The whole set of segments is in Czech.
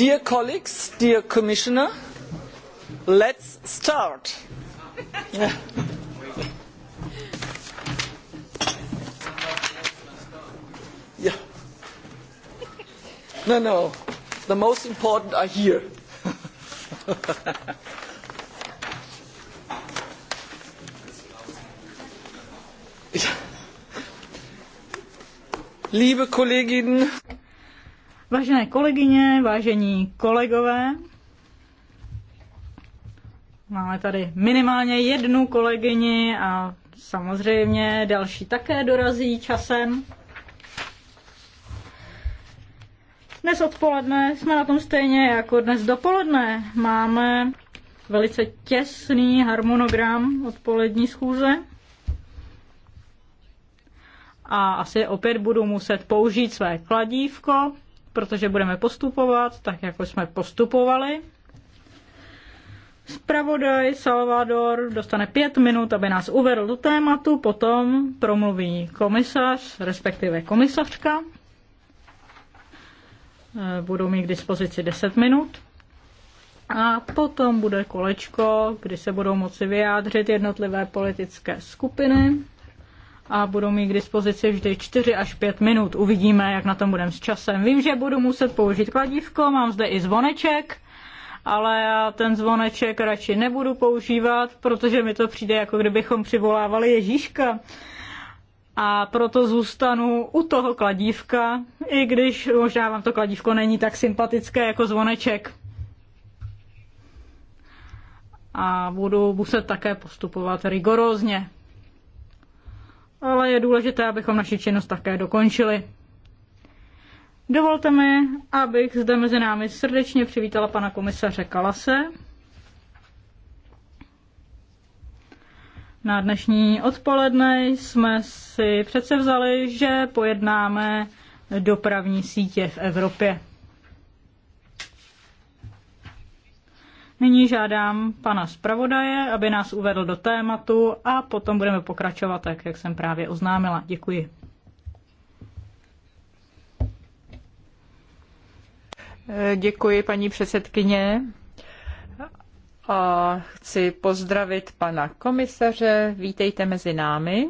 Dear colleagues, dear commissioner, let's start. yeah. No, no. The most important are here. Liebe Kolleginnen, Vážené kolegyně, vážení kolegové, máme tady minimálně jednu kolegyni a samozřejmě další také dorazí časem. Dnes odpoledne jsme na tom stejně jako dnes dopoledne. Máme velice těsný harmonogram odpolední schůze a asi opět budu muset použít své kladívko, protože budeme postupovat tak, jako jsme postupovali. Spravodaj Salvador dostane pět minut, aby nás uvedl do tématu, potom promluví komisař, respektive komisařka. Eh, budou mít k dispozici 10 minut. A potom bude kolečko, kdy se budou moci vyjádřit jednotlivé politické skupiny a budou mít k dispozici vždy 4 až 5 minut. Uvidíme, jak na tom budeme s časem. Vím, že budu muset použít kladívko, mám zde i zvoneček, ale já ten zvoneček radši nebudu používat, protože mi to přijde, jako kdybychom přivolávali Ježíška. A proto zůstanu u toho kladívka, i když možná vám to kladívko není tak sympatické jako zvoneček. A budu muset také postupovat rigorózně ale je důležité, abychom naši činnost také dokončili. Dovolte mi, abych zde mezi námi srdečně přivítala pana komisaře Kalase Na dnešní odpoledne jsme si přece vzali, že pojednáme dopravní sítě v Evropě. Nyní žádám pana zpravodaje, aby nás uvedl do tématu a potom budeme pokračovat tak, jak jsem právě oznámila. Děkuji. Děkuji, paní předsedkyně. A chci pozdravit pana komisaře. Vítejte mezi námi.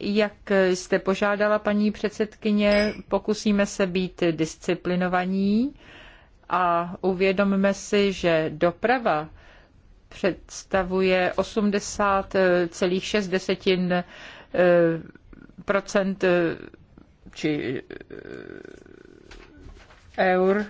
Jak jste požádala, paní předsedkyně, pokusíme se být disciplinovaní a uvědomme si, že doprava představuje 80,6 desetin eh, procent eh, či eh, eur,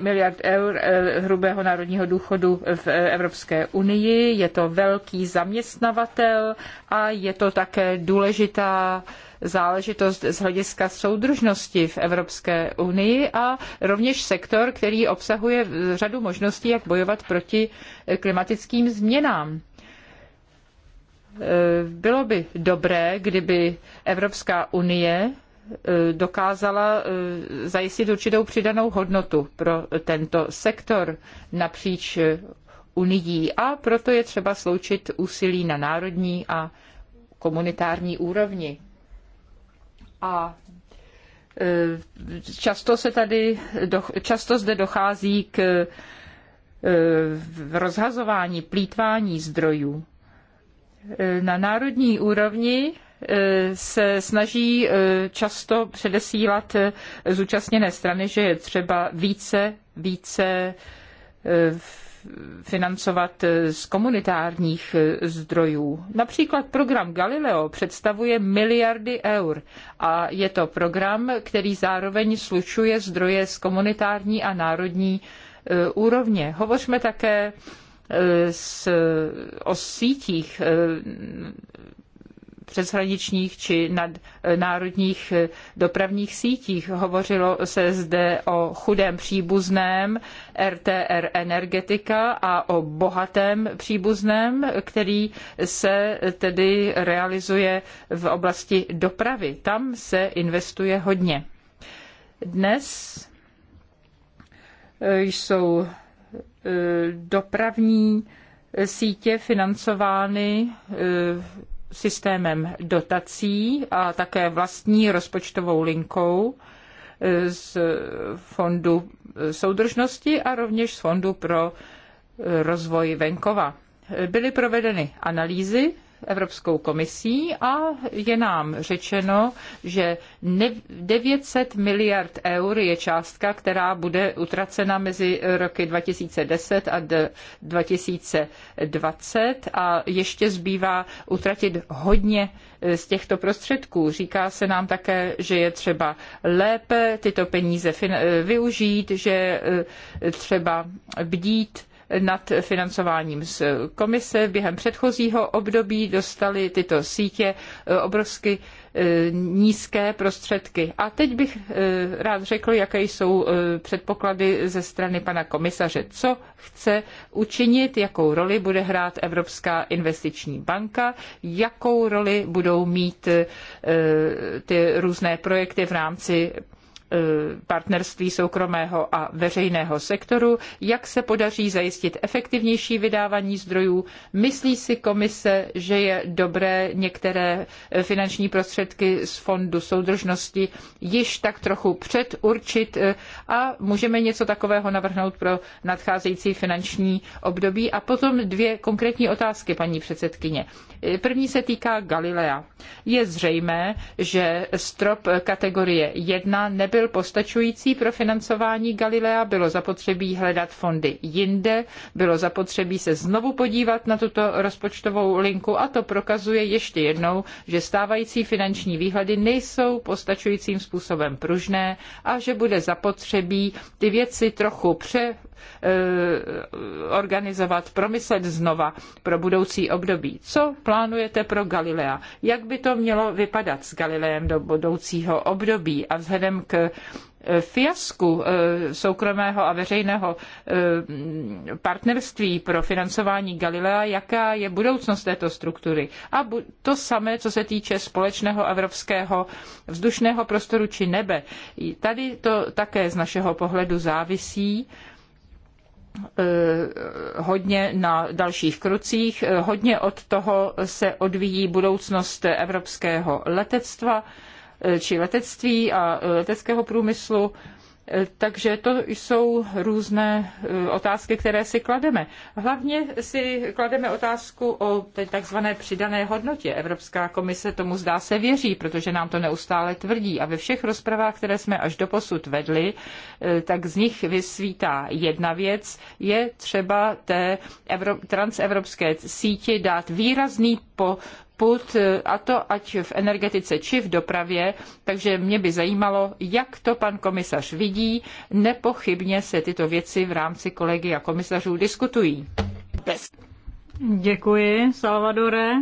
miliard eur hrubého národního důchodu v Evropské unii. Je to velký zaměstnavatel a je to také důležitá záležitost z hlediska soudržnosti v Evropské unii a rovněž sektor, který obsahuje řadu možností, jak bojovat proti klimatickým změnám. Eh, bylo by dobré, kdyby Evropská unie eh, dokázala eh, zajistit určitou přidanou hodnotu pro tento sektor napříč unií a proto je třeba sloučit úsilí na národní a komunitární úrovni. A e, často se tady, často zde dochází k e, rozhazování, plítvání zdrojů. E, na národní úrovni se snaží často předesílat zúčastněné strany, že je třeba více, více v financovat z komunitárních zdrojů. Například program Galileo představuje miliardy eur a je to program, který zároveň slučuje zdroje z komunitární a národní e, úrovně. Hovořme také e, s, o sítích e, přeshraničních či nadnárodních dopravních sítích. Hovořilo se zde o chudém příbuzném RTR Energetika a o bohatém příbuzném, který se tedy realizuje v oblasti dopravy. Tam se investuje hodně. Dnes jsou eh, dopravní sítě financovány eh, systémem dotací a také vlastní rozpočtovou linkou eh, z fondu soudržnosti a rovněž z fondu pro eh, rozvoj venkova. Byly provedeny analýzy Evropskou komisí a je nám řečeno, že 900 miliard eur je částka, která bude utracena mezi roky 2010 a 2020 a ještě zbývá utratit hodně eh, z těchto prostředků. Říká se nám také, že je třeba lépe tyto peníze eh, využít, že eh, třeba bdít nad financováním z komise. Během předchozího období dostali tyto sítě eh, obrovsky eh, nízké prostředky. A teď bych eh, rád řekl, jaké jsou předpoklady ze strany pana komisaře. Co chce učinit, jakou roli bude hrát Evropská investiční banka, jakou roli budou mít ty různé projekty v rámci Eh, partnerství soukromého a veřejného sektoru, jak se podaří zajistit efektivnější vydávání zdrojů. Myslí si komise, že je dobré některé eh, finanční prostředky z fondu soudržnosti již tak trochu předurčit eh, a můžeme něco takového navrhnout pro nadcházející finanční období. A potom dvě konkrétní otázky, paní předsedkyně. První se týká Galilea. Je zřejmé, že strop kategorie 1 nebyl nebyl postačující pro financování Galilea, bylo zapotřebí hledat fondy jinde, bylo zapotřebí se znovu podívat na tuto rozpočtovou linku a to prokazuje ještě jednou, že stávající finanční výhledy nejsou postačujícím způsobem pružné a že bude zapotřebí ty věci trochu pře Eh, organizovat, promyslet znova pro budoucí období. Co plánujete pro Galilea? Jak by to mělo vypadat s Galileem do budoucího období a vzhledem k eh, fiasku eh, soukromého a veřejného partnerství pro financování Galilea, jaká je budoucnost této struktury. A to samé, co se týče společného evropského vzdušného prostoru či nebe. Tady to také z našeho pohledu závisí Eh, hodně na dalších krocích. Hodně od toho se odvíjí budoucnost evropského letectva eh, či letectví a eh, leteckého průmyslu. Takže to jsou různé eh, otázky, které si klademe. Hlavně si klademe otázku o takzvané přidané hodnotě. Evropská komise tomu zdá se věří, protože nám to neustále tvrdí. A ve všech rozpravách, které jsme až do posud vedli, eh, tak z nich vysvítá jedna věc. Je třeba té transevropské síti dát výrazný po output, eh, a to ať v energetice či v dopravě, takže mě by zajímalo, jak to pan komisař vidí. Nepochybně se tyto věci v rámci kolegy a komisařů diskutují. Bez. Děkuji, Salvadore.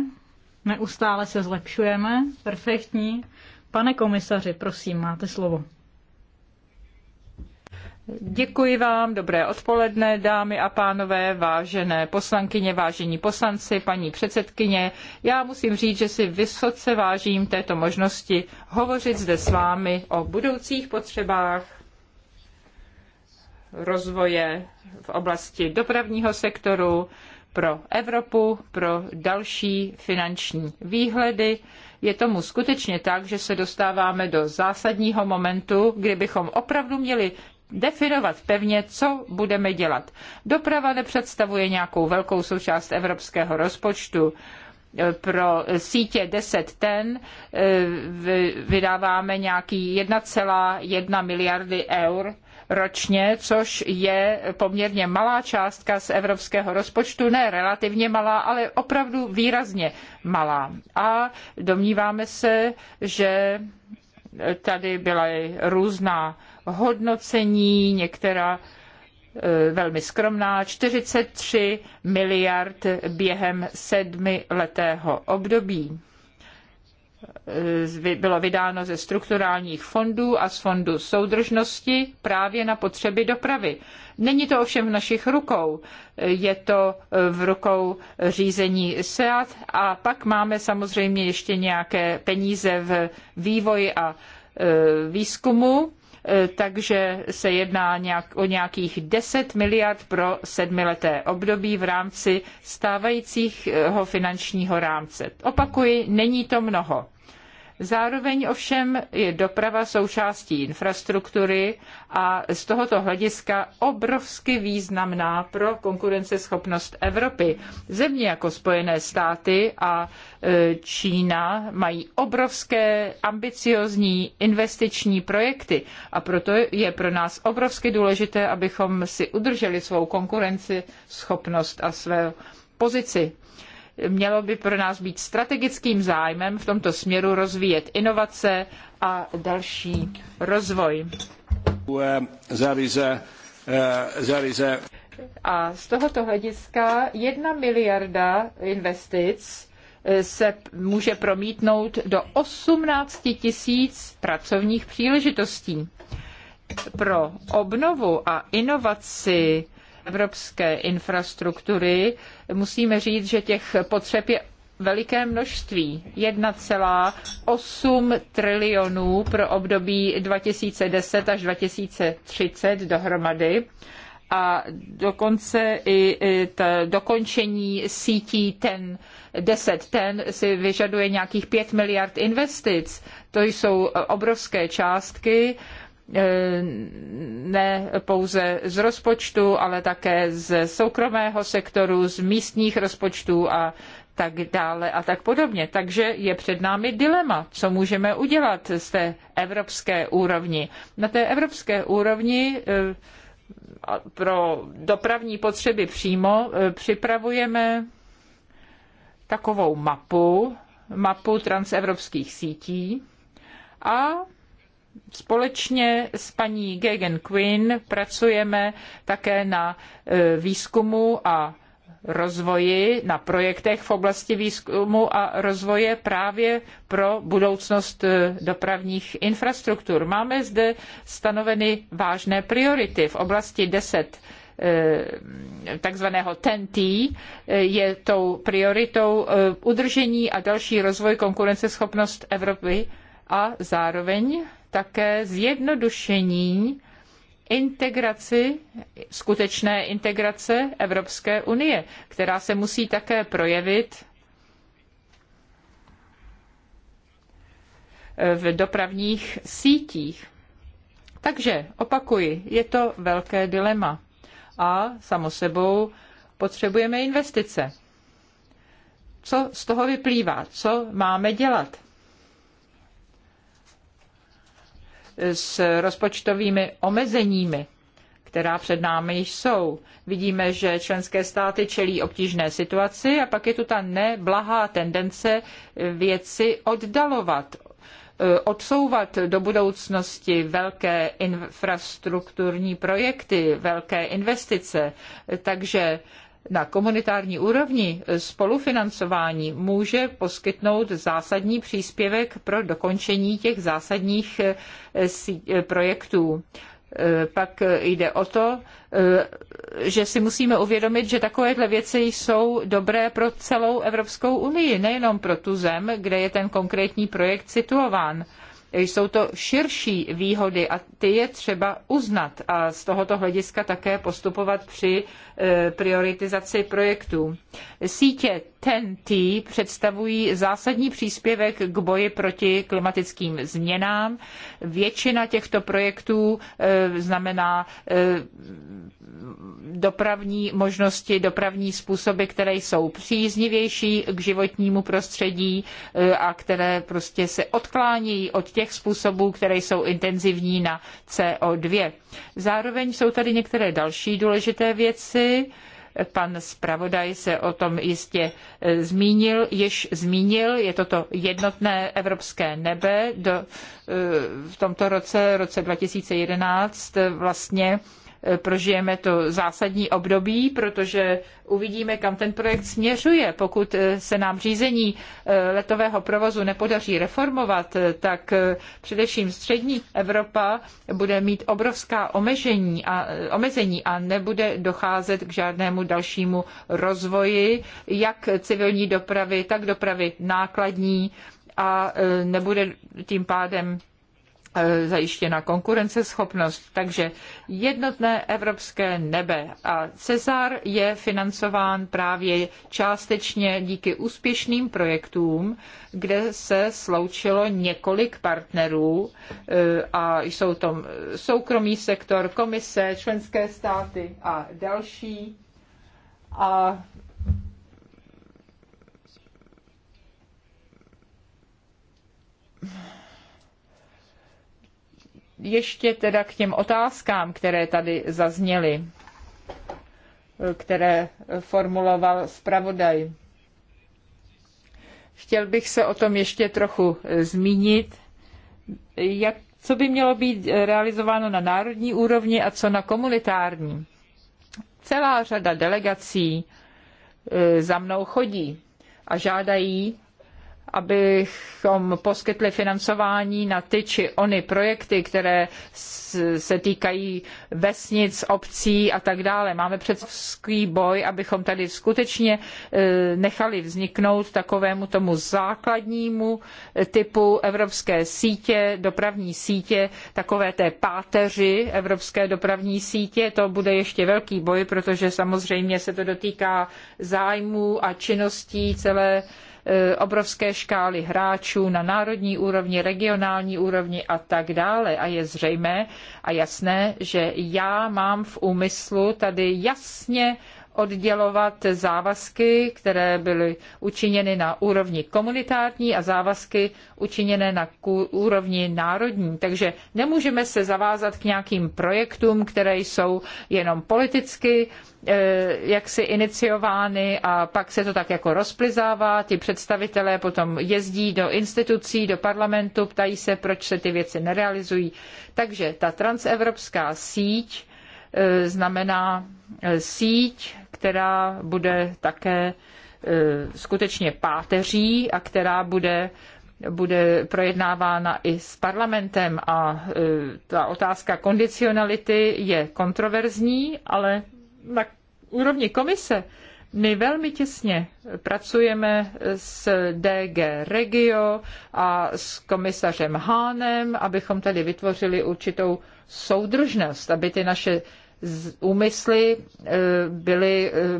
Neustále se zlepšujeme. Perfektní. Pane komisaři, prosím, máte slovo. Děkuji vám, dobré odpoledne, dámy a pánové, vážené poslankyně, vážení poslanci, paní předsedkyně. Já musím říct, že si vysoce vážím této možnosti hovořit zde s vámi o budoucích potřebách rozvoje v oblasti dopravního sektoru pro Evropu, pro další finanční výhledy. Je tomu skutečně tak, že se dostáváme do zásadního momentu, kdy bychom opravdu měli definovat pevně, co budeme dělat. Doprava nepředstavuje nějakou velkou součást evropského rozpočtu pro sítě 10 ten eh, vydáváme nějaký 1,1 miliardy eur ročně, což je poměrně malá částka z evropského rozpočtu, ne relativně malá, ale opravdu výrazně malá. A domníváme se, že tady byla různá hodnocení, některá e, velmi skromná, 43 miliard během sedmiletého období. E, bylo vydáno ze strukturálních fondů a z fondu soudržnosti právě na potřeby dopravy. Není to ovšem v našich rukou, je to e, v rukou řízení SEAT a pak máme samozřejmě ještě nějaké peníze v vývoji a výzkumu Eh, takže se jedná nějak, o nějakých 10 miliard pro sedmileté období v rámci stávajícího finančního rámce. Opakuji, není to mnoho. Zároveň ovšem je doprava součástí infrastruktury a z tohoto hlediska obrovsky významná pro konkurenceschopnost Evropy. Země jako Spojené státy a e, Čína mají obrovské ambiciozní investiční projekty a proto je pro nás obrovsky důležité, abychom si udrželi svou konkurenceschopnost a své pozici Mělo by pro nás být strategickým zájmem v tomto směru rozvíjet inovace a další rozvoj. Eh, a z tohoto hlediska jedna miliarda investic eh, se může promítnout do 18 tisíc pracovních příležitostí. Pro obnovu a inovaci evropské infrastruktury, musíme říct, že těch potřeb je veliké množství 1,8 trilionů pro období 2010 až 2030 dohromady a dokonce i to dokončení sítí ten 10 ten si vyžaduje nějakých 5 miliard investic. To jsou obrovské částky Eh, ne pouze z rozpočtu, ale také z soukromého sektoru, z místních rozpočtů a tak dále a tak podobně. Takže je před námi dilema, co můžeme udělat z té evropské úrovni. Na té evropské úrovni eh, pro dopravní potřeby přímo eh, připravujeme takovou mapu, mapu transevropských sítí a Společně s paní Gegen Quinn pracujeme také na e, výzkumu a rozvoji, na projektech v oblasti výzkumu a rozvoje právě pro budoucnost e, dopravních infrastruktur. Máme zde stanoveny vážné priority v oblasti 10 e, takzvaného TNT je tou prioritou udržení a další rozvoj konkurenceschopnost Evropy a zároveň také zjednodušení integraci, skutečné integrace Evropské unie, která se musí také projevit v dopravních sítích. Takže opakuji, je to velké dilema. A samo sebou potřebujeme investice. Co z toho vyplývá? Co máme dělat? s rozpočtovými omezeními která před námi jsou. Vidíme, že členské státy čelí obtížné situaci a pak je tu ta neblahá tendence věci oddalovat, eh, odsouvat do budoucnosti velké infrastrukturní projekty, velké investice. Takže na komunitární úrovni spolufinancování může poskytnout zásadní příspěvek pro dokončení těch zásadních eh, eh, projektů eh, pak jde o to, že si musíme uvědomit, že takovéhle věci jsou dobré pro celou Evropskou unii, nejenom pro tu zem, kde je ten konkrétní projekt situován. Jsou to širší výhody a ty je třeba uznat a z tohoto hlediska také postupovat při e, prioritizaci projektů. Sítě TNT představují zásadní příspěvek k boji proti klimatickým změnám. Většina těchto projektů e, znamená e, dopravní možnosti, dopravní způsoby, které jsou příznivější k životnímu prostředí a které prostě se odklánějí od těch těch způsobů, které jsou intenzivní na CO2. Zároveň jsou tady některé další důležité věci. Pan zpravodaj se o tom jistě e, zmínil, již zmínil, je toto jednotné evropské nebe do, e, v tomto roce, roce 2011 e, vlastně Eh, prožijeme to zásadní období, protože uvidíme, kam ten projekt směřuje. Pokud eh, se nám řízení eh, letového provozu nepodaří reformovat, tak především střední Evropa bude mít obrovská omezení a, omezení a nebude docházet k žádnému dalšímu rozvoji, jak civilní dopravy, tak dopravy nákladní a nebude tím pádem E, zajištěna konkurenceschopnost. Takže jednotné evropské nebe. A Cezar je financován právě částečně díky úspěšným projektům, kde se sloučilo několik partnerů e, a jsou tam soukromý sektor, komise, členské státy a další. A Yeah ještě teda k těm otázkám, které tady zazněly, které formuloval zpravodaj. Chtěl bych se o tom ještě trochu zmínit, jak, co by mělo být realizováno na národní úrovni a co na komunitární. Celá řada delegací e, za mnou chodí a žádají abychom poskytli financování na ty či ony projekty, které se týkají vesnic, obcí a tak dále. Máme předský boj, abychom tady skutečně e, nechali vzniknout takovému tomu základnímu e, typu evropské sítě, dopravní sítě, takové té páteři evropské dopravní sítě. To bude ještě velký boj, protože samozřejmě se to dotýká zájmů a činností celé E, obrovské škály hráčů na národní úrovni, regionální úrovni a tak dále. A je zřejmé a jasné, že já mám v úmyslu tady jasně oddělovat závazky, které byly učiněny na úrovni komunitární a závazky učiněné na úrovni národní. Takže nemůžeme se zavázat k nějakým projektům, které jsou jenom politicky eh, jaksi iniciovány a pak se to tak jako rozplizává. Ti představitelé potom jezdí do institucí, do parlamentu, ptají se, proč se ty věci nerealizují. Takže ta transevropská síť eh, znamená Eh, síť, která bude také eh, skutečně páteří a která bude bude projednávána i s parlamentem a eh, ta otázka kondicionality je kontroverzní, ale na úrovni komise my velmi těsně pracujeme s DG Regio a s komisařem Hánem, abychom tady vytvořili určitou soudržnost, aby ty naše úmysly eh, byly eh,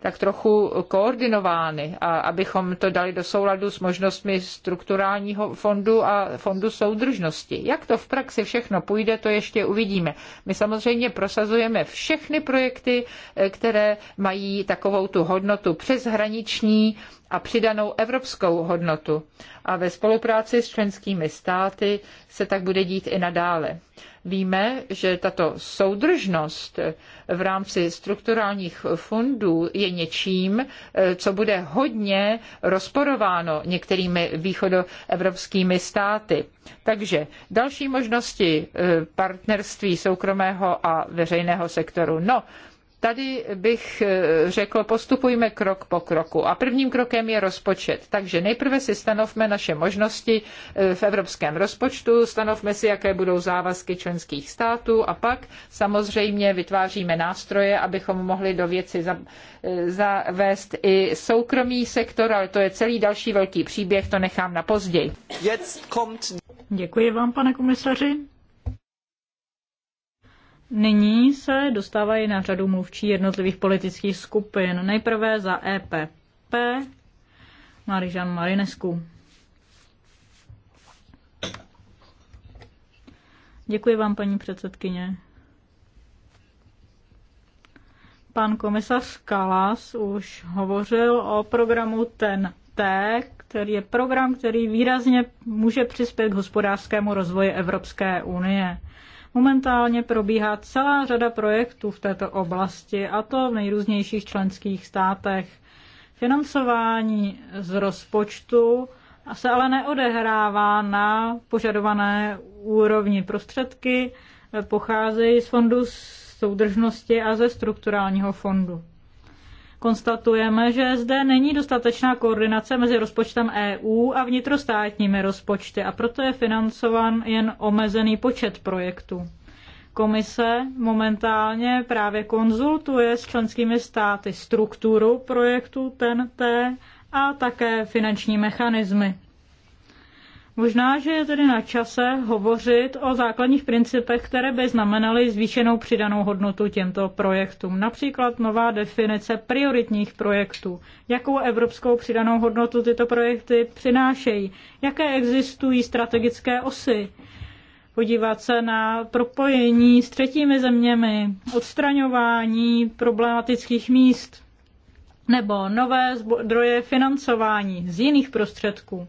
tak trochu koordinovány a abychom to dali do souladu s možnostmi strukturálního fondu a fondu soudržnosti. Jak to v praxi všechno půjde, to ještě uvidíme. My samozřejmě prosazujeme všechny projekty, eh, které mají takovou tu hodnotu přeshraniční a přidanou evropskou hodnotu. A ve spolupráci s členskými státy se tak bude dít i nadále. Víme, že tato soudržnost eh, v rámci strukturálních fondů je něčím, eh, co bude hodně rozporováno některými východoevropskými státy. Takže další možnosti eh, partnerství soukromého a veřejného sektoru. No, Tady bych eh, řekl, postupujme krok po kroku. A prvním krokem je rozpočet. Takže nejprve si stanovme naše možnosti eh, v evropském rozpočtu, stanovme si, jaké budou závazky členských států a pak samozřejmě vytváříme nástroje, abychom mohli do věci eh, zavést i soukromý sektor, ale to je celý další velký příběh, to nechám na později. Děkuji vám, pane komisaři. Nyní se dostávají na řadu mluvčí jednotlivých politických skupin. Nejprve za EPP Marižan Marinescu. Děkuji vám, paní předsedkyně. Pan komisař Kalas už hovořil o programu ten T, který je program, který výrazně může přispět k hospodářskému rozvoji Evropské unie. Momentálně probíhá celá řada projektů v této oblasti, a to v nejrůznějších členských státech. Financování z rozpočtu se ale neodehrává na požadované úrovni. Prostředky pocházejí z fondu soudržnosti a ze strukturálního fondu konstatujeme, že zde není dostatečná koordinace mezi rozpočtem EU a vnitrostátními rozpočty a proto je financován jen omezený počet projektů. Komise momentálně právě konzultuje s členskými státy strukturu projektu TNT a také finanční mechanismy. Možná, že je tedy na čase hovořit o základních principech, které by znamenaly zvýšenou přidanou hodnotu těmto projektům. Například nová definice prioritních projektů. Jakou evropskou přidanou hodnotu tyto projekty přinášejí? Jaké existují strategické osy? Podívat se na propojení s třetími zeměmi, odstraňování problematických míst nebo nové zdroje financování z jiných prostředků.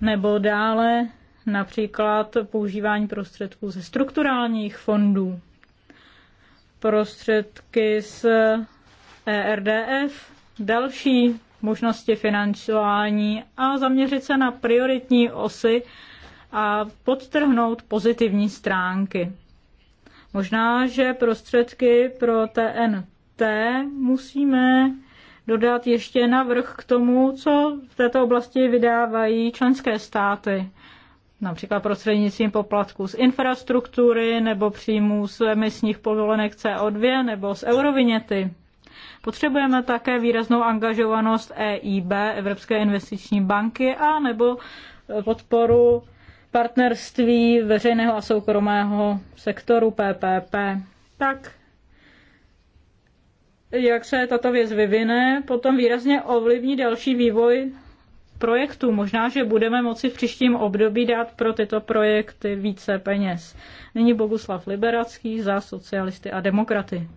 Nebo dále například používání prostředků ze strukturálních fondů, prostředky z ERDF, další možnosti financování a zaměřit se na prioritní osy a podtrhnout pozitivní stránky. Možná, že prostředky pro TNT musíme dodat ještě navrh k tomu, co v této oblasti vydávají členské státy. Například prostřednictvím poplatků z infrastruktury nebo příjmů z emisních povolenek CO2 nebo z eurovinety. Potřebujeme také výraznou angažovanost EIB, Evropské investiční banky, a nebo podporu partnerství veřejného a soukromého sektoru PPP. Tak jak se tato věc vyvine, potom výrazně ovlivní další vývoj projektů. Možná, že budeme moci v příštím období dát pro tyto projekty více peněz. Nyní Boguslav Liberacký za socialisty a demokraty.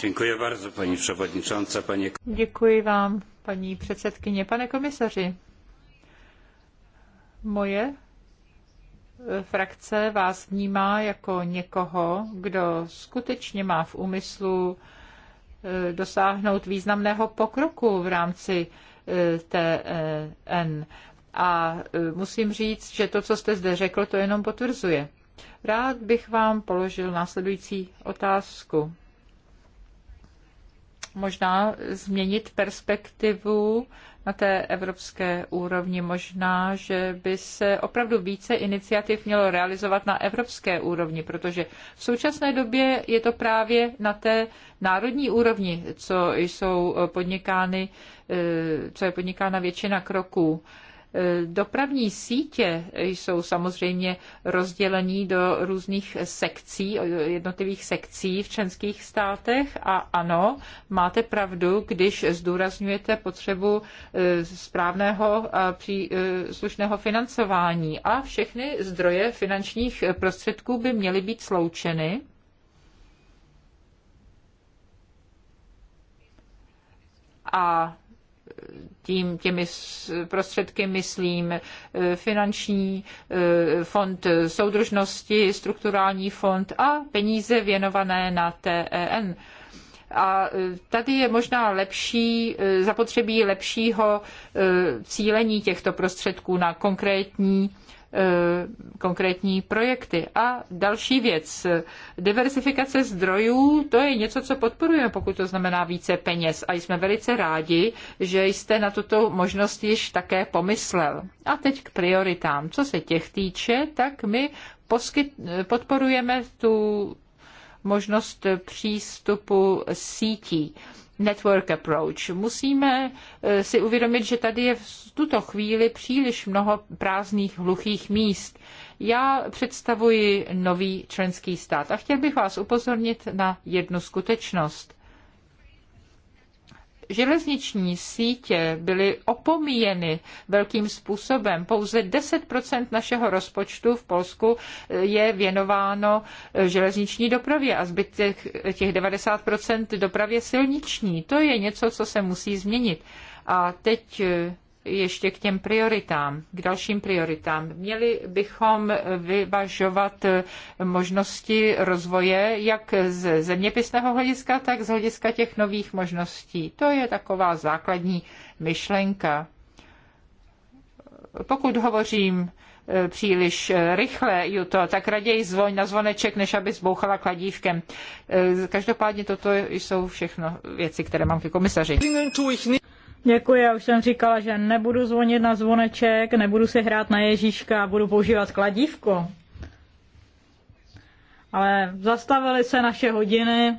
Děkuji bardzo, paní Paní... Děkuji vám, paní předsedkyně. Pane komisaři, moje frakce vás vnímá jako někoho, kdo skutečně má v úmyslu eh, dosáhnout významného pokroku v rámci eh, TN. E A eh, musím říct, že to, co jste zde řekl, to jenom potvrzuje. Rád bych vám položil následující otázku. Možná změnit perspektivu na té evropské úrovni. Možná, že by se opravdu více iniciativ mělo realizovat na evropské úrovni, protože v současné době je to právě na té národní úrovni, co jsou podnikány, eh, co je podnikána většina kroků. Eh, dopravní sítě jsou samozřejmě rozdělení do různých sekcí, jednotlivých sekcí v členských státech a ano, máte pravdu, když zdůrazňujete potřebu eh, správného a eh, slušného financování a všechny zdroje finančních prostředků by měly být sloučeny. A tím těmi prostředky myslím eh, finanční eh, fond soudržnosti, strukturální fond a peníze věnované na TEN. A eh, tady je možná lepší, zapotřebí lepšího cílení těchto prostředků na konkrétní Eh, konkrétní projekty. A další věc, diversifikace zdrojů, to je něco, co podporujeme, pokud to znamená více peněz. A jsme velice rádi, že jste na tuto možnost již také pomyslel. A teď k prioritám. Co se těch týče, tak my poskyt, podporujeme tu možnost přístupu sítí network approach. Musíme eh, si uvědomit, že tady je v tuto chvíli příliš mnoho prázdných hluchých míst. Já představuji nový členský stát a chtěl bych vás upozornit na jednu skutečnost železniční sítě byly opomíjeny velkým způsobem. Pouze 10 našeho rozpočtu v Polsku eh, je věnováno eh, železniční dopravě a zbytek těch 90 dopravě silniční. To je něco, co se musí změnit. A teď eh, ještě k těm prioritám, k dalším prioritám. Měli bychom vyvažovat eh, možnosti rozvoje jak z zeměpisného hlediska, tak z hlediska těch nových možností. To je taková základní myšlenka. Pokud hovořím eh, příliš eh, rychle, Juto, tak raději zvoň na zvoneček, než aby zbouchala kladívkem. Každopádně toto jsou všechno věci, které mám ke komisaři. Děkuji, já už jsem říkala, že nebudu zvonit na zvoneček, nebudu si hrát na Ježíška, budu používat kladívko. Ale zastavily se naše hodiny,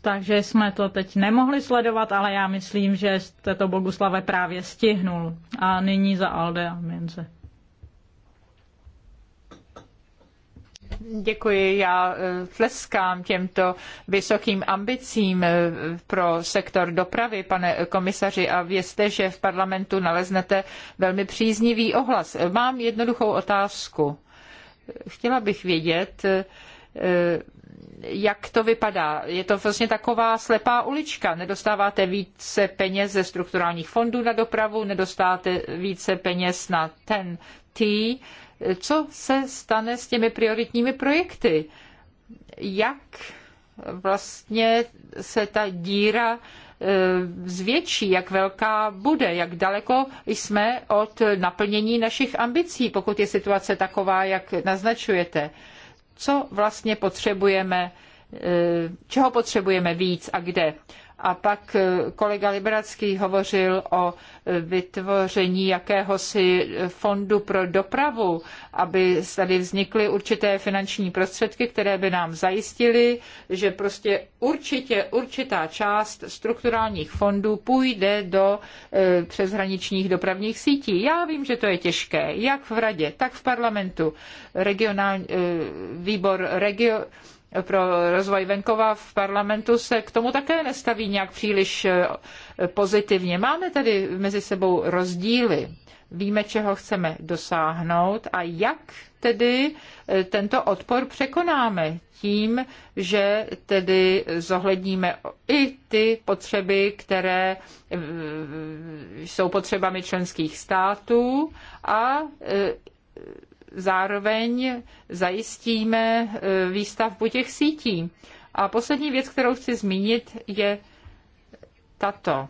takže jsme to teď nemohli sledovat, ale já myslím, že jste to Boguslave právě stihnul. A nyní za Alde a Mince. Děkuji, já eh, tleskám těmto vysokým ambicím eh, pro sektor dopravy, pane komisaři, a vězte, že v parlamentu naleznete velmi příznivý ohlas. Mám jednoduchou otázku. Chtěla bych vědět, eh, jak to vypadá. Je to vlastně taková slepá ulička. Nedostáváte více peněz ze strukturálních fondů na dopravu, nedostáváte více peněz na ten T, co se stane s těmi prioritními projekty. Jak vlastně se ta díra e, zvětší, jak velká bude, jak daleko jsme od naplnění našich ambicí, pokud je situace taková, jak naznačujete. Co vlastně potřebujeme, e, čeho potřebujeme víc a kde. A pak eh, kolega Liberacký hovořil o eh, vytvoření jakéhosi eh, fondu pro dopravu, aby tady vznikly určité finanční prostředky, které by nám zajistily, že prostě určitě určitá část strukturálních fondů půjde do přeshraničních dopravních sítí. Já vím, že to je těžké, jak v radě, tak v parlamentu. Regionální výbor regionů pro rozvoj venkova v parlamentu se k tomu také nestaví nějak příliš e, pozitivně. Máme tedy mezi sebou rozdíly. Víme, čeho chceme dosáhnout a jak tedy e, tento odpor překonáme tím, že tedy zohledníme i ty potřeby, které e, jsou potřebami členských států a zároveň zajistíme e, výstavbu těch sítí. A poslední věc, kterou chci zmínit, je tato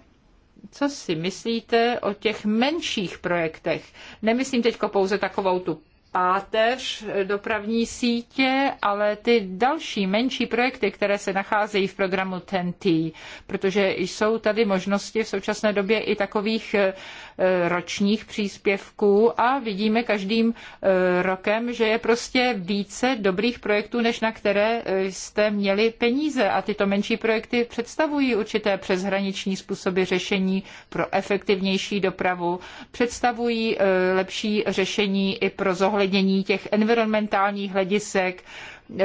co si myslíte o těch menších projektech? Nemyslím teď pouze takovou tu páteř dopravní sítě, ale ty další menší projekty, které se nacházejí v programu TEN-T, protože jsou tady možnosti v současné době i takových eh, ročních příspěvků a vidíme každým eh, rokem, že je prostě více dobrých projektů, než na které eh, jste měli peníze. A tyto menší projekty představují určité přeshraniční způsoby řešení pro efektivnější dopravu, představují lepší řešení i pro zohlednění zohlednění těch environmentálních hledisek, eh,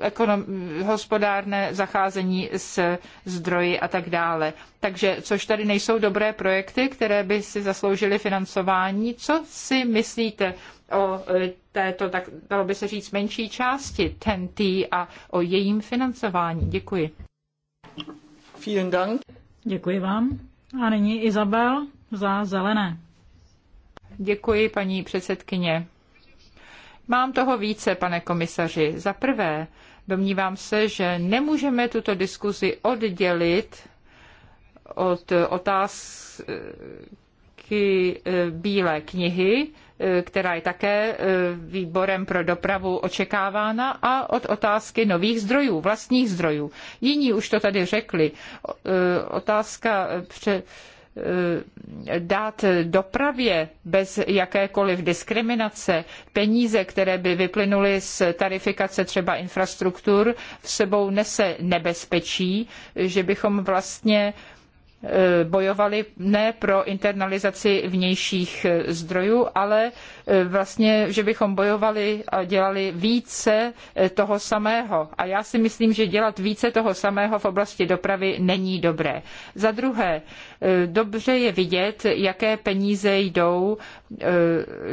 ekonom, hospodárné zacházení s zdroji a tak dále. Takže což tady nejsou dobré projekty, které by si zasloužily financování, co si myslíte o eh, této, tak dalo by se říct, menší části TNT a o jejím financování? Děkuji. Vielen Dank. Děkuji vám. A nyní Izabel za zelené. Děkuji, paní předsedkyně. Mám toho více, pane komisaři. Za prvé, domnívám se, že nemůžeme tuto diskuzi oddělit od otázky eh, Bílé knihy, eh, která je také eh, výborem pro dopravu očekávána, a od otázky nových zdrojů, vlastních zdrojů. Jiní už to tady řekli. Otázka Eh, dát dopravě bez jakékoliv diskriminace peníze, které by vyplynuly z tarifikace třeba infrastruktur, v sebou nese nebezpečí, že bychom vlastně eh, bojovali ne pro internalizaci vnějších eh, zdrojů, ale vlastně, že bychom bojovali a dělali více toho samého. A já si myslím, že dělat více toho samého v oblasti dopravy není dobré. Za druhé, Dobře je vidět, jaké peníze jdou e,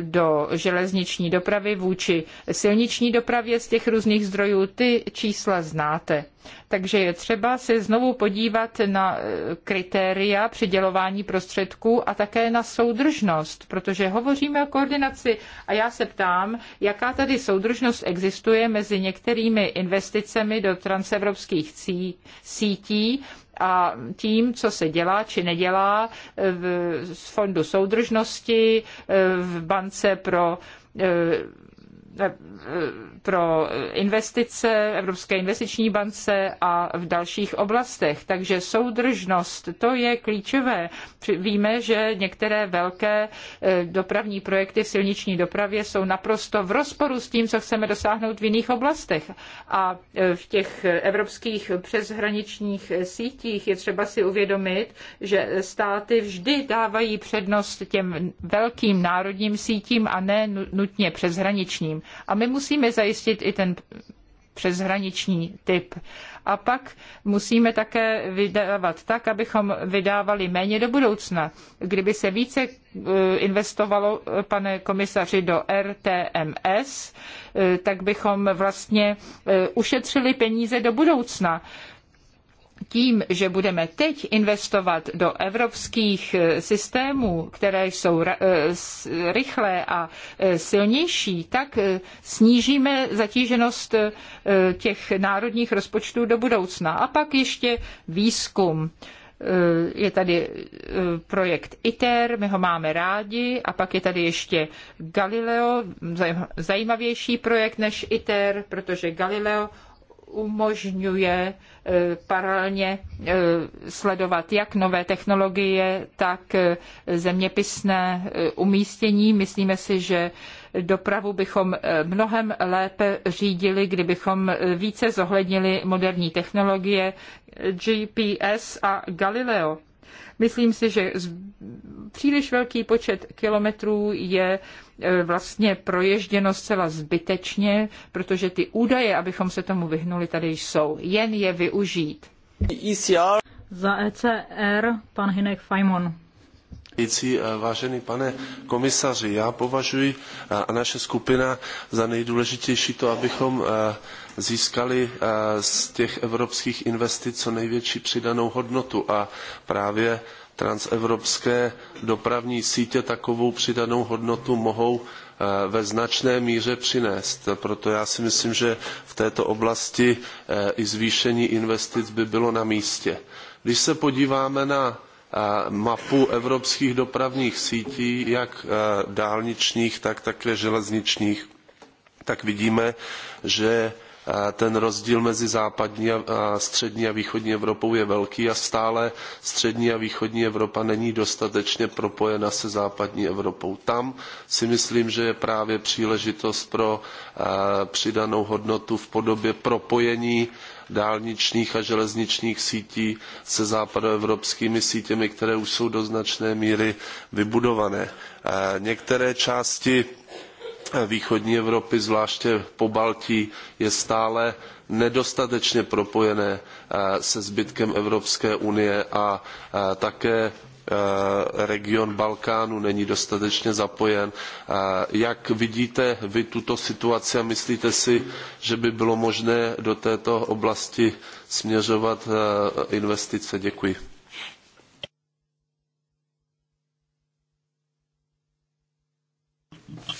do železniční dopravy vůči silniční dopravě z těch různých zdrojů. Ty čísla znáte. Takže je třeba se znovu podívat na e, kritéria přidělování prostředků a také na soudržnost, protože hovoříme o koordinaci a já se ptám, jaká tady soudržnost existuje mezi některými investicemi do transevropských sítí a tím, co se dělá či nedělá eh, v Fondu soudržnosti, eh, v bance pro eh, pro investice, Evropské investiční bance a v dalších oblastech. Takže soudržnost, to je klíčové. Víme, že některé velké eh, dopravní projekty v silniční dopravě jsou naprosto v rozporu s tím, co chceme dosáhnout v jiných oblastech. A eh, v těch evropských přeshraničních sítích je třeba si uvědomit, že státy vždy dávají přednost těm velkým národním sítím a ne nutně přeshraničním. A my musíme zajistit i ten přeshraniční typ. A pak musíme také vydávat tak, abychom vydávali méně do budoucna. Kdyby se více e, investovalo, pane komisaři, do RTMS, e, tak bychom vlastně e, ušetřili peníze do budoucna tím, že budeme teď investovat do evropských eh, systémů, které jsou eh, rychlé a eh, silnější, tak snížíme zatíženost těch národních rozpočtů do budoucna. A pak ještě výzkum je tady projekt ITER, my ho máme rádi, a pak je tady ještě Galileo, zajímavější projekt než ITER, protože Galileo umožňuje eh, paralelně eh, sledovat jak nové technologie, tak eh, zeměpisné umístění. Myslíme si, že dopravu bychom mnohem lépe řídili, kdybychom více zohlednili moderní technologie GPS a Galileo. Myslím si, že příliš velký počet kilometrů je E, vlastně proježděno zcela zbytečně, protože ty údaje, abychom se tomu vyhnuli, tady jsou. Jen je využít. ECR. Za ECR pan Hinek Fajmon. E, vážený pane komisaři, já považuji e, a naše skupina za nejdůležitější to, abychom získali z těch evropských investic co největší přidanou hodnotu a právě transevropské dopravní sítě takovou přidanou hodnotu mohou eh, ve značné míře přinést. Proto já si myslím, že v této oblasti eh, i zvýšení investic by bylo na místě. Když se podíváme na eh, mapu evropských dopravních sítí, jak dálničních, tak také železničních, tak vidíme, že ten rozdíl mezi západní a střední a východní Evropou je velký a stále střední a východní Evropa není dostatečně propojena se západní Evropou. Tam si myslím, že je právě příležitost pro přidanou hodnotu v podobě propojení dálničních a železničních sítí se západoevropskými sítěmi, které už jsou do značné míry vybudované. Některé části východní Evropy, zvláště po Baltí, je stále nedostatečně propojené eh, se zbytkem Evropské unie a eh, také eh, region Balkánu není dostatečně zapojen. Jak vidíte vy tuto situaci a myslíte si, že by bylo možné do této oblasti směřovat investice? Děkuji.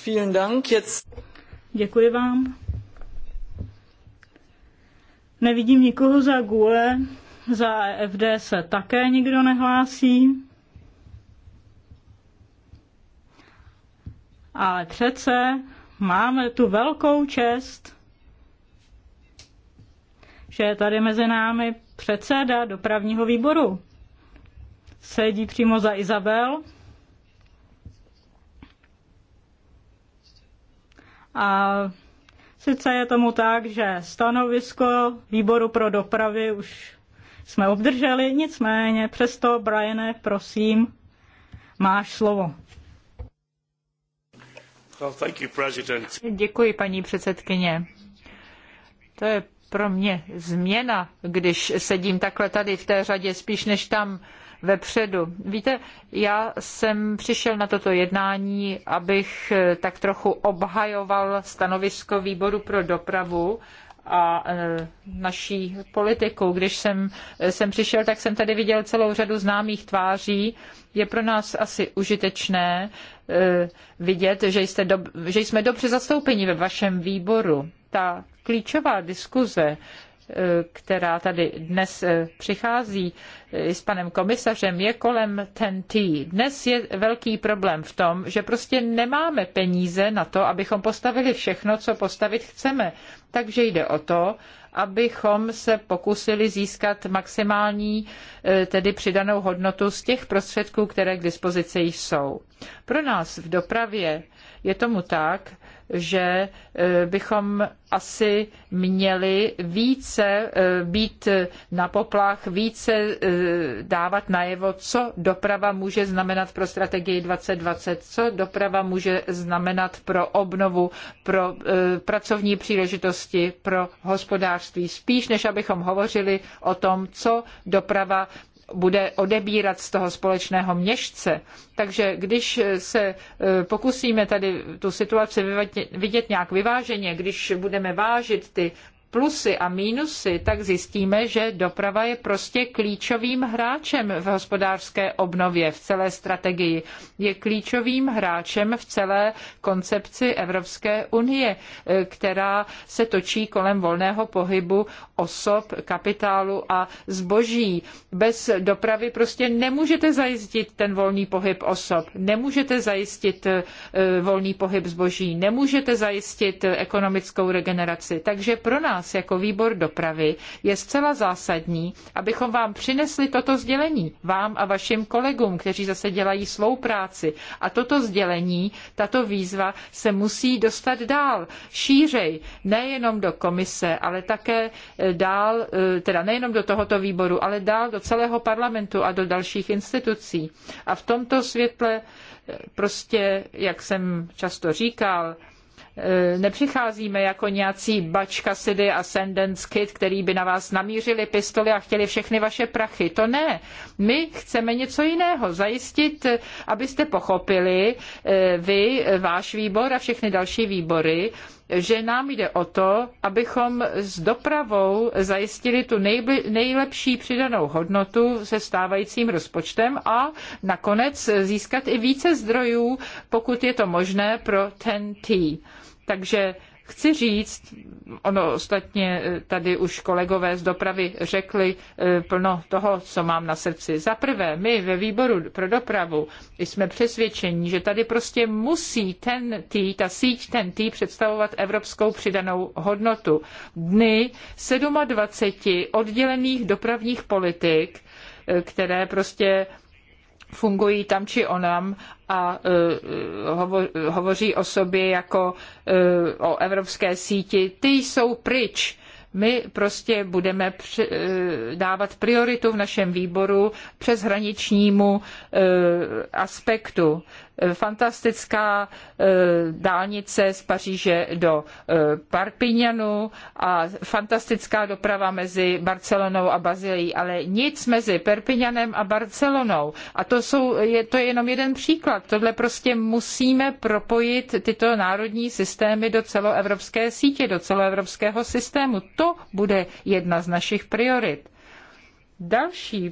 Vielen Dank. Jetzt... Děkuji vám. Nevidím nikoho za GUE, za EFD se také nikdo nehlásí. Ale přece máme tu velkou čest, že je tady mezi námi předseda dopravního výboru. Sedí přímo za Izabel. A sice je tomu tak, že stanovisko výboru pro dopravy už jsme obdrželi, nicméně přesto, Briane, prosím, máš slovo. Děkuji, paní předsedkyně. To je pro mě změna, když sedím takhle tady v té řadě spíš než tam vepředu. Víte, já jsem přišel na toto jednání, abych tak trochu obhajoval stanovisko výboru pro dopravu a e, naší politiku. Když jsem, e, jsem přišel, tak jsem tady viděl celou řadu známých tváří. Je pro nás asi užitečné e, vidět, že, jste že jsme dobře zastoupeni ve vašem výboru. Ta klíčová diskuze která tady dnes eh, přichází eh, s panem komisařem, je kolem ten T. Dnes je velký problém v tom, že prostě nemáme peníze na to, abychom postavili všechno, co postavit chceme. Takže jde o to, abychom se pokusili získat maximální eh, tedy přidanou hodnotu z těch prostředků, které k dispozici jsou. Pro nás v dopravě je tomu tak, že eh, bychom asi měli více eh, být na poplach, více eh, dávat najevo, co doprava může znamenat pro strategii 2020, co doprava může znamenat pro obnovu, pro pracovní příležitosti, pro hospodářství, spíš než abychom hovořili o tom, co doprava bude odebírat z toho společného měšce. Takže když se e, pokusíme tady tu situaci vidět nějak vyváženě, když budeme vážit ty plusy a mínusy, tak zjistíme, že doprava je prostě klíčovým hráčem v hospodářské obnově, v celé strategii. Je klíčovým hráčem v celé koncepci Evropské unie, eh, která se točí kolem volného pohybu osob, kapitálu a zboží. Bez dopravy prostě nemůžete zajistit ten volný pohyb osob, nemůžete zajistit eh, volný pohyb zboží, nemůžete zajistit ekonomickou regeneraci. Takže pro nás nás jako výbor dopravy je zcela zásadní, abychom vám přinesli toto sdělení, vám a vašim kolegům, kteří zase dělají svou práci. A toto sdělení, tato výzva se musí dostat dál, šířej, nejenom do komise, ale také eh, dál, eh, teda nejenom do tohoto výboru, ale dál do celého parlamentu a do dalších institucí. A v tomto světle eh, prostě, jak jsem často říkal, Eh, nepřicházíme jako nějací bačka Sidy a Sendence Kid, který by na vás namířili pistoli a chtěli všechny vaše prachy. To ne. My chceme něco jiného. Zajistit, abyste pochopili eh, vy, váš výbor a všechny další výbory, že nám jde o to, abychom s dopravou zajistili tu nejlepší přidanou hodnotu se stávajícím rozpočtem a nakonec získat i více zdrojů, pokud je to možné, pro TEN-T. Takže chci říct, ono ostatně eh, tady už kolegové z dopravy řekli eh, plno toho, co mám na srdci. Za prvé, my ve výboru pro dopravu jsme přesvědčeni, že tady prostě musí ten tý, ta síť ten tý představovat evropskou přidanou hodnotu. Dny 27 oddělených dopravních politik, eh, které prostě fungují tam či onam a e, hovoří o sobě jako e, o evropské síti, ty jsou pryč my prostě budeme e, dávat prioritu v našem výboru přeshraničnímu aspektu fantastická eh, dálnice z Paříže do eh, Parpignanu a fantastická doprava mezi Barcelonou a Bazilí, ale nic mezi Perpignanem a Barcelonou. A to, jsou, je, to je jenom jeden příklad. Tohle prostě musíme propojit tyto národní systémy do celoevropské sítě, do celoevropského systému. To bude jedna z našich priorit. Další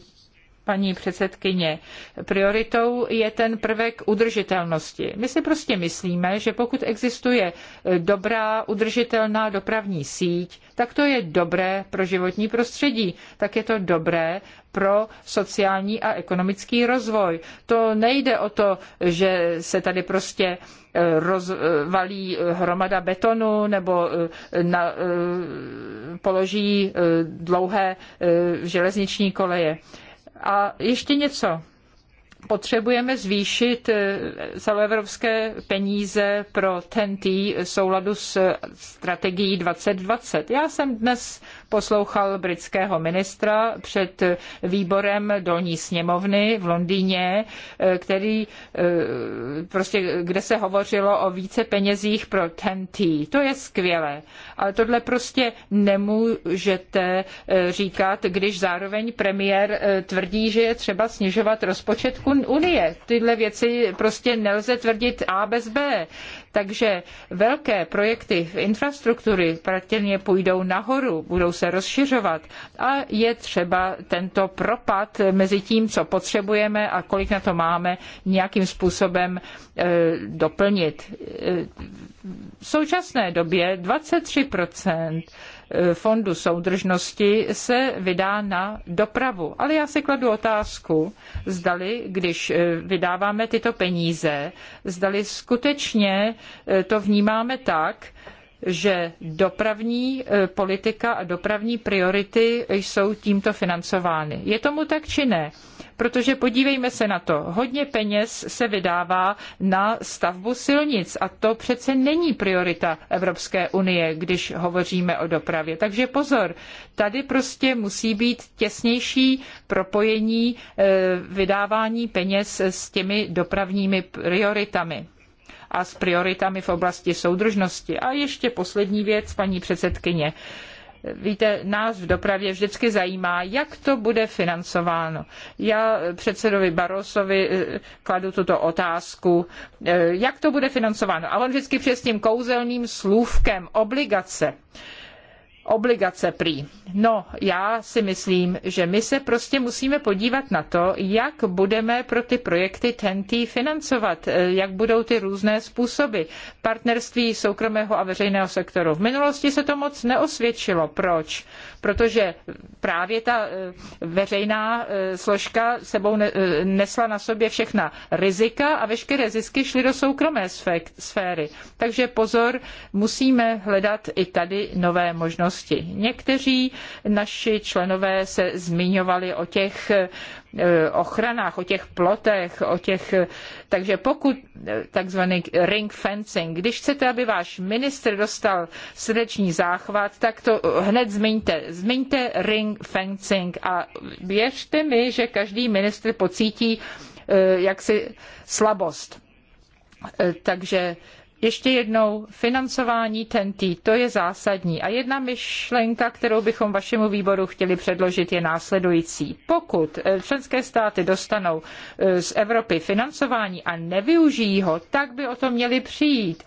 paní předsedkyně. Prioritou je ten prvek udržitelnosti. My si prostě myslíme, že pokud existuje dobrá udržitelná dopravní síť, tak to je dobré pro životní prostředí, tak je to dobré pro sociální a ekonomický rozvoj. To nejde o to, že se tady prostě eh, rozvalí eh, hromada betonu nebo eh, na, položí dlouhé železniční koleje. A ještě něco potřebujeme zvýšit eh, celoevropské peníze pro TNT v souladu s eh, strategií 2020. Já jsem dnes poslouchal britského ministra před eh, výborem dolní sněmovny v Londýně, který prostě, kde se hovořilo o více penězích pro TNT. To je skvělé, ale tohle prostě nemůžete říkat, když zároveň premiér tvrdí, že je třeba snižovat rozpočet unie. Tyhle věci prostě nelze tvrdit A bez B. Takže velké projekty v infrastruktury praktěně půjdou nahoru, budou se rozšiřovat a je třeba tento propad mezi tím, co potřebujeme a kolik na to máme, nějakým způsobem eh, doplnit. Eh, v současné době 23 Eh, fondu soudržnosti se vydá na dopravu. Ale já si kladu otázku, zdali, když eh, vydáváme tyto peníze, zdali skutečně eh, to vnímáme tak, že dopravní e, politika a dopravní priority jsou tímto financovány. Je tomu tak či ne? Protože podívejme se na to. Hodně peněz se vydává na stavbu silnic a to přece není priorita Evropské unie, když hovoříme o dopravě. Takže pozor, tady prostě musí být těsnější propojení e, vydávání peněz s těmi dopravními prioritami a s prioritami v oblasti soudržnosti. A ještě poslední věc, paní předsedkyně. Víte, nás v dopravě vždycky zajímá, jak to bude financováno. Já předsedovi Barosovi eh, kladu tuto otázku, eh, jak to bude financováno. A on vždycky přes tím kouzelným slůvkem obligace obligace prý. No, já si myslím, že my se prostě musíme podívat na to, jak budeme pro ty projekty TNT financovat, eh, jak budou ty různé způsoby partnerství soukromého a veřejného sektoru. V minulosti se to moc neosvědčilo. Proč? protože právě ta e, veřejná e, složka sebou e, nesla na sobě všechna rizika a veškeré zisky šly do soukromé sféry. Takže pozor, musíme hledat i tady nové možnosti. Někteří naši členové se zmiňovali o těch Eh, ochranách, o těch plotech, o těch, eh, takže pokud eh, takzvaný ring fencing, když chcete, aby váš ministr dostal srdeční záchvat, tak to hned zmiňte. Zmiňte ring fencing a věřte mi, že každý ministr pocítí jaksi slabost. Takže ještě jednou, financování TNT, to je zásadní. A jedna myšlenka, kterou bychom vašemu výboru chtěli předložit, je následující. Pokud eh, členské státy dostanou eh, z Evropy financování a nevyužijí ho, tak by o to měli přijít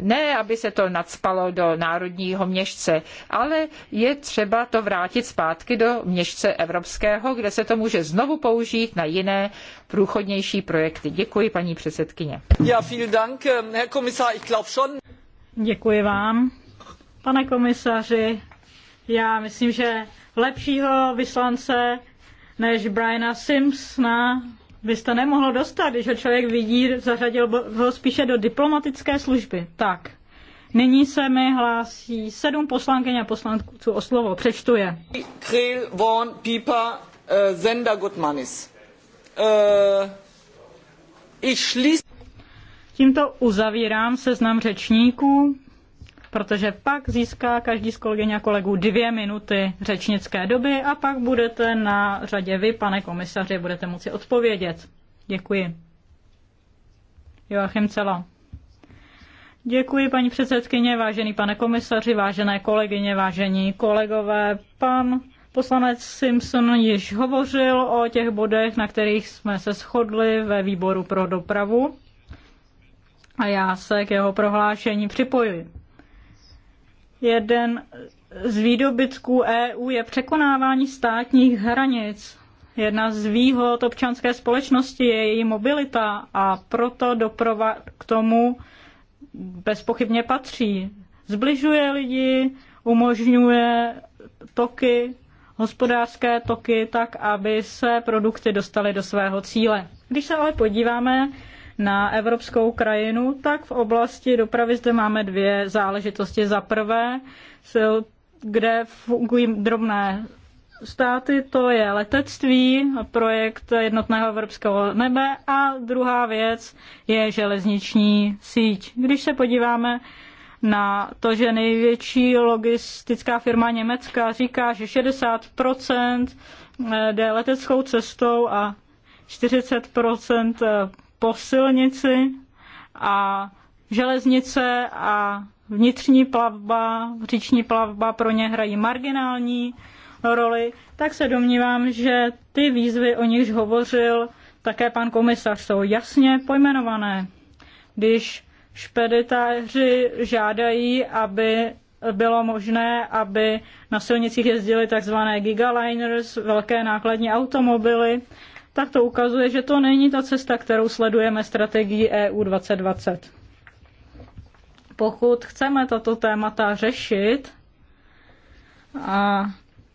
ne, aby se to nadspalo do národního měšce, ale je třeba to vrátit zpátky do měšce evropského, kde se to může znovu použít na jiné průchodnější projekty. Děkuji, paní předsedkyně. Ja, Dank, Herr ich schon. Děkuji vám. Pane komisaři, já myslím, že lepšího vyslance než Briana Simpsona byste nemohl dostat, když ho člověk vidí, zařadil ho spíše do diplomatické služby. Tak, nyní se mi hlásí sedm poslankyň a poslanců o slovo. Přečtu je. Kryl, Von, Pípa, Zenda, Gutmanis. Eh, Tímto uzavírám seznam řečníků protože pak získá každý z kolegyň a kolegů dvě minuty řečnické doby a pak budete na řadě vy, pane komisaři, budete moci odpovědět. Děkuji. Joachim Cela. Děkuji, paní předsedkyně, vážený pane komisaři, vážené kolegyně, vážení kolegové. Pan poslanec Simpson již hovořil o těch bodech, na kterých jsme se shodli ve výboru pro dopravu a já se k jeho prohlášení připojuji. Jeden z výdobytků EU je překonávání státních hranic. Jedna z výhod občanské společnosti je její mobilita a proto doprova k tomu bezpochybně patří. Zbližuje lidi, umožňuje toky, hospodářské toky, tak aby se produkty dostaly do svého cíle. Když se ale podíváme na evropskou krajinu, tak v oblasti dopravy zde máme dvě záležitosti. Za prvé, kde fungují drobné státy, to je letectví, projekt jednotného evropského nebe a druhá věc je železniční síť. Když se podíváme na to, že největší logistická firma Německa říká, že 60% jde leteckou cestou a 40% po silnici a železnice a vnitřní plavba, říční plavba pro ně hrají marginální roli, tak se domnívám, že ty výzvy, o nichž hovořil také pan komisař, jsou jasně pojmenované. Když špeditáři žádají, aby bylo možné, aby na silnicích jezdili tzv. gigaliners, velké nákladní automobily, tak to ukazuje, že to není ta cesta, kterou sledujeme strategii EU 2020. Pokud chceme tato témata řešit a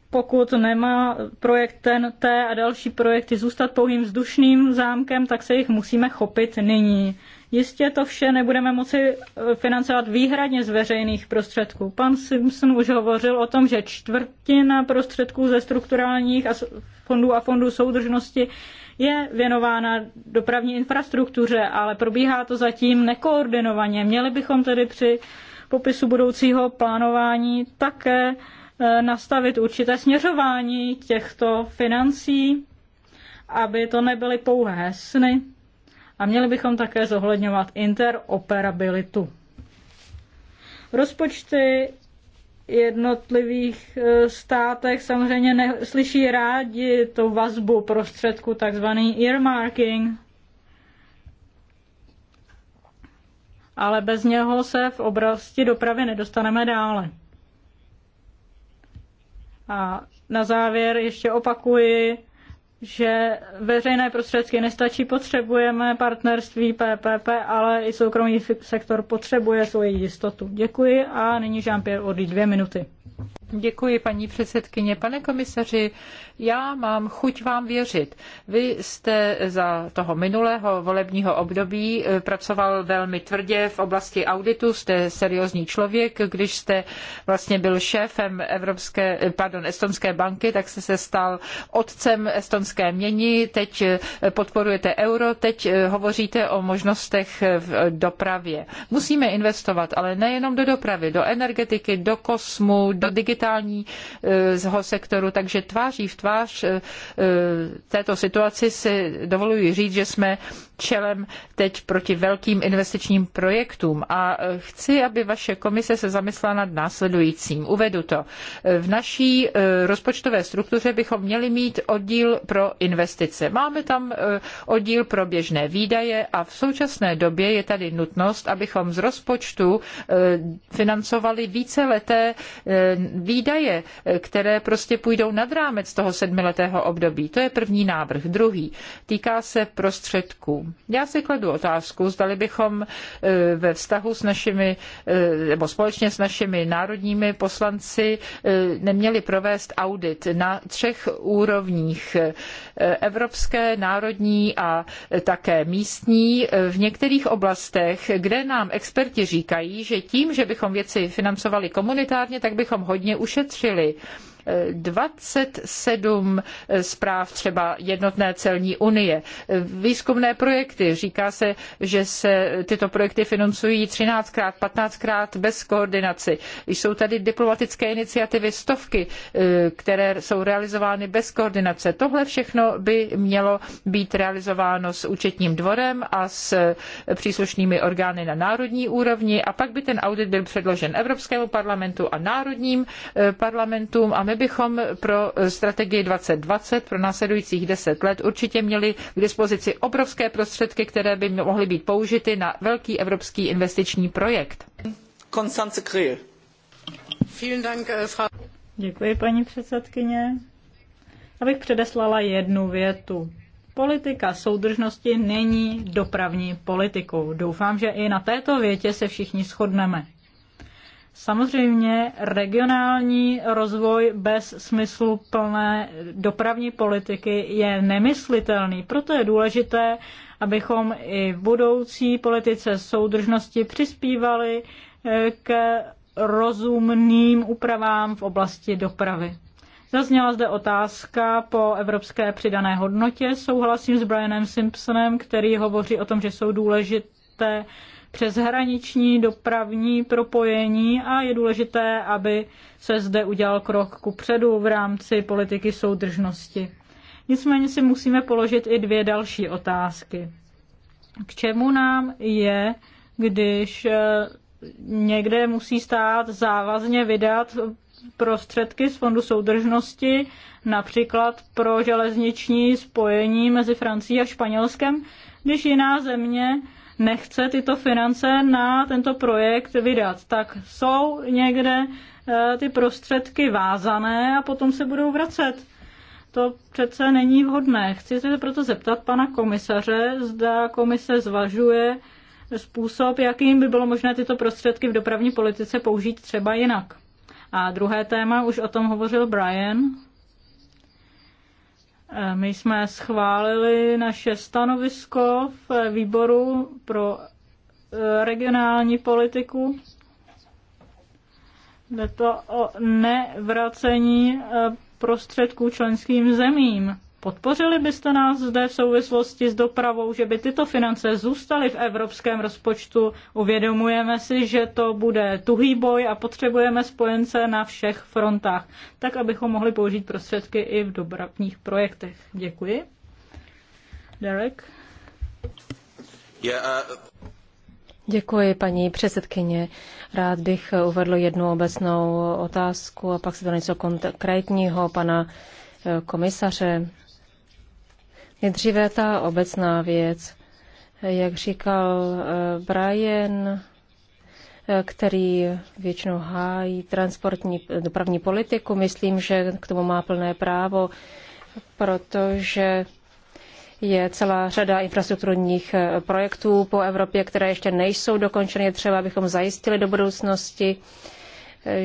pokud nemá projekt ten T a další projekty zůstat pouhým vzdušným zámkem, tak se jich musíme chopit nyní. Jistě to vše nebudeme moci eh, financovat výhradně z veřejných prostředků. Pan Simpson už hovořil o tom, že čtvrtina prostředků ze strukturálních fondů a fondů soudržnosti je věnována dopravní infrastruktuře, ale probíhá to zatím nekoordinovaně. Měli bychom tedy při popisu budoucího plánování také eh, nastavit určité směřování těchto financí, aby to nebyly pouhé sny, a měli bychom také zohledňovat interoperabilitu. Rozpočty jednotlivých e, státech samozřejmě neslyší rádi tu vazbu prostředku, takzvaný earmarking, ale bez něho se v oblasti dopravy nedostaneme dále. A na závěr ještě opakuji, že veřejné prostředky nestačí, potřebujeme partnerství PPP, ale i soukromý sektor potřebuje svoji jistotu. Děkuji a nyní Jean-Pierre Ody dvě minuty. Děkuji, paní předsedkyně. Pane komisaři, já mám chuť vám věřit. Vy jste za toho minulého volebního období eh, pracoval velmi tvrdě v oblasti auditu, jste seriózní člověk. Když jste vlastně byl šéfem Evropské, eh, pardon, Estonské banky, tak jste se stal otcem estonské měny, teď eh, podporujete euro, teď hovoříte o možnostech v dopravě. Musíme investovat, ale nejenom do dopravy, do energetiky, do kosmu, do digitální digitálního sektoru, takže tváří v tvář eh, této situaci si dovoluji říct, že jsme čelem teď proti velkým investičním projektům a eh, chci, aby vaše komise se zamyslela nad následujícím. Uvedu to. Eh, v naší rozpočtové struktuře bychom měli mít oddíl pro investice. Máme tam oddíl pro běžné výdaje a v současné době je tady nutnost, abychom z rozpočtu financovali víceleté výdaje, eh, které prostě půjdou nad rámec toho sedmiletého období. To je první návrh. Druhý týká se prostředků. Já si kladu otázku, zdali bychom eh, ve vztahu s našimi, eh, nebo společně s našimi národními poslanci neměli provést audit na třech úrovních evropské, národní a také místní v některých oblastech, kde nám experti říkají, že tím, že bychom věci financovali komunitárně, tak bychom hodně ušetřili. 27 zpráv třeba jednotné celní unie, výzkumné projekty. Říká se, že se tyto projekty financují 13krát, 15krát bez koordinaci. Jsou tady diplomatické iniciativy stovky, eh, které jsou realizovány bez koordinace. Tohle všechno by mělo být realizováno s účetním dvorem a s příslušnými orgány na národní úrovni a pak by ten audit byl předložen Evropskému parlamentu a národním eh, parlamentům a my bychom pro eh, strategii 2020 pro následujících deset let určitě měli k dispozici obrovské prostředky, které by mohly být použity na velký evropský investiční projekt. Konstance Kryl. Eh, Děkuji, paní předsedkyně. Abych předeslala jednu větu. Politika soudržnosti není dopravní politikou. Doufám, že i na této větě se všichni shodneme. Samozřejmě regionální rozvoj bez smyslu plné dopravní politiky je nemyslitelný, proto je důležité, abychom i v budoucí politice soudržnosti přispívali eh, k rozumným úpravám v oblasti dopravy. Zazněla zde otázka po evropské přidané hodnotě. Souhlasím s Brianem Simpsonem, který hovoří o tom, že jsou důležité přeshraniční dopravní propojení a je důležité, aby se zde udělal krok ku předu v rámci politiky soudržnosti. Nicméně si musíme položit i dvě další otázky. K čemu nám je, když eh, někde musí stát závazně vydat prostředky z Fondu soudržnosti, například pro železniční spojení mezi Francií a Španělskem, když jiná země nechce tyto finance na tento projekt vydat, tak jsou někde eh, ty prostředky vázané a potom se budou vracet. To přece není vhodné. Chci se proto zeptat pana komisaře, zda komise zvažuje způsob, jakým by bylo možné tyto prostředky v dopravní politice použít třeba jinak. A druhé téma, už o tom hovořil Brian, Eh, my jsme schválili naše stanovisko v výboru pro eh, regionální politiku. Jde to o nevracení eh, prostředků členským zemím. Podpořili byste nás zde v souvislosti s dopravou, že by tyto finance zůstaly v evropském rozpočtu? Uvědomujeme si, že to bude tuhý boj a potřebujeme spojence na všech frontách, tak abychom mohli použít prostředky i v dopravních projektech. Děkuji. Derek? Yeah, uh... Děkuji, paní předsedkyně. Rád bych uvedl jednu obecnou otázku a pak se to něco konkrétního pana eh, komisaře. Nejdříve ta obecná věc. Jak říkal eh, Brian, eh, který většinou hájí transportní dopravní politiku, myslím, že k tomu má plné právo, protože je celá řada infrastrukturních eh, projektů po Evropě, které ještě nejsou dokončeny, třeba abychom zajistili do budoucnosti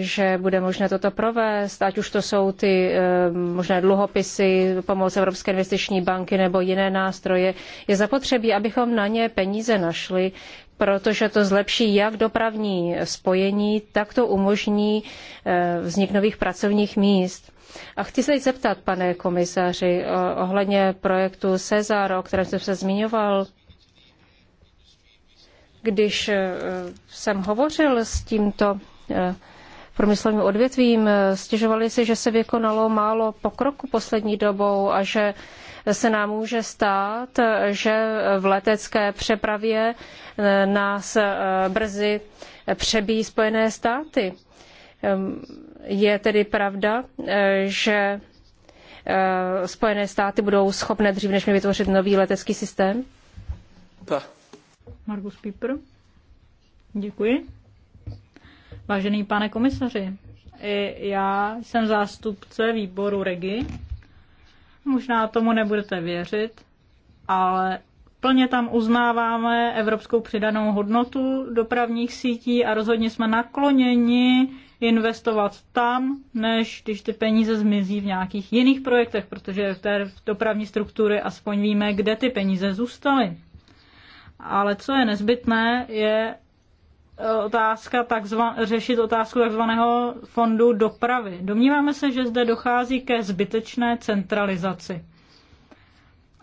že bude možné toto provést, ať už to jsou ty eh, možné dluhopisy, pomoc Evropské investiční banky nebo jiné nástroje. Je zapotřebí, abychom na ně peníze našli, protože to zlepší jak dopravní spojení, tak to umožní eh, vznik nových pracovních míst. A chci se zeptat, pane komisaři, ohledně projektu Cezar, o kterém jste se zmiňoval, když eh, jsem hovořil s tímto průmyslovým odvětvím. Stěžovali si, že se vykonalo málo pokroku poslední dobou a že se nám může stát, že v letecké přepravě nás brzy přebíjí Spojené státy. Je tedy pravda, že Spojené státy budou schopné dřív, než mi vytvořit nový letecký systém? Pa. Margus Piper. Děkuji. Vážený pane komisaři, já jsem zástupce výboru REGI. Možná tomu nebudete věřit, ale plně tam uznáváme evropskou přidanou hodnotu dopravních sítí a rozhodně jsme nakloněni investovat tam, než když ty peníze zmizí v nějakých jiných projektech, protože v té dopravní struktury aspoň víme, kde ty peníze zůstaly. Ale co je nezbytné, je otázka takzva, řešit otázku takzvaného fondu dopravy. Domníváme se, že zde dochází ke zbytečné centralizaci.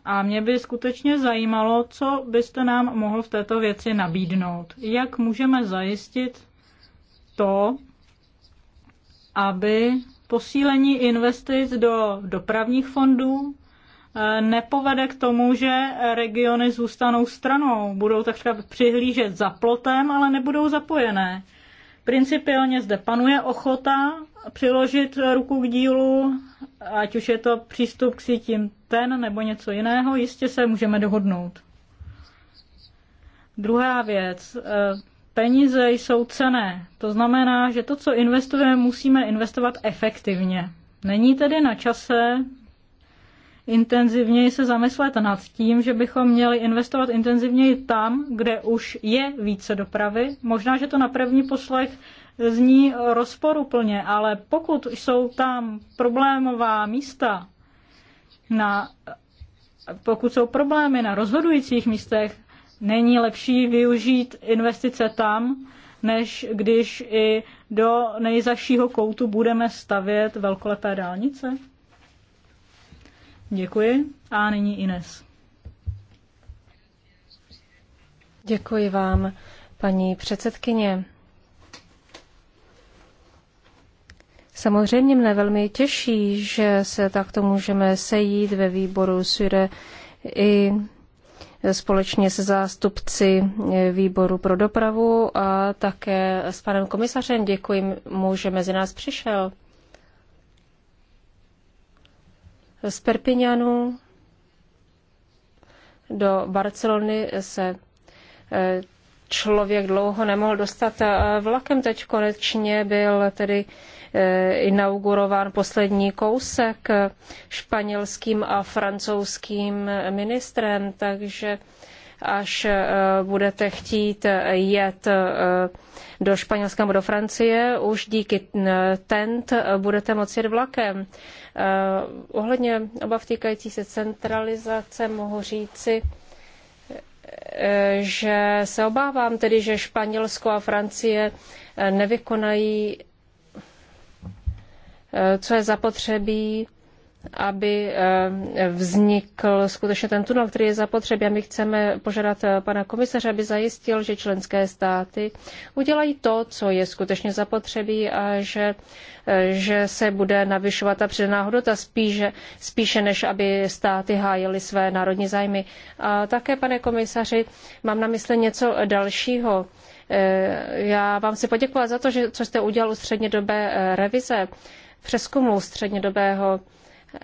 A mě by skutečně zajímalo, co byste nám mohl v této věci nabídnout. Jak můžeme zajistit to, aby posílení investic do dopravních fondů nepovede k tomu, že regiony zůstanou stranou. Budou takřka přihlížet za plotem, ale nebudou zapojené. Principiálně zde panuje ochota přiložit ruku k dílu, ať už je to přístup k sítím ten nebo něco jiného, jistě se můžeme dohodnout. Druhá věc. Eh, peníze jsou cené. To znamená, že to, co investujeme, musíme investovat efektivně. Není tedy na čase intenzivněji se zamyslet nad tím, že bychom měli investovat intenzivněji tam, kde už je více dopravy. Možná, že to na první poslech zní rozporuplně, ale pokud jsou tam problémová místa, na, pokud jsou problémy na rozhodujících místech, není lepší využít investice tam, než když i do nejzašího koutu budeme stavět velkolepé dálnice? Děkuji. A nyní Ines. Děkuji vám, paní předsedkyně. Samozřejmě mne velmi těší, že se takto můžeme sejít ve výboru SURE i společně se zástupci výboru pro dopravu a také s panem komisařem. Děkuji mu, že mezi nás přišel. Z Perpignanu do Barcelony se eh, člověk dlouho nemohl dostat eh, vlakem. Teď konečně byl tedy eh, inaugurován poslední kousek španělským a francouzským ministrem, takže až budete chtít jet do Španělska nebo do Francie, už díky TENT budete moci jet vlakem. Eh, ohledně obav týkající se centralizace mohu říci, eh, že se obávám tedy, že Španělsko a Francie eh, nevykonají, co je zapotřebí aby eh, vznikl skutečně ten tunel, který je zapotřebí. A my chceme požádat eh, pana komisaře, aby zajistil, že členské státy udělají to, co je skutečně zapotřebí a že, eh, že se bude navyšovat ta přidaná hodnota spíše, spíše, než aby státy hájily své národní zájmy. A také, pane komisaři, mám na mysli něco dalšího. Já vám si poděkovat za to, že, co jste udělal u střednědobé revize, přeskumu střednědobého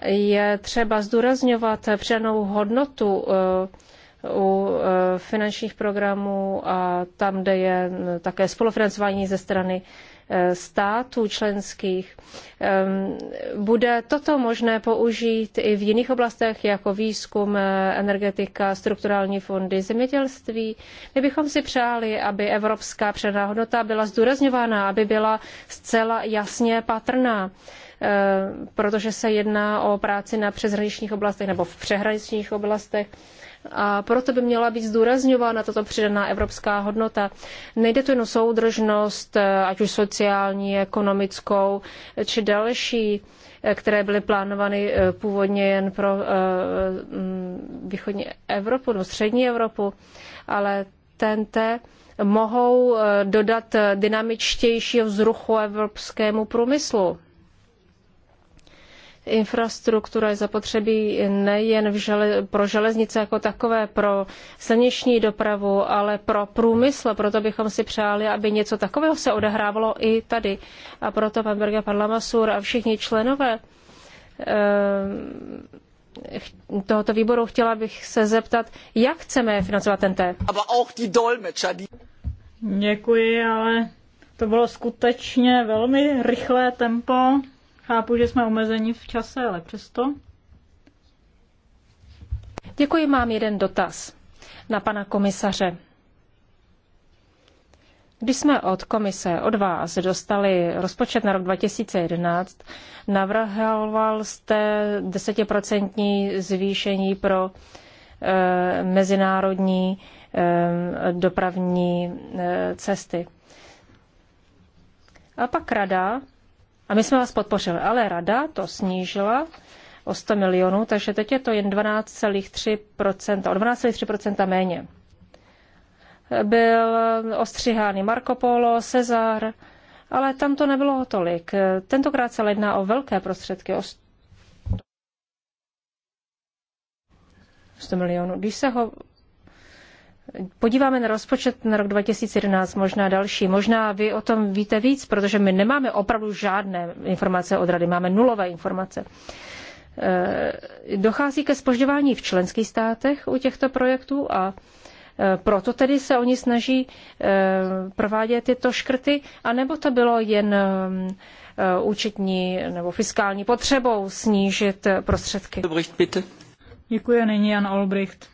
je třeba zdůrazňovat přidanou hodnotu eh, u eh, finančních programů a tam, kde je mm, také spolufinancování ze strany eh, států členských. Ehm, bude toto možné použít i v jiných oblastech, jako výzkum, energetika, strukturální fondy, zemědělství? My bychom si přáli, aby evropská předná hodnota byla zdůrazňována, aby byla zcela jasně patrná. Eh, protože se jedná o práci na přeshraničních oblastech nebo v přehraničních oblastech. A proto by měla být zdůrazňována tato přidaná evropská hodnota. Nejde tu jen o soudržnost, eh, ať už sociální, ekonomickou, eh, či další, které byly plánovány původně jen pro mm, východní Evropu, no střední Evropu, ale TNT mohou dodat dynamičtějšího vzruchu evropskému průmyslu infrastruktura je zapotřebí nejen v žele, pro železnice jako takové, pro silniční dopravu, ale pro průmysl. Proto bychom si přáli, aby něco takového se odehrávalo i tady. A proto pan Berga, pan Lamasur a všichni členové ehm, tohoto výboru chtěla bych se zeptat, jak chceme financovat ten té. Děkuji, ale to bylo skutečně velmi rychlé tempo. Chápu, že jsme omezeni v čase, ale přesto. Děkuji, mám jeden dotaz na pana komisaře. Když jsme od komise, od vás, dostali rozpočet na rok 2011, navrhoval jste desetiprocentní zvýšení pro e, mezinárodní e, dopravní e, cesty. A pak rada a my jsme vás podpořili, ale rada to snížila o 100 milionů, takže teď je to jen 12,3%, o 12,3% méně. Byl ostřihány Marco Polo, Cezar, ale tam to nebylo tolik. Tentokrát se jedná o velké prostředky, o 100 milionů. Když se ho podíváme na rozpočet na rok 2011, možná další, možná vy o tom víte víc, protože my nemáme opravdu žádné informace od rady, máme nulové informace. Eh, dochází ke spožďování v členských státech u těchto projektů a eh, proto tedy se oni snaží eh, provádět tyto škrty, anebo to bylo jen účetní nebo fiskální potřebou snížit prostředky. Děkuji, nyní Jan Olbricht.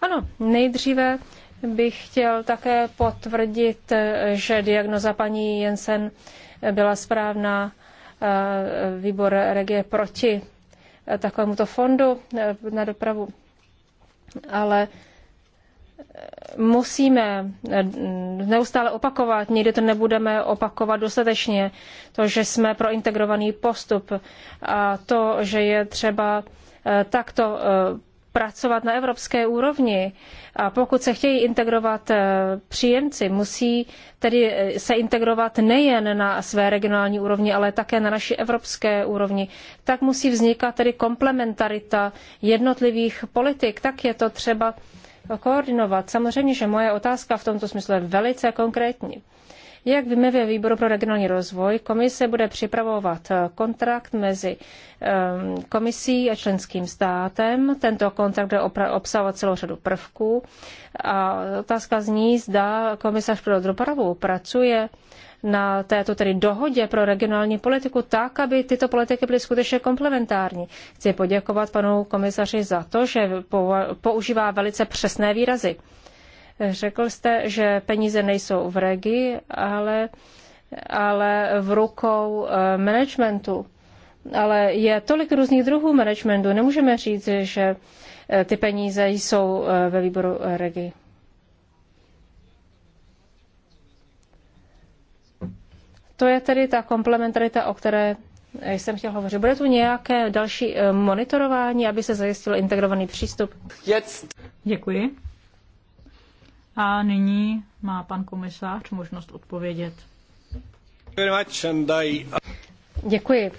Ano, nejdříve bych chtěl také potvrdit, že diagnoza paní Jensen byla správná. Eh, výbor regie proti eh, takovémuto fondu eh, na dopravu. Ale musíme neustále opakovat, někdy to nebudeme opakovat dostatečně, to, že jsme pro integrovaný postup a to, že je třeba takto pracovat na evropské úrovni a pokud se chtějí integrovat eh, příjemci, musí tedy eh, se integrovat nejen na své regionální úrovni, ale také na naší evropské úrovni. Tak musí vznikat tedy komplementarita jednotlivých politik. Tak je to třeba koordinovat. Samozřejmě, že moje otázka v tomto smyslu je velice konkrétní. Jak víme ve výboru pro regionální rozvoj, komise bude připravovat eh, kontrakt mezi ehm, komisí a členským státem. Tento kontrakt bude obsahovat celou řadu prvků. A otázka zní, zda komisař pro dopravu pracuje na této tedy dohodě pro regionální politiku tak, aby tyto politiky byly skutečně komplementární. Chci poděkovat panu komisaři za to, že používá velice přesné výrazy. Řekl jste, že peníze nejsou v regi, ale, ale v rukou eh, managementu. Ale je tolik různých druhů managementu. Nemůžeme říct, že eh, ty peníze jsou eh, ve výboru regi. To je tedy ta komplementarita, o které jsem chtěl hovořit. Bude tu nějaké další monitorování, aby se zajistil integrovaný přístup? Děkuji. A nyní má pan komisář možnost odpovědět. Děkuji.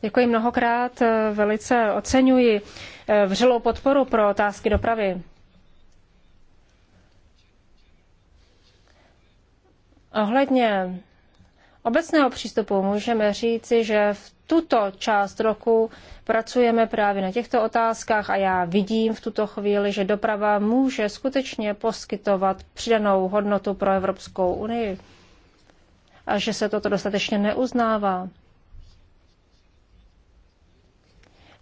Děkuji mnohokrát, velice oceňuji eh, vřelou podporu pro otázky dopravy. Ohledně obecného přístupu můžeme říci, že v tuto část roku pracujeme právě na těchto otázkách a já vidím v tuto chvíli, že doprava může skutečně poskytovat přidanou hodnotu pro Evropskou unii a že se toto dostatečně neuznává.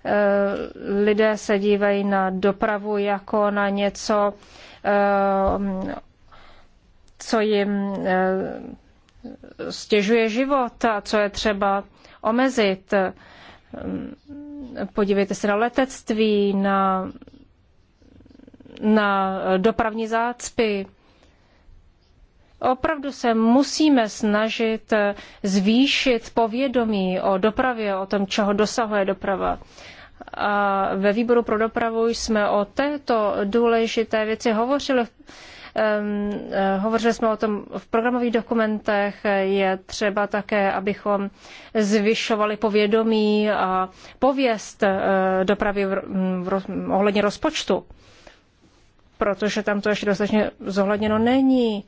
Eh, lidé se dívají na dopravu jako na něco, eh, co jim eh, stěžuje život a co je třeba omezit. Ehm, podívejte se na letectví, na, na dopravní zácpy. Opravdu se musíme snažit zvýšit povědomí o dopravě, o tom, čeho dosahuje doprava. A ve výboru pro dopravu jsme o této důležité věci hovořili Eh, hovořili jsme o tom v programových dokumentech. Je třeba také, abychom zvyšovali povědomí a pověst eh, dopravy ohledně rozpočtu, protože tam to ještě dostatečně zohledněno není.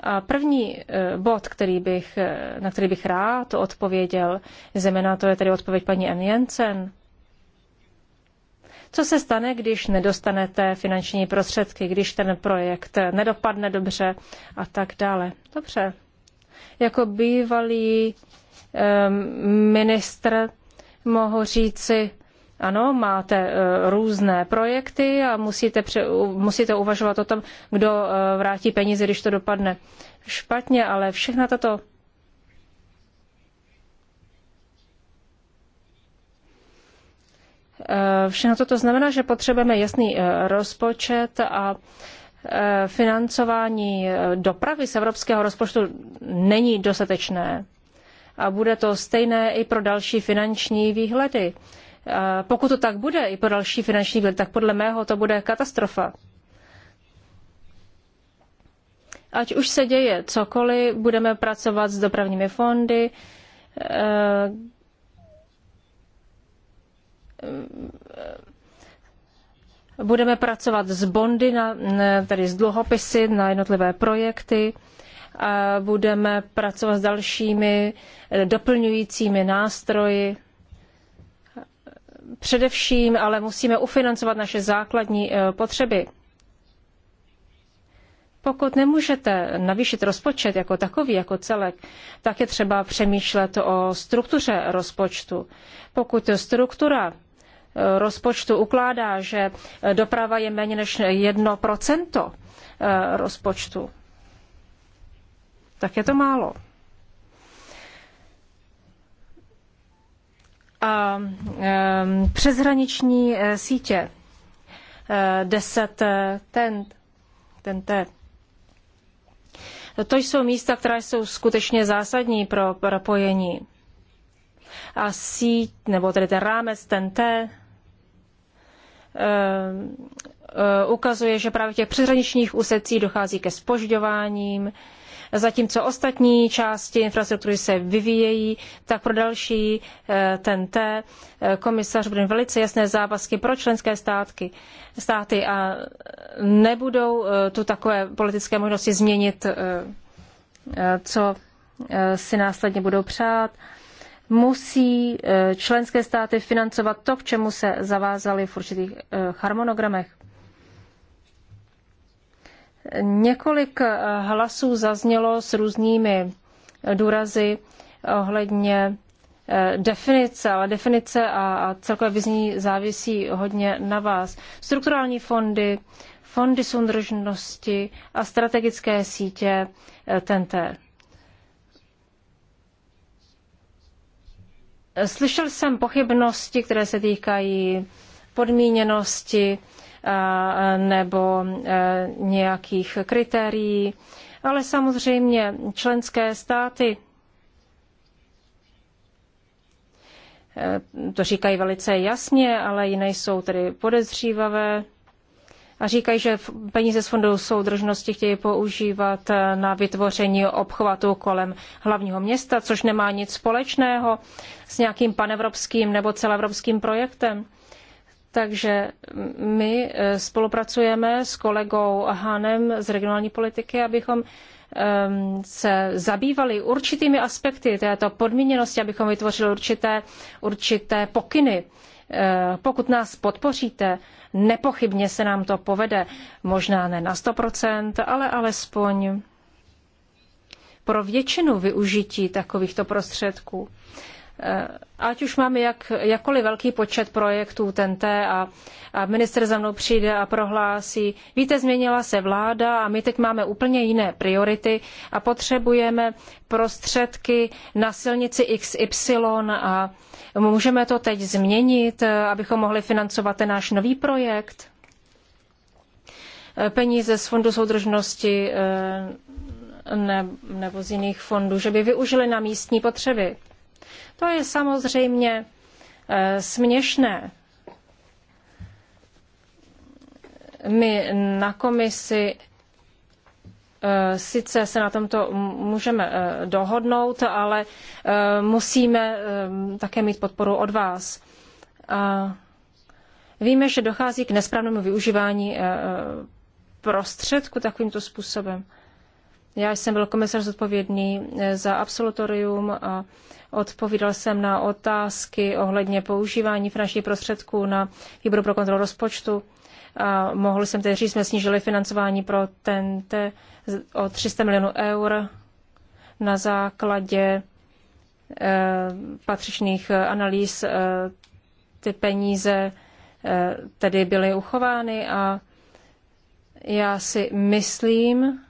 A první eh, bod, který bych, na který bych rád odpověděl, zejména to je tedy odpověď paní Jensen, co se stane, když nedostanete finanční prostředky, když ten projekt nedopadne dobře a tak dále? Dobře. Jako bývalý ministr mohu říci, ano, máte e, různé projekty a musíte, pře, musíte uvažovat o tom, kdo e, vrátí peníze, když to dopadne špatně, ale všechna tato Eh, všechno toto znamená, že potřebujeme jasný eh, rozpočet a eh, financování dopravy z evropského rozpočtu není dostatečné. A bude to stejné i pro další finanční výhledy. Pokud to tak bude i pro další finanční výhledy, tak podle mého to bude katastrofa. Ať už se děje cokoliv, budeme pracovat s dopravními fondy, budeme pracovat s bondy, na, tedy s dluhopisy na jednotlivé projekty. A budeme pracovat s dalšími eh, doplňujícími nástroji. Především ale musíme ufinancovat naše základní eh, potřeby. Pokud nemůžete navýšit rozpočet jako takový, jako celek, tak je třeba přemýšlet o struktuře rozpočtu. Pokud struktura rozpočtu ukládá, že doprava je méně než 1% eh, rozpočtu, tak je to málo. A eh, přeshraniční eh, sítě 10 ten, ten T. To jsou místa, která jsou skutečně zásadní pro propojení. A síť, nebo tedy ten rámec, ten T, Eh, eh, ukazuje, že právě v těch přeshraničních úsecích dochází ke spožďováním, zatímco ostatní části infrastruktury se vyvíjejí, tak pro další eh, T komisař bude velice jasné závazky pro členské státky, státy a nebudou tu takové politické možnosti změnit, co si následně budou přát musí eh, členské státy financovat to, k čemu se zavázaly v určitých eh, harmonogramech. Několik eh, hlasů zaznělo s různými důrazy ohledně definice, ale definice a celkové vyzní závisí hodně na vás. Strukturální fondy, fondy soudržnosti a strategické sítě TNT. Slyšel jsem pochybnosti, které se týkají podmíněnosti nebo e, nějakých kritérií, ale samozřejmě členské státy e, to říkají velice jasně, ale jiné jsou tedy podezřívavé a říkají, že peníze z fondu soudržnosti chtějí používat eh, na vytvoření obchvatu kolem hlavního města, což nemá nic společného s nějakým panevropským nebo celoevropským projektem. Takže my eh, spolupracujeme s kolegou Hanem z regionální politiky, abychom ehm, se zabývali určitými aspekty této podmíněnosti, abychom vytvořili určité, určité pokyny Eh, pokud nás podpoříte, nepochybně se nám to povede. Možná ne na 100%, ale alespoň pro většinu využití takovýchto prostředků. Eh, ať už máme jak, jakkoliv velký počet projektů TNT a, a minister za mnou přijde a prohlásí, víte, změnila se vláda a my teď máme úplně jiné priority a potřebujeme prostředky na silnici XY a můžeme to teď změnit, abychom mohli financovat ten náš nový projekt. E, peníze z Fondu soudržnosti e, ne, nebo z jiných fondů, že by využili na místní potřeby. To je samozřejmě eh, směšné. My na komisi eh, sice se na tomto můžeme eh, dohodnout, ale musíme také mít podporu od vás. A víme, že dochází k nesprávnému využívání prostředku takovýmto způsobem. Já jsem byl komisař zodpovědný eh, za absolutorium a odpovídal jsem na otázky ohledně používání finančních prostředků na výboru pro kontrolu rozpočtu. A mohl jsem tedy říct, jsme snížili financování pro TNT o 300 milionů eur na základě eh, patřičných eh, analýz. ty peníze tedy byly uchovány a já si myslím,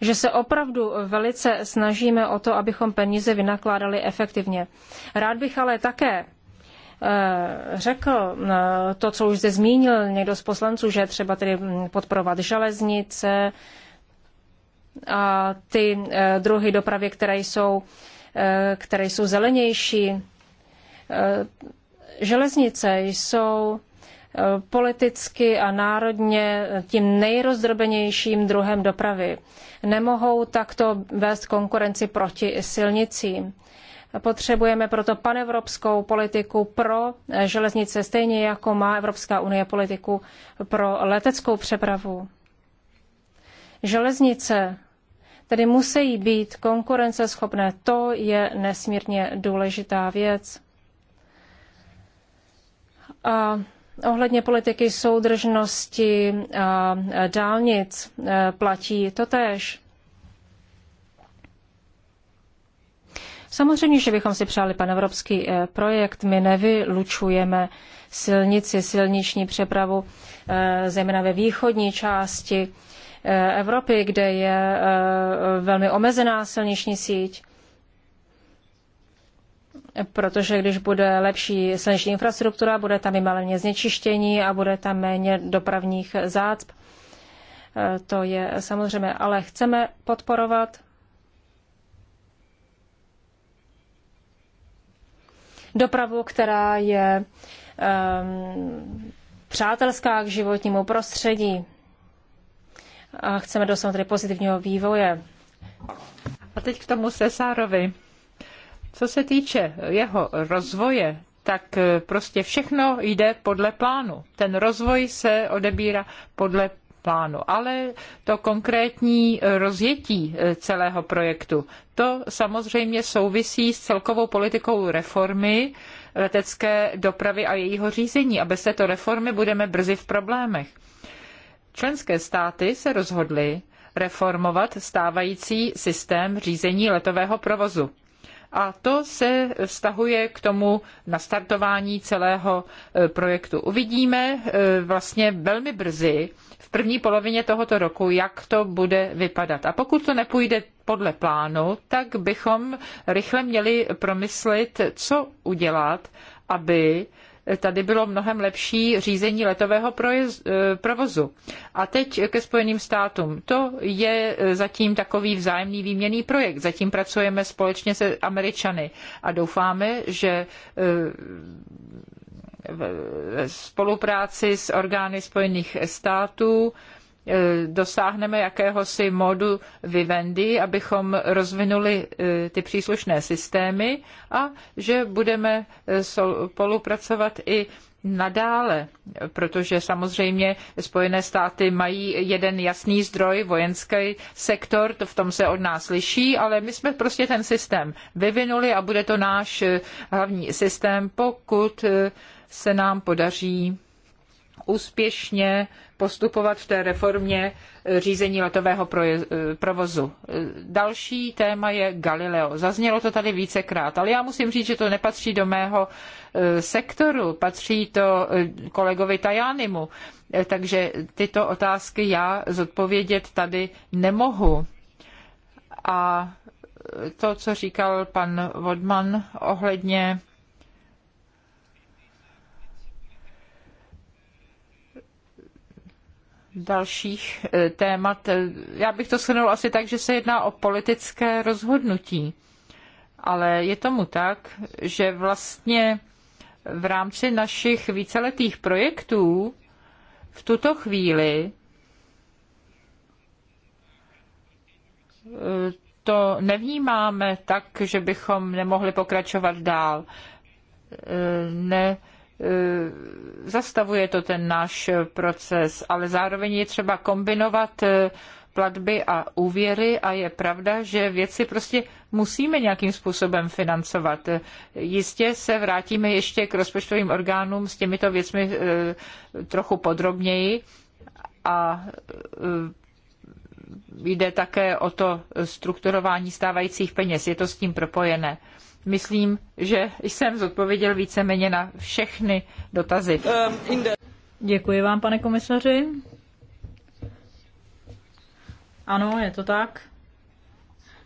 že se opravdu velice snažíme o to, abychom peníze vynakládali efektivně. Rád bych ale také eh, řekl eh, to, co už zde zmínil někdo z poslanců, že třeba tedy hm, podporovat železnice a ty eh, druhy dopravy, které jsou, které jsou zelenější. Železnice jsou politicky a národně tím nejrozdrobenějším druhem dopravy. Nemohou takto vést konkurenci proti silnicím. Potřebujeme proto panevropskou politiku pro železnice, stejně jako má Evropská unie politiku pro leteckou přepravu. Železnice tedy musí být konkurenceschopné. To je nesmírně důležitá věc. A ohledně politiky soudržnosti a dálnic eh, platí to tež. Samozřejmě, že bychom si přáli panevropský eh, projekt. My nevylučujeme silnici, silniční přepravu, eh, zejména ve východní části Evropy, kde je velmi omezená silniční síť protože když bude lepší silniční infrastruktura, bude tam i méně znečištění a bude tam méně dopravních zácp. E, to je samozřejmě, ale chceme podporovat dopravu, která je um, přátelská k životnímu prostředí. A chceme dosáhnout tedy pozitivního vývoje. A teď k tomu Cesárovi. Co se týče jeho rozvoje, tak eh, prostě všechno jde podle plánu. Ten rozvoj se odebírá podle plánu, ale to konkrétní rozjetí eh, celého projektu, to samozřejmě souvisí s celkovou politikou reformy eh, letecké dopravy a jejího řízení. A bez této reformy budeme brzy v problémech. Členské státy se rozhodly reformovat stávající systém řízení letového provozu. A to se vztahuje k tomu nastartování celého e, projektu. Uvidíme e, vlastně velmi brzy, v první polovině tohoto roku, jak to bude vypadat. A pokud to nepůjde podle plánu, tak bychom rychle měli promyslit, co udělat, aby tady bylo mnohem lepší řízení letového eh, provozu. A teď ke Spojeným státům. To je eh, zatím takový vzájemný výměný projekt. Zatím pracujeme společně se Američany a doufáme, že eh, v spolupráci s orgány Spojených států Eh, dosáhneme jakéhosi modu vivendi, abychom rozvinuli eh, ty příslušné systémy a že budeme eh, spolupracovat i nadále, protože samozřejmě Spojené státy mají jeden jasný zdroj, vojenský sektor, to v tom se od nás liší, ale my jsme prostě ten systém vyvinuli a bude to náš hlavní systém, pokud se nám podaří úspěšně postupovat v té reformě eh, řízení letového eh, provozu. Eh, další téma je Galileo. Zaznělo to tady vícekrát, ale já musím říct, že to nepatří do mého sektoru, patří to kolegovi Tajánimu, takže tyto otázky já zodpovědět tady nemohu. A to, co říkal pan Vodman ohledně dalších e, témat. E, já bych to shrnul asi tak, že se jedná o politické rozhodnutí. Ale je tomu tak, že vlastně v rámci našich víceletých projektů v tuto chvíli e, to nevnímáme tak, že bychom nemohli pokračovat dál. Ne, Eh, zastavuje to ten náš proces, ale zároveň je třeba kombinovat eh, platby a úvěry a je pravda, že věci prostě musíme nějakým způsobem financovat. Eh, jistě se vrátíme ještě k rozpočtovým orgánům s těmito věcmi trochu podrobněji a jde také o to strukturování stávajících peněz. Je to s tím propojené. Myslím, že jsem zodpověděl víceméně na všechny dotazy. Děkuji vám, pane komisaři. Ano, je to tak.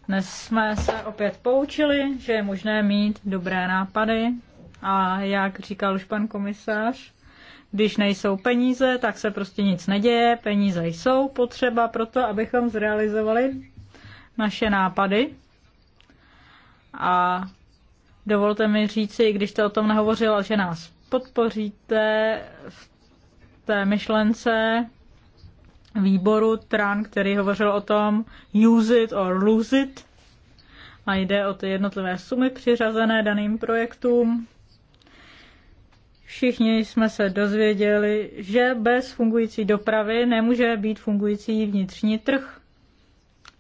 Dnes jsme se opět poučili, že je možné mít dobré nápady a jak říkal už pan komisař, když nejsou peníze, tak se prostě nic neděje. Peníze jsou potřeba pro to, abychom zrealizovali naše nápady. A Dovolte mi říci, i když jste o tom nehovořila, že nás podpoříte v té myšlence výboru TRAN, který hovořil o tom use it or lose it. A jde o ty jednotlivé sumy přiřazené daným projektům. Všichni jsme se dozvěděli, že bez fungující dopravy nemůže být fungující vnitřní trh.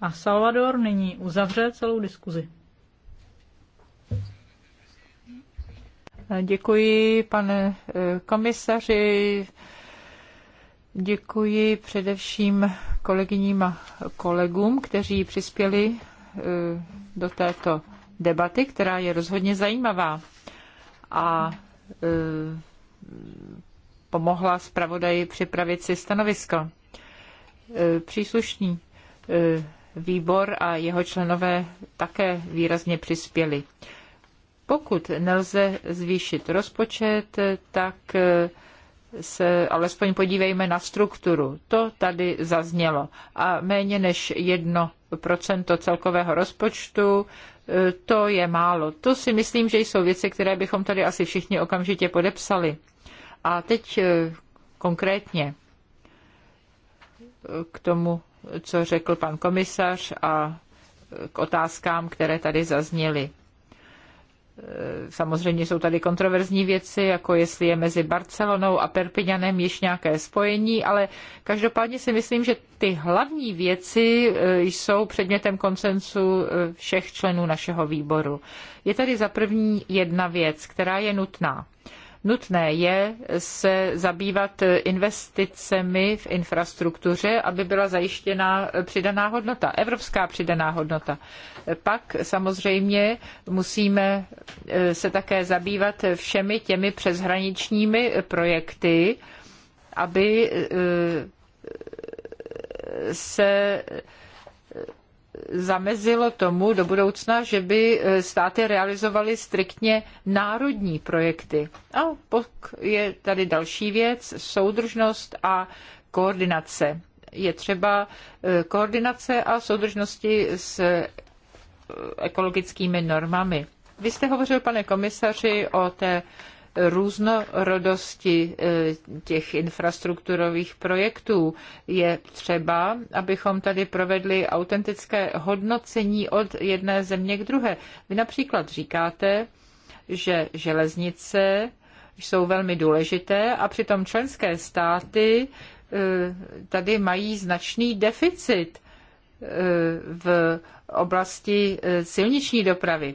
A Salvador nyní uzavře celou diskuzi. Děkuji, pane eh, komisaři. Děkuji především kolegyním a kolegům, kteří přispěli eh, do této debaty, která je rozhodně zajímavá a eh, pomohla zpravodaji připravit si stanovisko. Příslušný výbor a jeho členové také výrazně přispěli. Pokud nelze zvýšit rozpočet, tak se alespoň podívejme na strukturu. To tady zaznělo. A méně než jedno procento celkového rozpočtu, to je málo. To si myslím, že jsou věci, které bychom tady asi všichni okamžitě podepsali. A teď eh, konkrétně k tomu, co řekl pan komisař a k otázkám, které tady zazněly. Eh, samozřejmě jsou tady kontroverzní věci, jako jestli je mezi Barcelonou a Perpiňanem ještě nějaké spojení, ale každopádně si myslím, že ty hlavní věci eh, jsou předmětem koncensu eh, všech členů našeho výboru. Je tady za první jedna věc, která je nutná. Nutné je se zabývat investicemi v infrastruktuře, aby byla zajištěna přidaná hodnota, evropská přidaná hodnota. Pak samozřejmě musíme eh, se také zabývat všemi těmi přeshraničními projekty, aby eh, se zamezilo tomu do budoucna, že by e, státy realizovaly striktně národní projekty. A pak je tady další věc, soudržnost a koordinace. Je třeba e, koordinace a soudržnosti s e, ekologickými normami. Vy jste hovořil, pane komisaři, o té různorodosti eh, těch infrastrukturových projektů. Je třeba, abychom tady provedli autentické hodnocení od jedné země k druhé. Vy například říkáte, že železnice jsou velmi důležité a přitom členské státy eh, tady mají značný deficit eh, v oblasti silniční dopravy.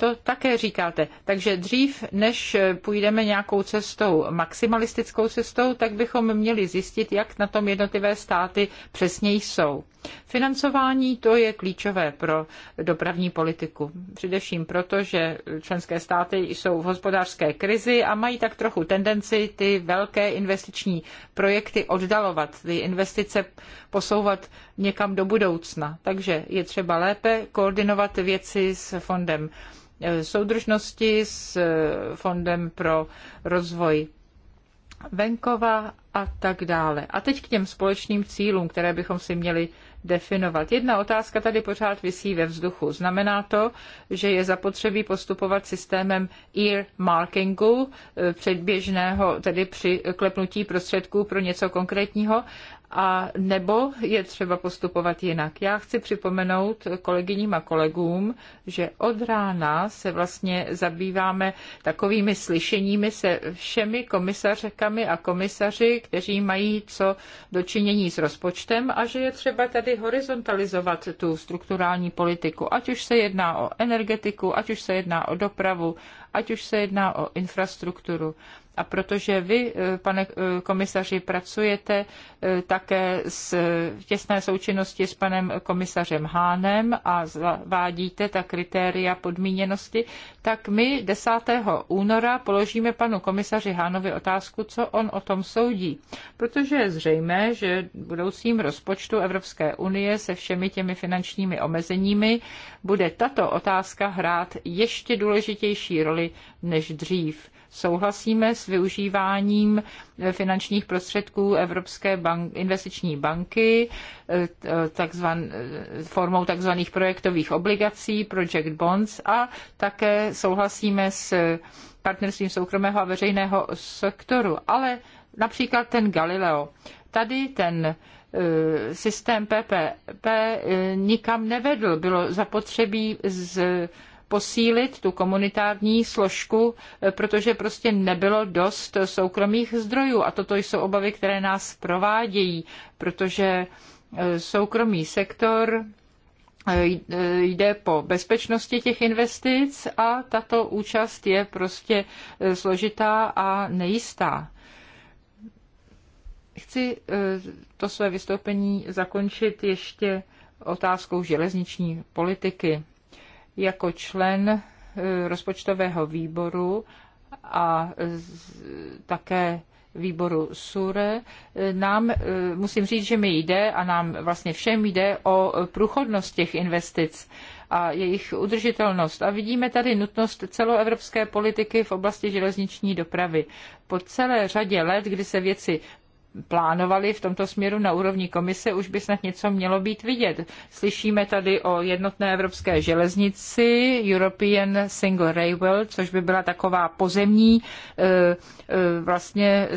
To také říkáte. Takže dřív, než půjdeme nějakou cestou, maximalistickou cestou, tak bychom měli zjistit, jak na tom jednotlivé státy přesně jsou. Financování to je klíčové pro dopravní politiku. Především proto, že členské státy jsou v hospodářské krizi a mají tak trochu tendenci ty velké investiční projekty oddalovat, ty investice posouvat někam do budoucna. Takže je třeba lépe koordinovat věci s fondem Eh, soudržnosti s eh, Fondem pro rozvoj venkova a tak dále. A teď k těm společným cílům, které bychom si měli definovat. Jedna otázka tady pořád visí ve vzduchu. Znamená to, že je zapotřebí postupovat systémem earmarkingu, eh, předběžného, tedy při klepnutí prostředků pro něco konkrétního, a nebo je třeba postupovat jinak. Já chci připomenout kolegyním a kolegům, že od rána se vlastně zabýváme takovými slyšeními se všemi komisařekami a komisaři, kteří mají co dočinění s rozpočtem a že je třeba tady horizontalizovat tu strukturální politiku, ať už se jedná o energetiku, ať už se jedná o dopravu, ať už se jedná o infrastrukturu. A protože vy, eh, pane eh, komisaři, pracujete eh, také s, těsné součinnosti s panem komisařem Hánem a zavádíte ta kritéria podmíněnosti, tak my 10. února položíme panu komisaři Hánovi otázku, co on o tom soudí. Protože je zřejmé, že v budoucím rozpočtu Evropské unie se všemi těmi finančními omezeními bude tato otázka hrát ještě důležitější roli než dřív souhlasíme s využíváním eh, finančních prostředků Evropské bank, investiční banky eh, takzvan, eh, formou takzvaných projektových obligací, project bonds a také souhlasíme s partnerstvím soukromého a veřejného sektoru, ale například ten Galileo. Tady ten systém PPP nikam nevedl. Bylo zapotřebí z posílit tu komunitární složku, eh, protože prostě nebylo dost soukromých zdrojů. A toto jsou obavy, které nás provádějí, protože eh, soukromý sektor eh, jde po bezpečnosti těch investic a tato účast je prostě složitá a nejistá. Chci to své vystoupení zakončit ještě otázkou železniční politiky jako člen eh, rozpočtového výboru a také výboru SURE, eh, nám, eh, musím říct, že mi jde a nám vlastně všem jde o průchodnost těch investic a jejich udržitelnost. A vidíme tady nutnost celoevropské politiky v oblasti železniční dopravy. Po celé řadě let, kdy se věci plánovali v tomto směru na úrovni komise, už by snad něco mělo být vidět. Slyšíme tady o jednotné evropské železnici, European Single Railway, což by byla taková pozemní, eh, eh, vlastně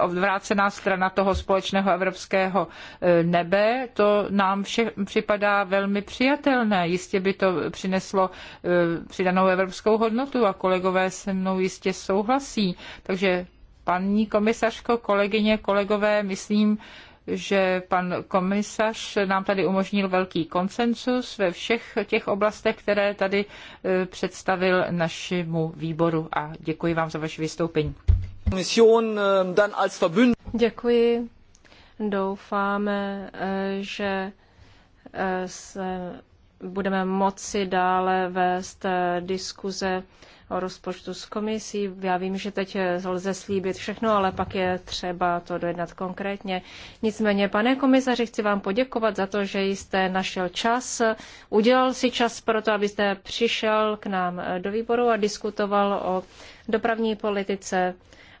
odvrácená strana toho společného evropského eh, nebe. To nám vše připadá velmi přijatelné. Jistě by to přineslo přidanou evropskou hodnotu a kolegové se mnou jistě souhlasí. Takže Paní komisařko, kolegyně, kolegové, myslím, že pan komisař nám tady umožnil velký konsensus ve všech těch oblastech, které tady e, představil našemu výboru a děkuji vám za vaše vystoupení. E, děkuji. Doufáme, e, že se budeme moci dále vést diskuze o rozpočtu s komisí. Já vím, že teď lze slíbit všechno, ale pak je třeba to dojednat konkrétně. Nicméně, pane komisaři, chci vám poděkovat za to, že jste našel čas, udělal si čas pro to, abyste přišel k nám do výboru a diskutoval o dopravní politice.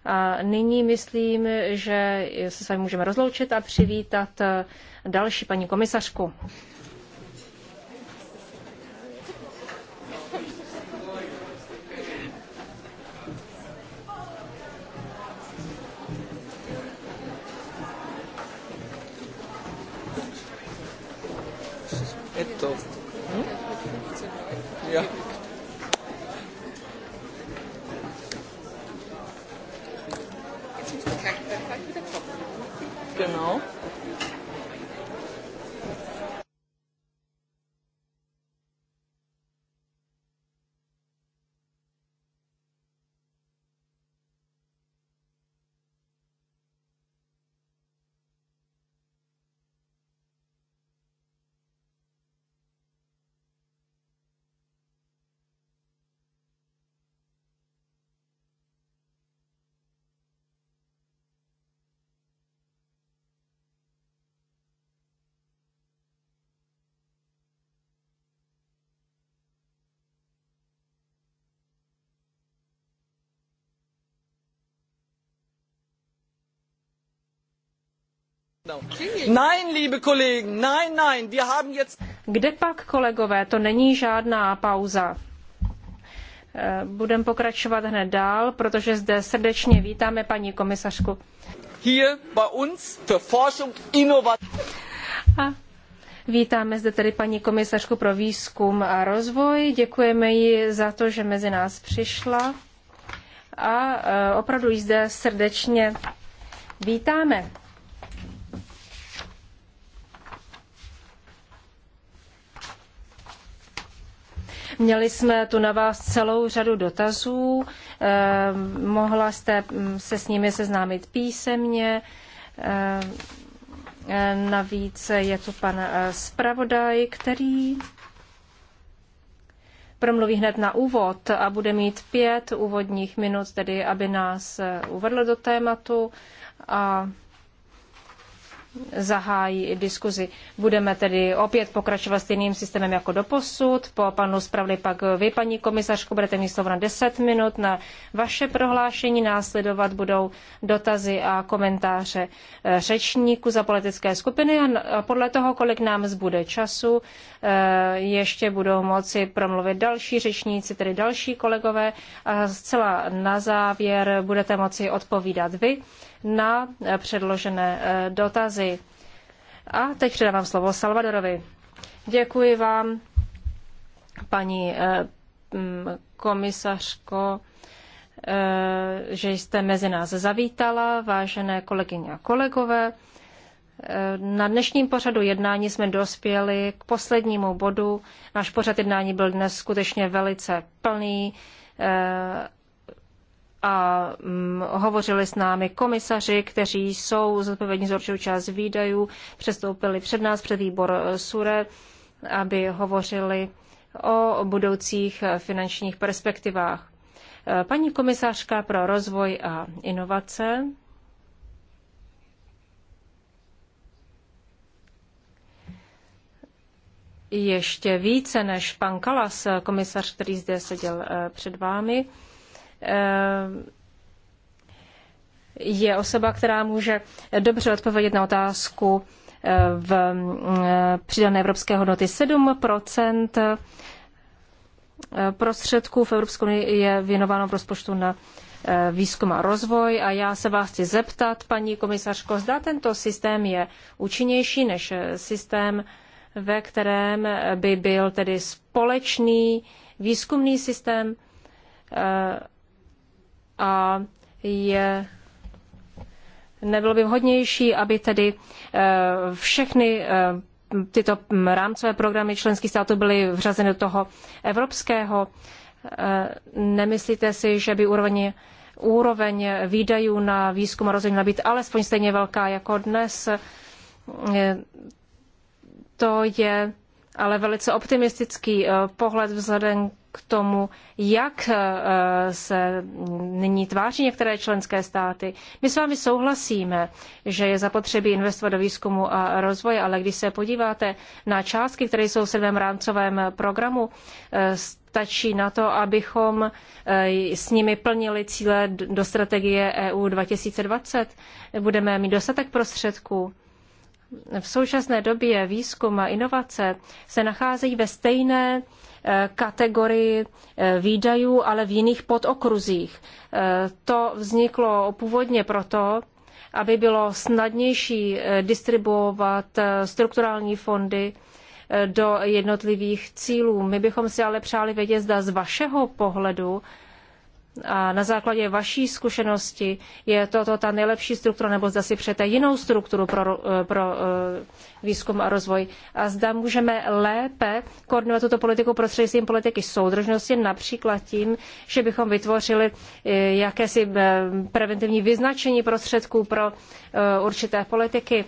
A nyní myslím, že se s vámi můžeme rozloučit a přivítat další paní komisařku. Nein, liebe Kollegen, nein, nein, wir haben jetzt... Kde pak, kolegové, to není žádná pauza. Eh, Budeme pokračovat hned dál, protože zde srdečně vítáme paní komisařku. Hier bei uns für Forschung, A vítáme zde tedy paní komisařku pro výzkum a rozvoj. Děkujeme jí za to, že mezi nás přišla. A eh, opravdu ji zde srdečně vítáme. Měli jsme tu na vás celou řadu dotazů, eh, mohla jste mm, se s nimi seznámit písemně. Eh, eh, navíc je tu pan zpravodaj, který promluví hned na úvod a bude mít pět úvodních minut, tedy aby nás uvedl do tématu a zahájí diskuzi. Budeme tedy opět pokračovat stejným systémem jako doposud. Po panu zpravli pak vy, paní komisařko, budete mít slovo na 10 minut na vaše prohlášení. Následovat budou dotazy a komentáře eh, řečníků za politické skupiny a podle toho, kolik nám zbude času, eh, ještě budou moci promluvit další řečníci, tedy další kolegové. A zcela na závěr budete moci odpovídat vy na předložené eh, dotazy. A teď předávám slovo Salvadorovi. Děkuji vám, paní eh, mm, komisařko, eh, že jste mezi nás zavítala, vážené kolegyně a kolegové. Na dnešním pořadu jednání jsme dospěli k poslednímu bodu. Náš pořad jednání byl dnes skutečně velice plný a mm, hovořili s námi komisaři, kteří jsou zodpovědní za určitou část výdajů, přestoupili před nás, před výbor eh, SURE, aby hovořili o budoucích eh, finančních perspektivách. Eh, paní komisařka pro rozvoj a inovace ještě více než pan Kalas, komisař, který zde seděl před vámi, Eh, je osoba, která může dobře odpovědět na otázku eh, v eh, přidané evropské hodnoty 7 prostředků v Evropské unii je věnováno v rozpočtu na výzkum a rozvoj a já se vás chci zeptat, paní komisařko, zda tento systém je účinnější než systém, ve kterém by byl tedy společný výzkumný systém a je nebylo by vhodnější, aby tedy eh, všechny eh, tyto rámcové programy členských států byly vřazeny do toho evropského. Eh, nemyslíte si, že by úroveň, úroveň výdajů na výzkum a rozvoj měla být alespoň stejně velká jako dnes? To je ale velice optimistický pohled vzhledem k tomu, jak eh, se nyní tváří některé členské státy. My s vámi souhlasíme, že je zapotřebí investovat do výzkumu a rozvoje, ale když se podíváte na částky, které jsou v sedmém rámcovém programu, eh, stačí na to, abychom eh, s nimi plnili cíle do strategie EU 2020. Budeme mít dostatek prostředků. V současné době výzkum a inovace se nacházejí ve stejné kategorii eh, výdajů, ale v jiných podokruzích. Eh, to vzniklo původně proto, aby bylo snadnější eh, distribuovat strukturální fondy do jednotlivých cílů. My bychom si ale přáli vědět, zda z vašeho pohledu a na základě vaší zkušenosti je toto ta nejlepší struktura, nebo zda si přejete jinou strukturu pro, eh, pro eh, výzkum a rozvoj. A zda můžeme lépe koordinovat tuto politiku prostřednictvím politiky soudržnosti, například tím, že bychom vytvořili eh, jakési preventivní vyznačení prostředků pro určité politiky.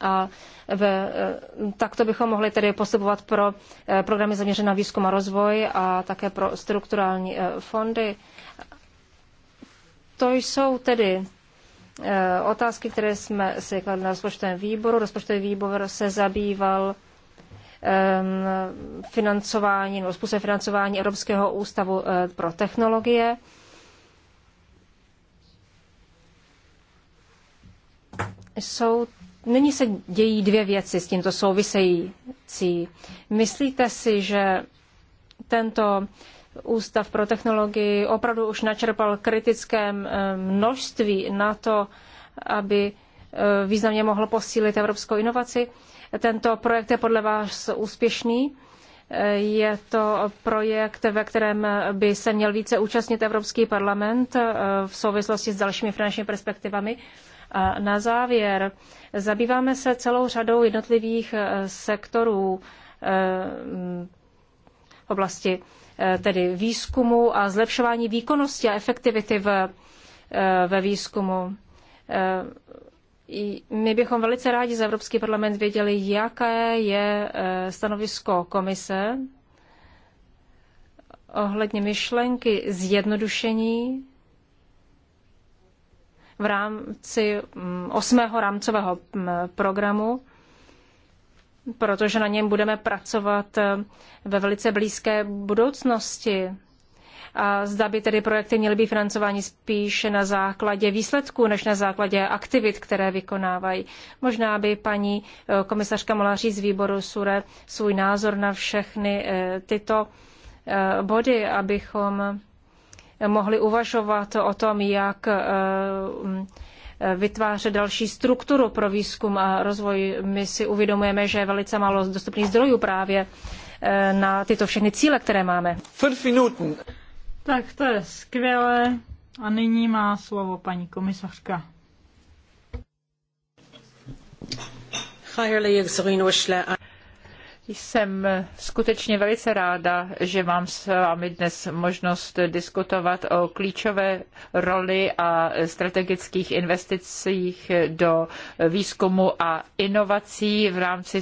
A v, eh, takto bychom mohli tedy postupovat pro eh, programy zaměřené na výzkum a rozvoj a také pro strukturální eh, fondy. To jsou tedy otázky, které jsme si kladli na rozpočtovém výboru. Rozpočtový výbor se zabýval ehm, financování nebo způsob financování Evropského ústavu pro technologie. Jsou nyní se dějí dvě věci s tímto související. Myslíte si, že tento Ústav pro technologii opravdu už načerpal kritické eh, množství na to, aby eh, významně mohl posílit evropskou inovaci. Tento projekt je podle vás úspěšný? Eh, je to projekt, ve kterém by se měl více účastnit Evropský parlament v souvislosti s dalšími finančními perspektivami na závěr zabýváme se celou řadou jednotlivých eh, sektorů eh, v oblasti eh, tedy výzkumu a zlepšování výkonnosti a efektivity v, ve výzkumu. My bychom velice rádi za Evropský parlament věděli, jaké je stanovisko komise ohledně myšlenky zjednodušení v rámci mm, osmého rámcového mm, programu, protože na něm budeme pracovat eh, ve velice blízké budoucnosti. A zda by tedy projekty měly být financovány spíše na základě výsledků, než na základě aktivit, které vykonávají. Možná by paní eh, komisařka Molaří z výboru SURE svůj názor na všechny eh, tyto body, abychom mohli uvažovat o tom, jak eh, eh, vytvářet další strukturu pro výzkum a rozvoj. My si uvědomujeme, že je velice málo dostupných zdrojů právě eh, na tyto všechny cíle, které máme. Tak to je skvělé. A nyní má slovo paní komisařka. Jsem skutečně velice ráda, že mám s vámi dnes možnost diskutovat o klíčové roli a strategických investicích do výzkumu a inovací v rámci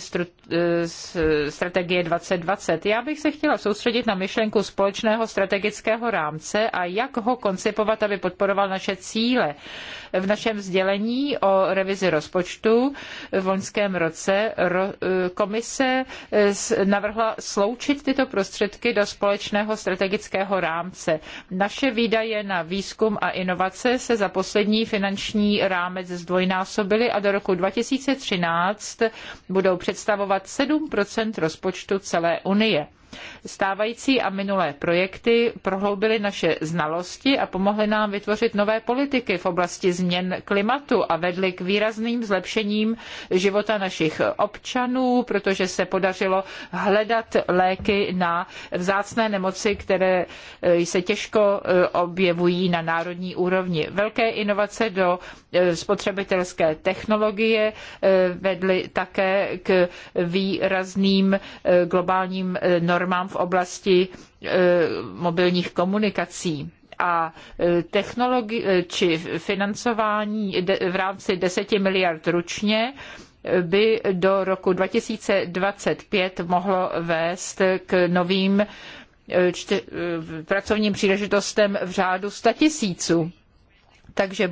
strategie 2020. Já bych se chtěla soustředit na myšlenku společného strategického rámce a jak ho koncipovat, aby podporoval naše cíle. V našem sdělení o revizi rozpočtu v loňském roce komise navrhla sloučit tyto prostředky do společného strategického rámce. Naše výdaje na výzkum a inovace se za poslední finanční rámec zdvojnásobily a do roku 2013 budou představovat 7 rozpočtu celé Unie. Stávající a minulé projekty prohloubily naše znalosti a pomohly nám vytvořit nové politiky v oblasti změn klimatu a vedly k výrazným zlepšením života našich občanů, protože se podařilo hledat léky na vzácné nemoci, které eh, se těžko eh, objevují na národní úrovni. Velké inovace do eh, spotřebitelské technologie vedly také k výrazným globálním normám normám v oblasti e, mobilních komunikací a e, technologi- e, či financování v rámci 10 miliard ročně by do roku 2025 mohlo vést k novým pracovním příležitostem v řádu 100 tisíců takže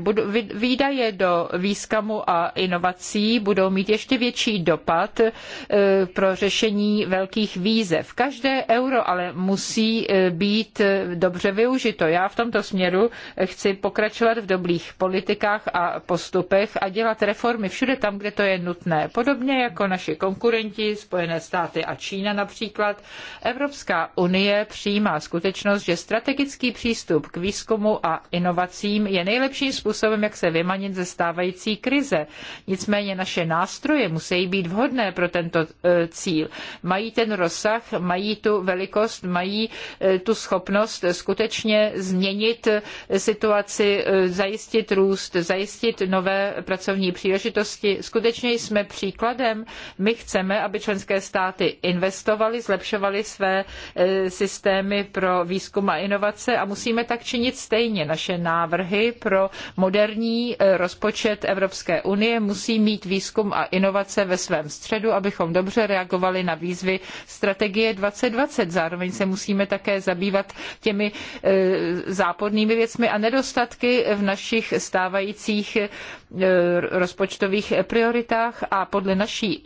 výdaje do výzkumu a inovací budou mít ještě větší dopad e, pro řešení velkých výzev. Každé euro ale musí e, být e, dobře využito. Já v tomto směru chci pokračovat v dobrých politikách a postupech a dělat reformy všude tam, kde to je nutné. Podobně jako naši konkurenti, Spojené státy a Čína například, Evropská unie přijímá skutečnost, že strategický přístup k výzkumu a inovacím je nejlepší nejlepším způsobem, jak se vymanit ze stávající krize. Nicméně naše nástroje musí být vhodné pro tento e, cíl. Mají ten rozsah, mají tu velikost, mají e, tu schopnost skutečně změnit e, situaci, zajistit růst, zajistit nové pracovní příležitosti. Skutečně jsme příkladem. My chceme, aby členské státy investovaly, zlepšovaly své systémy pro výzkum a inovace a musíme tak činit stejně. Naše návrhy pro pro moderní eh, rozpočet Evropské unie musí mít výzkum a inovace ve svém středu, abychom dobře reagovali na výzvy strategie 2020. Zároveň se musíme také zabývat těmi eh, zápornými věcmi a nedostatky v našich stávajících eh, rozpočtových prioritách a podle naší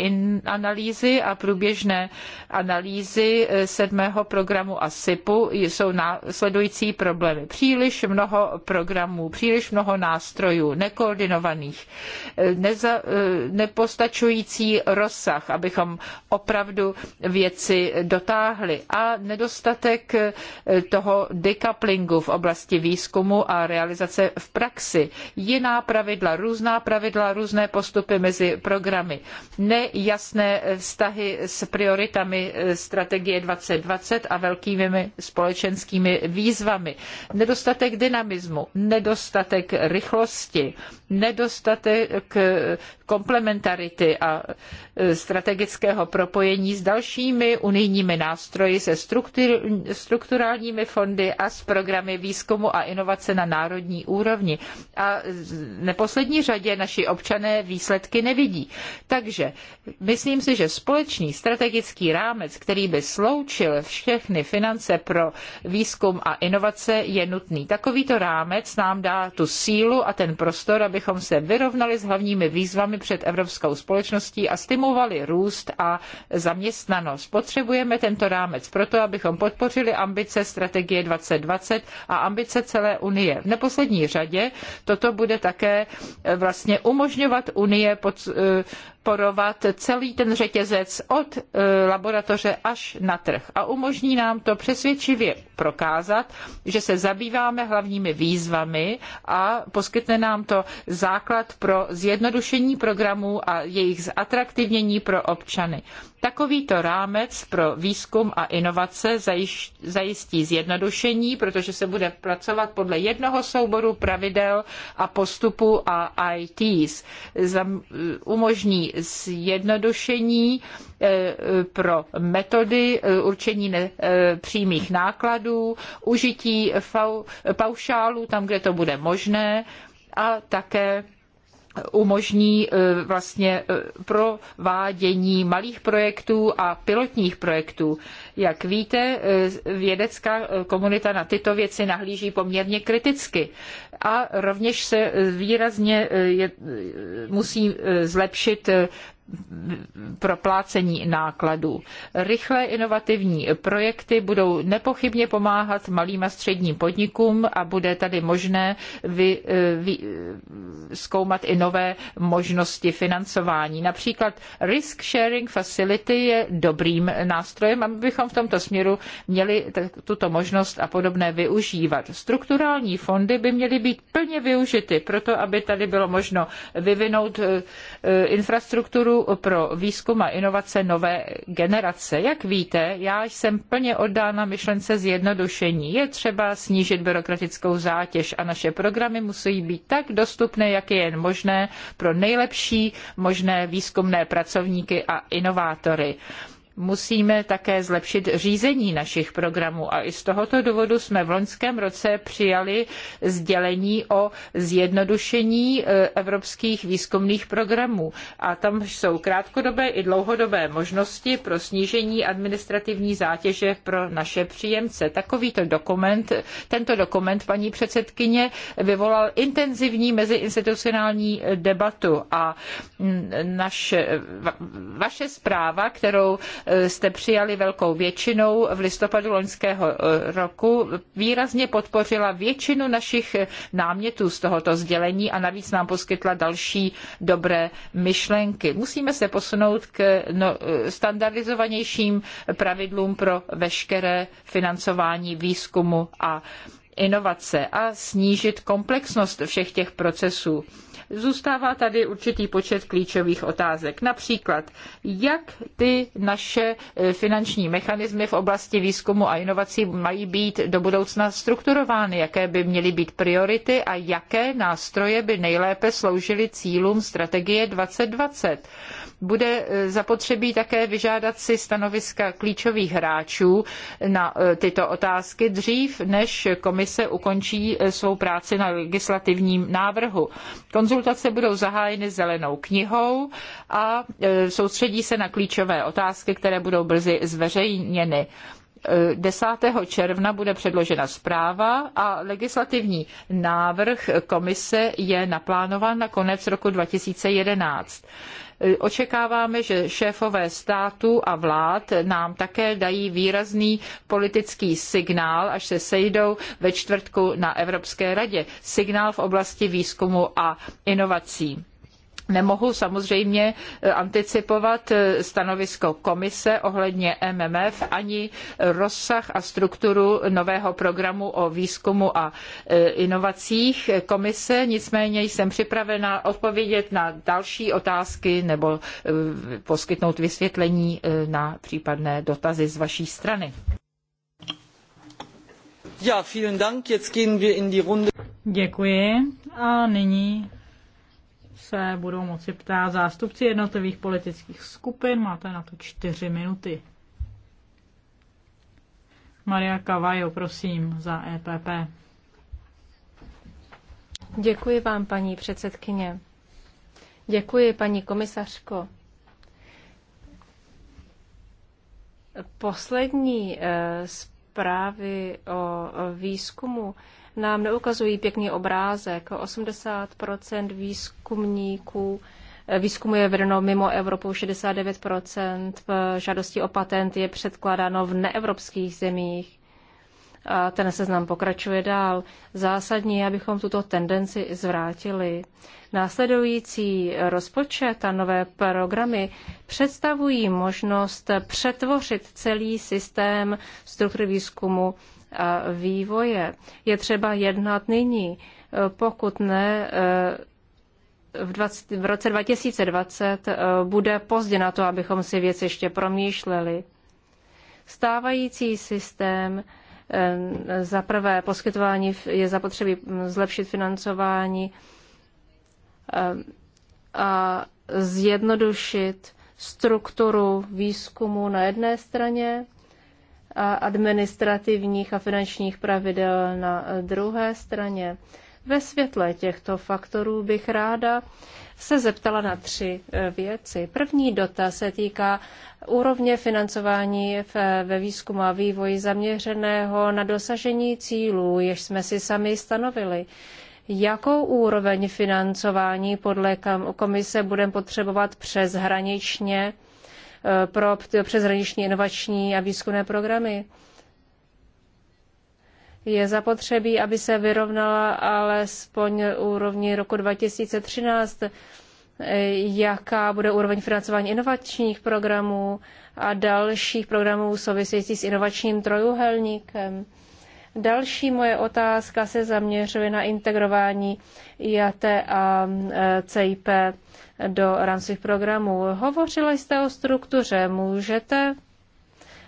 analýzy a průběžné analýzy sedmého programu a SIPu jsou následující problémy. Příliš mnoho programů, příliš příliš mnoho nástrojů, nekoordinovaných, neza, nepostačující rozsah, abychom opravdu věci dotáhli a nedostatek eh, toho decouplingu v oblasti výzkumu a realizace v praxi. Jiná pravidla, různá pravidla, různé postupy mezi programy, nejasné vztahy s prioritami eh, strategie 2020 a velkými společenskými výzvami, nedostatek dynamismu, nedostatek nedostatek rychlosti, nedostatek komplementarity a e, strategického propojení s dalšími unijními nástroji, se strukturálními fondy a s programy výzkumu a inovace na národní úrovni. A v neposlední řadě naši občané výsledky nevidí. Takže myslím si, že společný strategický rámec, který by sloučil všechny finance pro výzkum a inovace, je nutný. Takovýto rámec nám dá tu sílu a ten prostor, abychom se vyrovnali s hlavními výzvami, problémy před evropskou společností a stimulovali růst a zaměstnanost. Potřebujeme tento rámec proto, abychom podpořili ambice strategie 2020 a ambice celé Unie. V neposlední řadě toto bude také eh, vlastně umožňovat Unie pod, podporovat eh, celý ten řetězec od eh, laboratoře až na trh a umožní nám to přesvědčivě prokázat, že se zabýváme hlavními výzvami a poskytne nám to základ pro zjednodušení programů a jejich zatraktivnění pro občany. Takovýto rámec pro výzkum a inovace zajistí zjednodušení, protože se bude pracovat podle jednoho souboru pravidel a postupů a ITs. Umožní zjednodušení e, pro metody e, určení e, přímých nákladů, užití paušálů tam, kde to bude možné a také umožní eh, vlastně eh, provádění malých projektů a pilotních projektů. Jak víte, eh, vědecká komunita na tyto věci nahlíží poměrně kriticky a rovněž se výrazně musí zlepšit proplácení nákladů. Rychlé inovativní projekty budou nepochybně pomáhat malým a středním podnikům a bude tady možné vy, eh, vy, eh, zkoumat i nové možnosti financování. Například Risk Sharing Facility je dobrým nástrojem, abychom v tomto směru měli tuto možnost a podobné využívat. Strukturální fondy by měly být plně využity proto, aby tady bylo možno vyvinout eh, infrastrukturu Centru pro výzkum a inovace nové generace. Jak víte, já jsem plně oddána myšlence zjednodušení. Je třeba snížit byrokratickou zátěž a naše programy musí být tak dostupné, jak je jen možné pro nejlepší možné výzkumné pracovníky a inovátory musíme také zlepšit řízení našich programů. A i z tohoto důvodu jsme v loňském roce přijali sdělení o zjednodušení eh, evropských výzkumných programů. A tam jsou krátkodobé i dlouhodobé možnosti pro snížení administrativní zátěže pro naše příjemce. Takovýto dokument, tento dokument, paní předsedkyně, vyvolal intenzivní meziinstitucionální debatu a mm, naše, vaše zpráva, kterou Eh, jste přijali velkou většinou v listopadu loňského eh, roku, výrazně podpořila většinu našich eh, námětů z tohoto sdělení a navíc nám poskytla další dobré myšlenky. Musíme se posunout k no, standardizovanějším pravidlům pro veškeré financování výzkumu a inovace a snížit komplexnost všech těch procesů Zůstává tady určitý počet klíčových otázek. Například, jak ty naše eh, finanční mechanismy v oblasti výzkumu a inovací mají být do budoucna strukturovány, jaké by měly být priority a jaké nástroje by nejlépe sloužily cílům strategie 2020 bude e, zapotřebí také vyžádat si stanoviska klíčových hráčů na e, tyto otázky dřív, než komise ukončí e, svou práci na legislativním návrhu. Konzultace budou zahájeny zelenou knihou a soustředí se na klíčové otázky, které budou brzy zveřejněny. 10. června bude předložena zpráva a legislativní návrh komise je naplánován na konec roku 2011. Očekáváme, že šéfové států a vlád nám také dají výrazný politický signál, až se sejdou ve čtvrtku na Evropské radě. Signál v oblasti výzkumu a inovací. Nemohu samozřejmě eh, anticipovat eh, stanovisko komise ohledně MMF ani rozsah a strukturu nového programu o výzkumu a eh, inovacích komise, nicméně jsem připravena odpovědět na další otázky nebo poskytnout vysvětlení na případné dotazy z vaší strany. Ja, vielen Dank. Jetzt gehen wir in die Runde. Děkuji. A nyní se budou moci ptát zástupci jednotlivých politických skupin. Máte na to čtyři minuty. Maria Kavajo, prosím, za EPP. Děkuji vám, paní předsedkyně. Děkuji, paní komisařko. Poslední eh, zprávy o výzkumu nám neukazují pěkný obrázek. 80 výzkumníků eh, výzkumu je vedeno mimo Evropu, 69 v žádosti o patent je předkládáno v neevropských zemích. A ten seznam pokračuje dál. Zásadní, abychom tuto tendenci zvrátili. Následující rozpočet a nové programy představují možnost přetvořit celý systém struktury výzkumu a vývoje. Je třeba jednat nyní, pokud ne, eh, v, 20, v roce 2020 eh, bude pozdě na to, abychom si věc ještě promýšleli. Stávající systém eh, za prvé poskytování je zapotřebí hm, zlepšit financování a zjednodušit strukturu výzkumu na jedné straně administrativních a finančních pravidel na druhé straně. Ve světle těchto faktorů bych ráda se zeptala na tři e, věci. První dotaz se týká úrovně financování e, ve výzkumu a vývoji zaměřeného na dosažení cílů, jež jsme si sami stanovili. Jakou úroveň financování podle komise budeme potřebovat přeshraničně hraničně Eh, pro přeshraniční inovační a výzkumné programy. Je zapotřebí, aby se vyrovnala alespoň úrovni roku 2013, eh, jaká bude úroveň financování inovačních programů a dalších programů souvisejících s inovačním trojuhelníkem. Další moje otázka se zaměřuje na integrování IAT a eh, CIP do rámcových programů. Hovořila jste o struktuře. Můžete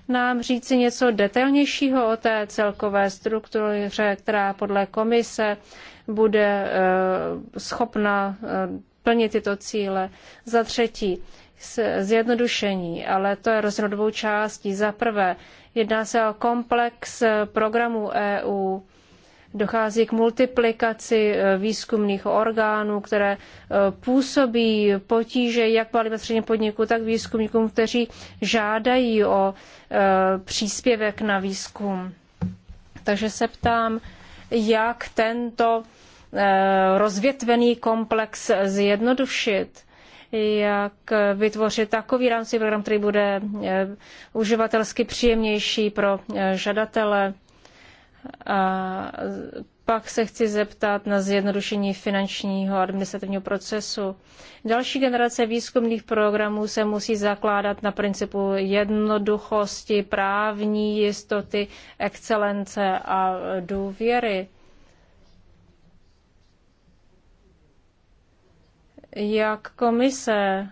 nám říci něco detailnějšího o té celkové struktuře, která podle komise bude eh, schopna eh, plnit tyto cíle. Za třetí, zjednodušení, ale to je rozhodnou částí. Za prvé, jedná se o komplex eh, programů EU, Dochází k multiplikaci eh, výzkumných orgánů, které eh, působí potíže jak malým a středním podniku, tak výzkumníkům, kteří žádají o eh, příspěvek na výzkum. Takže se ptám, jak tento rozvětvený komplex zjednodušit, jak vytvořit takový rámcový program, který bude uživatelsky příjemnější pro žadatele a pak se chci zeptat na zjednodušení finančního administrativního procesu. Další generace výzkumných programů se musí zakládat na principu jednoduchosti, právní jistoty, excelence a důvěry. Jak komise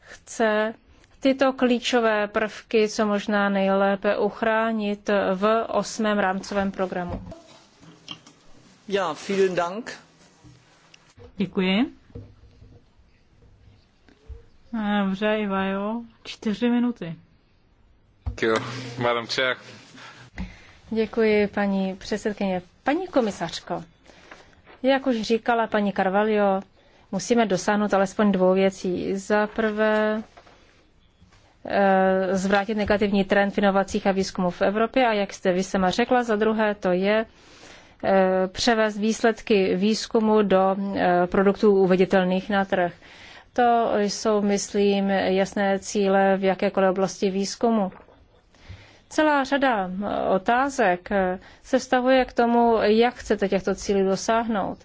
chce tyto klíčové prvky co možná nejlépe uchránit v osmém rámcovém programu. Ja, vielen Dank. Děkuji. Dobře, Ivajo, čtyři minuty. Děkuji, paní předsedkyně. Paní komisařko, jak už říkala paní Carvalho, musíme dosáhnout alespoň dvou věcí. Za prvé, Eh, zvrátit negativní trend v inovacích a výzkumu v Evropě. A jak jste vy sama řekla, za druhé to je eh, převést výsledky výzkumu do eh, produktů uveditelných na trh. To jsou, myslím, jasné cíle v jakékoliv oblasti výzkumu. Celá řada otázek se vztahuje k tomu, jak chcete těchto cílů dosáhnout.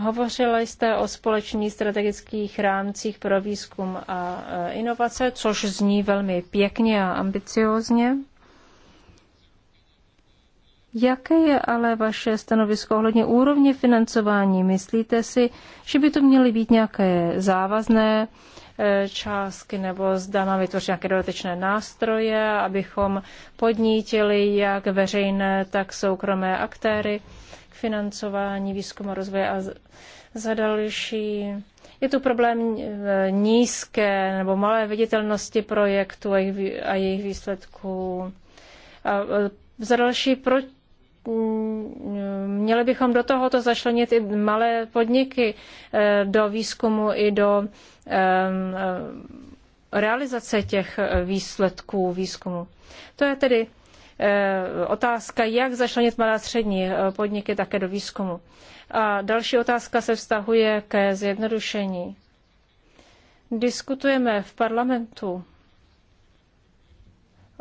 Hovořila jste o společných strategických rámcích pro výzkum a e, inovace, což zní velmi pěkně a ambiciózně. Jaké je ale vaše stanovisko ohledně úrovně financování? Myslíte si, že by to měly být nějaké závazné e, částky nebo zda máme vytvořit nějaké dodatečné nástroje, abychom podnítili jak veřejné, tak soukromé aktéry, financování výzkumu a rozvoje a za další. Je tu problém e, nízké nebo malé viditelnosti projektu a jejich výsledků. A e, za další, pro, mm, měli bychom do tohoto zašlenit i malé podniky e, do výzkumu i do realizace těch výsledků výzkumu. To je tedy Eh, otázka, jak začlenit malé a střední eh, podniky také do výzkumu. A další otázka se vztahuje ke zjednodušení. Diskutujeme v parlamentu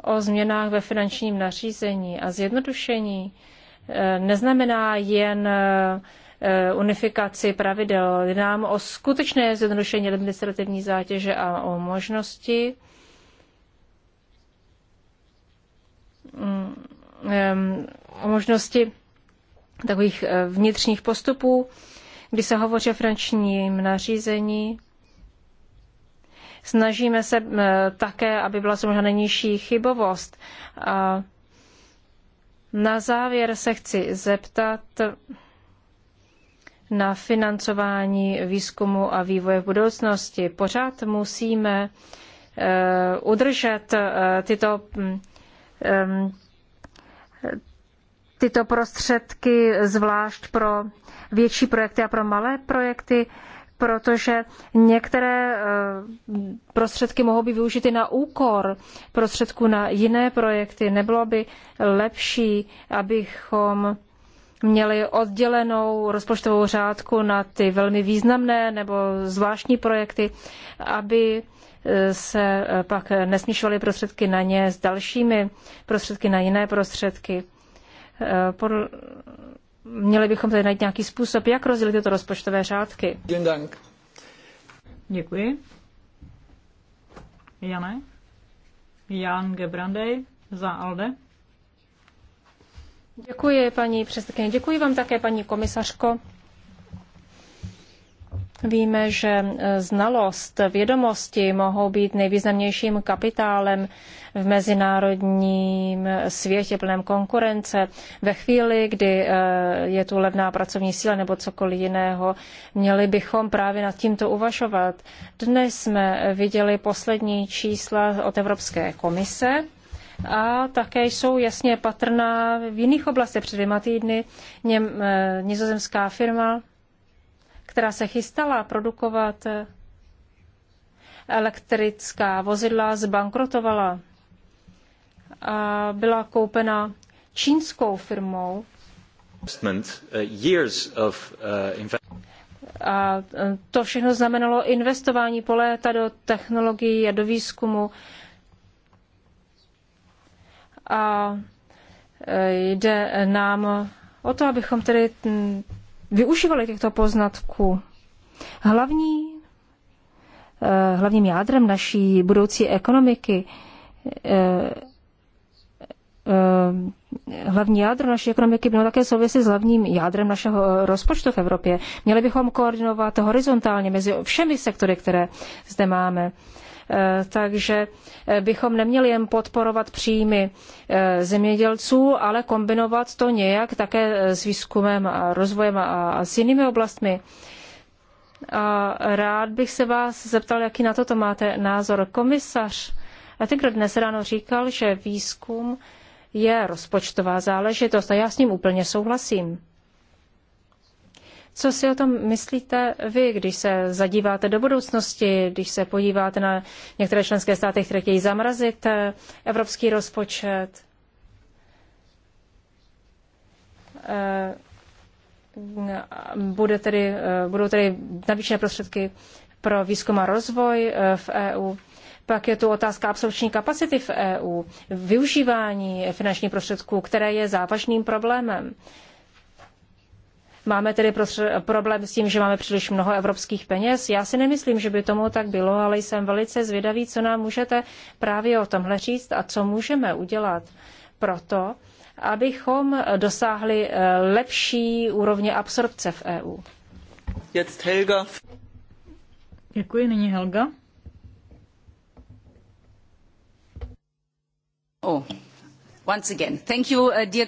o změnách ve finančním nařízení a zjednodušení eh, neznamená jen unifikaci pravidel. Jde nám o skutečné zjednodušení administrativní zátěže a o možnosti Mm, o možnosti takových eh, vnitřních postupů, kdy se hovoří o finančním nařízení. Snažíme se eh, také, aby byla co možná nejnižší chybovost. A na závěr se chci zeptat na financování výzkumu a vývoje v budoucnosti. Pořád musíme eh, udržet tyto hm, Ehm, tyto prostředky zvlášť pro větší projekty a pro malé projekty, protože některé eh, prostředky mohou být využity na úkor prostředků na jiné projekty. Nebylo by lepší, abychom měli oddělenou rozpočtovou řádku na ty velmi významné nebo zvláštní projekty, aby se eh, pak nesměšovaly prostředky na ně s dalšími prostředky na jiné prostředky. Eh, Podle, měli bychom tady najít nějaký způsob, jak rozdělit tyto rozpočtové řádky. Děkuji. Jane? Jan Gebrandej za ALDE. Děkuji, paní předsedkyně. Děkuji vám také, paní komisařko. Víme, že e, znalost, vědomosti mohou být nejvýznamnějším kapitálem v mezinárodním e, světě plném konkurence. Ve chvíli, kdy e, je tu levná pracovní síla nebo cokoliv jiného, měli bychom právě nad tímto uvažovat. Dnes jsme viděli poslední čísla od Evropské komise a také jsou jasně patrná v jiných oblastech. Před dvěma týdny něm, nizozemská firma která se chystala produkovat elektrická vozidla, zbankrotovala a byla koupena čínskou firmou. Uh, uh, a e, to všechno znamenalo investování po léta do technologií a do výzkumu. A e, jde nám o to, abychom tedy využívali těchto poznatků. Hlavní, eh, hlavním jádrem naší budoucí ekonomiky eh, eh, hlavní jádro naší ekonomiky bylo také souvisí s hlavním jádrem našeho rozpočtu v Evropě. Měli bychom koordinovat horizontálně mezi všemi sektory, které zde máme. Eh, takže eh, bychom neměli jen podporovat příjmy eh, zemědělců, ale kombinovat to nějak také s výzkumem a rozvojem a s jinými oblastmi. A rád bych se vás zeptal, jaký na toto máte názor. Komisař Etikr dnes ráno říkal, že výzkum je rozpočtová záležitost a já s ním úplně souhlasím. Co si o tom myslíte vy, když se zadíváte do budoucnosti, když se podíváte na některé členské státy, které chtějí zamrazit eh, evropský rozpočet? Eh, bude tedy, eh, budou tedy navýšené prostředky pro výzkum a rozvoj v EU. Pak je tu otázka absoluční kapacity v EU, využívání finančních prostředků, které je závažným problémem. Uh, Máme tedy problém s tím, že máme příliš mnoho evropských peněz. Já si nemyslím, že by tomu tak bylo, ale jsem velice zvědavý, co nám můžete právě o tomhle říct a co můžeme udělat pro to, abychom dosáhli eh, lepší úrovně absorpce v EU. Jetzt Helga. Děkuji, nyní Helga. Oh, once again. Thank you, uh, dear...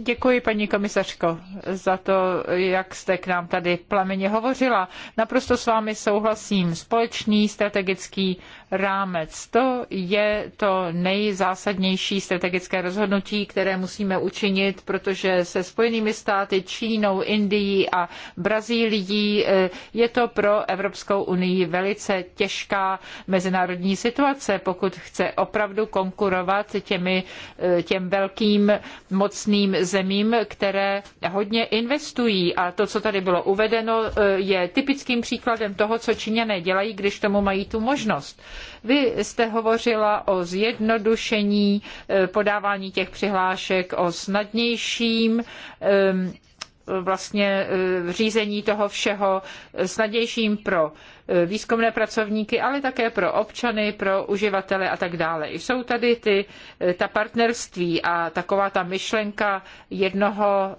Děkuji, paní komisařko, za to, jak jste k nám tady plameně hovořila. Naprosto s vámi souhlasím. Společný strategický rámec. To je to nejzásadnější strategické rozhodnutí, které musíme učinit, protože se Spojenými státy, Čínou, Indií a Brazílií eh, je to pro Evropskou unii velice těžká mezinárodní situace, pokud chce opravdu konkurovat těmi, eh, těm velkým mocným zemím, které hodně investují. A to, co tady bylo uvedeno, eh, je typickým příkladem toho, co Číňané dělají, když tomu mají tu možnost. Vy jste hovořila o zjednodušení eh, podávání těch přihlášek, o snadnějším ehm, vlastně eh, řízení toho všeho snadnějším pro eh, výzkumné pracovníky, ale také pro občany, pro uživatele a tak dále. Jsou tady ty, ta partnerství a taková ta myšlenka jednoho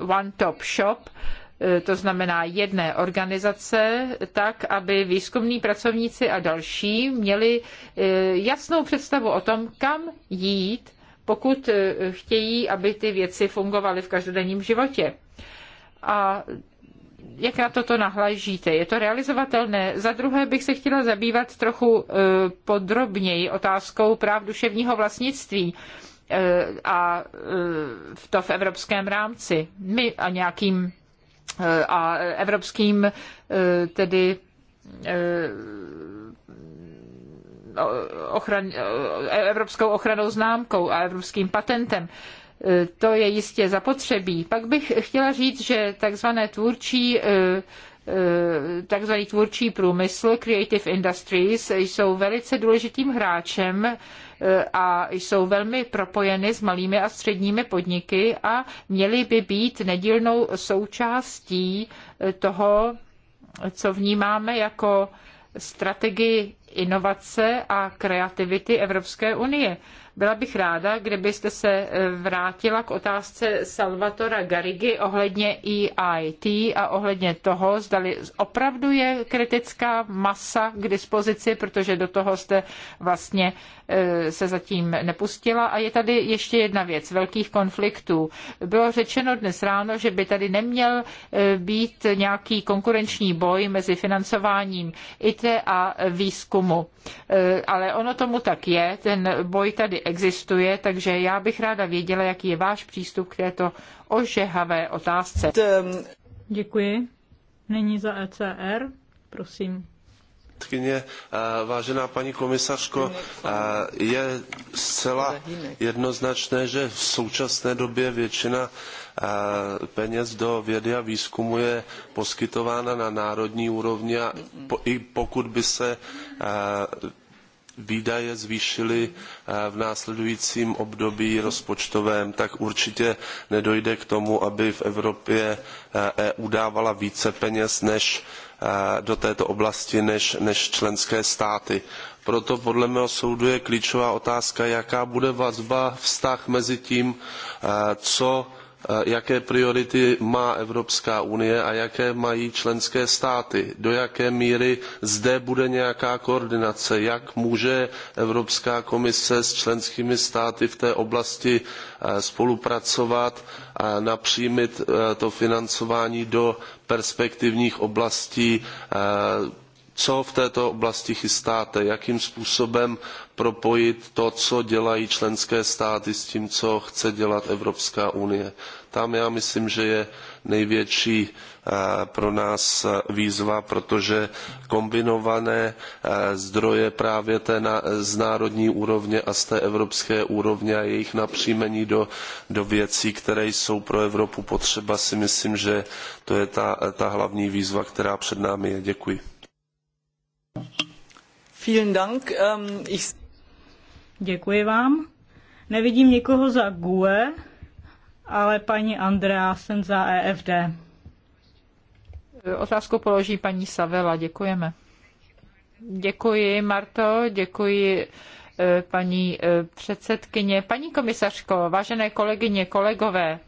one-top shop, E, to znamená jedné organizace, tak, aby výzkumní pracovníci a další měli e, jasnou představu o tom, kam jít, pokud e, chtějí, aby ty věci fungovaly v každodenním životě. A jak na toto nahlažíte? Je to realizovatelné? Za druhé bych se chtěla zabývat trochu podrobněji otázkou práv duševního vlastnictví a to v evropském rámci. My a nějakým Eh, a evropským eh, tedy eh, ochran, evropskou ochranou známkou a evropským patentem. To je jistě zapotřebí. Pak bych chtěla říct, že takzvané tvůrčí takzvaný tvůrčí průmysl, creative industries, jsou velice důležitým hráčem E, a jsou velmi propojeny s malými a středními podniky a měly by být nedílnou součástí e, toho, co vnímáme jako strategii inovace a kreativity Evropské unie. Byla bych ráda, kdybyste se eh, vrátila k otázce Salvatora Garigy ohledně EIT a ohledně toho, zdali opravdu je kritická masa k dispozici, protože do toho jste vlastně eh, se zatím nepustila. A je tady ještě jedna věc, velkých konfliktů. Bylo řečeno dnes ráno, že by tady neměl eh, být nějaký konkurenční boj mezi financováním IT a výzkumu. Ale ono tomu tak je, ten boj tady existuje, takže já bych ráda věděla, jaký je váš přístup k této ožehavé otázce. Děkuji. Není za ECR, prosím. Tkyně, eh, vážená paní komisařko, eh, je zcela jednoznačné, že v současné době většina eh, peněz do vědy a výzkumu je poskytována na národní úrovni a i pokud by se výdaje zvýšily eh, v následujícím období rozpočtovém, tak určitě nedojde k tomu, aby v Evropě EU eh, e dávala více peněz než eh, do této oblasti než, než členské státy. Proto podle mého soudu je klíčová otázka, jaká bude vazba, vztah mezi tím, co jaké priority má Evropská unie a jaké mají členské státy. Do jaké míry zde bude nějaká koordinace, jak může Evropská komise s členskými státy v té oblasti eh, spolupracovat a napřímit eh, to financování do perspektivních oblastí eh, co v této oblasti chystáte, jakým způsobem propojit to, co dělají členské státy s tím, co chce dělat Evropská unie. Tam já myslím, že je největší eh, pro nás eh, výzva, protože kombinované eh, zdroje právě té na, z národní úrovně a z té evropské úrovně a jejich napřímení do, do věcí, které jsou pro Evropu potřeba, si myslím, že to je ta, ta hlavní výzva, která před námi je. Děkuji. Vielen Dank. Um, ich... Děkuji vám. Nevidím nikoho za GUE, ale paní Andreasen za EFD. Otázku položí paní Savela. Děkujeme. Děkuji, Marto, děkuji eh, paní eh, předsedkyně. Paní komisařko, vážené kolegyně, kolegové,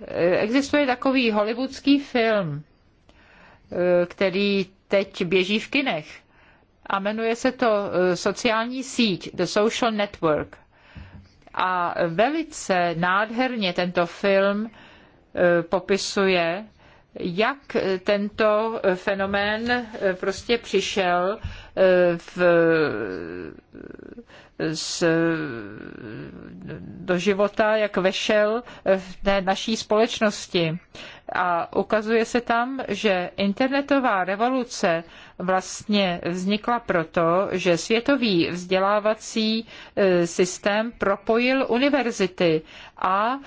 eh, existuje takový hollywoodský film, který teď běží v kinech. A jmenuje se to eh, sociální síť, The Social Network. A velice nádherně tento film eh, popisuje, jak tento fenomén eh, prostě přišel v z, do života, jak vešel v té naší společnosti. A ukazuje se tam, že internetová revoluce vlastně vznikla proto, že světový vzdělávací e, systém propojil univerzity a e,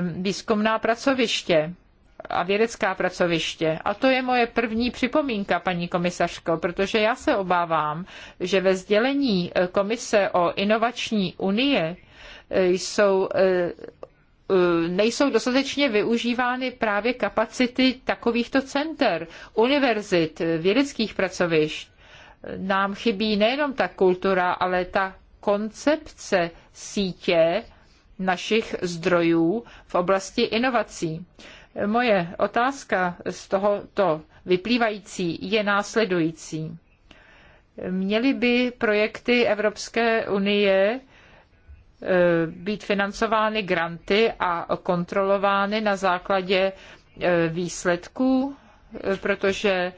výzkumná pracoviště a vědecká pracoviště. A to je moje první připomínka, paní komisařko, protože já se obávám, že ve sdělení eh, komise o inovační unie eh, jsou eh, nejsou dostatečně využívány právě kapacity takovýchto center, univerzit, vědeckých pracovišť. Nám chybí nejenom ta kultura, ale ta koncepce sítě našich zdrojů v oblasti inovací. Moje otázka z tohoto vyplývající je následující. Měly by projekty Evropské unie e, být financovány granty a kontrolovány na základě e, výsledků, e, protože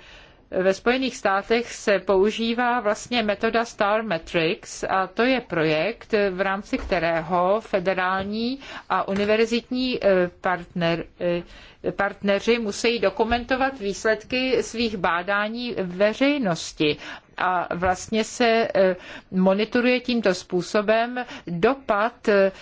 ve Spojených státech se používá vlastně metoda Star Metrics a to je projekt, v rámci kterého federální a univerzitní eh, partner eh, partneři musí dokumentovat výsledky svých bádání veřejnosti a vlastně se eh, monitoruje tímto způsobem dopad eh,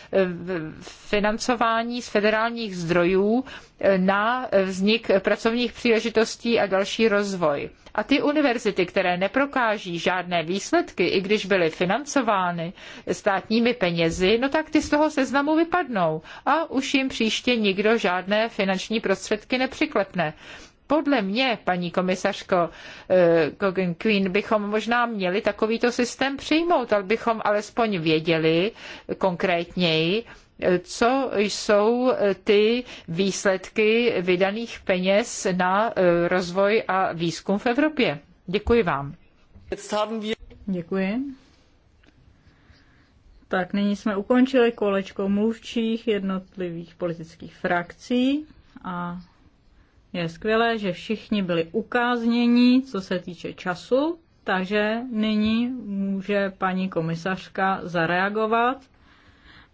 financování z federálních zdrojů eh, na vznik pracovních příležitostí a další rozvoj. A ty univerzity, které neprokáží žádné výsledky, i když byly financovány státními penězi, no tak ty z toho seznamu vypadnou a už jim příště nikdo žádné finanční prostředky nepřiklepne podle mě, paní komisařko Gogan eh, Queen, bychom možná měli takovýto systém přijmout, ale bychom alespoň věděli konkrétněji, co jsou ty výsledky vydaných peněz na e, rozvoj a výzkum v Evropě. Děkuji vám. Děkuji. Tak nyní jsme ukončili kolečko mluvčích jednotlivých politických frakcí a je skvělé, že všichni byli ukázněni, co se týče času, takže nyní může paní komisařka zareagovat.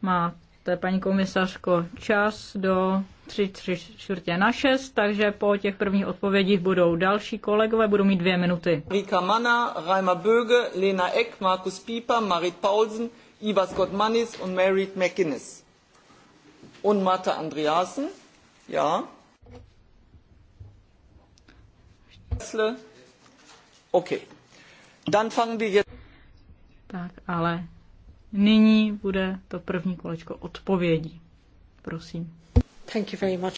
Má jste, paní komisařko, čas do 3, 3 čtvrtě na 6, takže po těch prvních odpovědích budou další kolegové, budou mít dvě minuty. Rika Mana, Raima Böge, Lena Eck, Markus Pieper, Marit Paulsen, Iva Scott Mannis und Mary McInnes. Und Marta Andreasen, ja. Okay. Dann fangen wir jetzt... Tak, ale nyní bude to první kolečko odpovědí. Prosím. Thank you very much.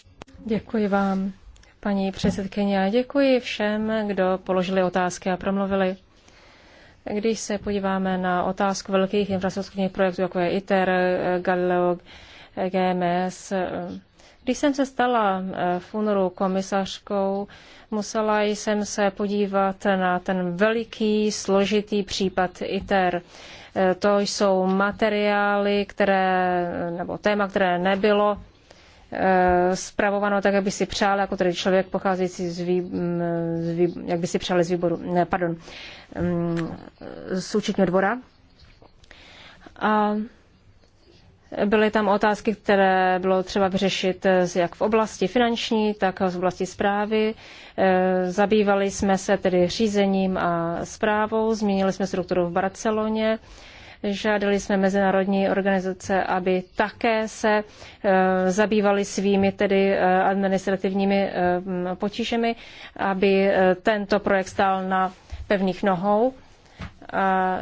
Děkuji vám, paní předsedkyně, a děkuji všem, kdo položili otázky a promluvili. Když se podíváme na otázku velkých infrastrukturních projektů, jako je ITER, Galileo, GMS, když jsem se stala eh, v únoru komisařkou, musela jsem se podívat na ten veliký, složitý případ ITER. Eh, to jsou materiály, které, nebo téma, které nebylo eh, spravováno tak, jak by si přál, jako tedy člověk pocházející z, vý, mm, z vý, jak by si přál z výboru, ne, pardon, mm, z účetního dvora. A Byly tam otázky, které bylo třeba vyřešit eh, jak v oblasti finanční, tak v oblasti zprávy. Eh, zabývali jsme se tedy řízením a zprávou, změnili jsme strukturu v Barceloně, žádali jsme mezinárodní organizace, aby také se eh, zabývali svými tedy administrativními potížemi, aby tento projekt stál na pevných nohou. A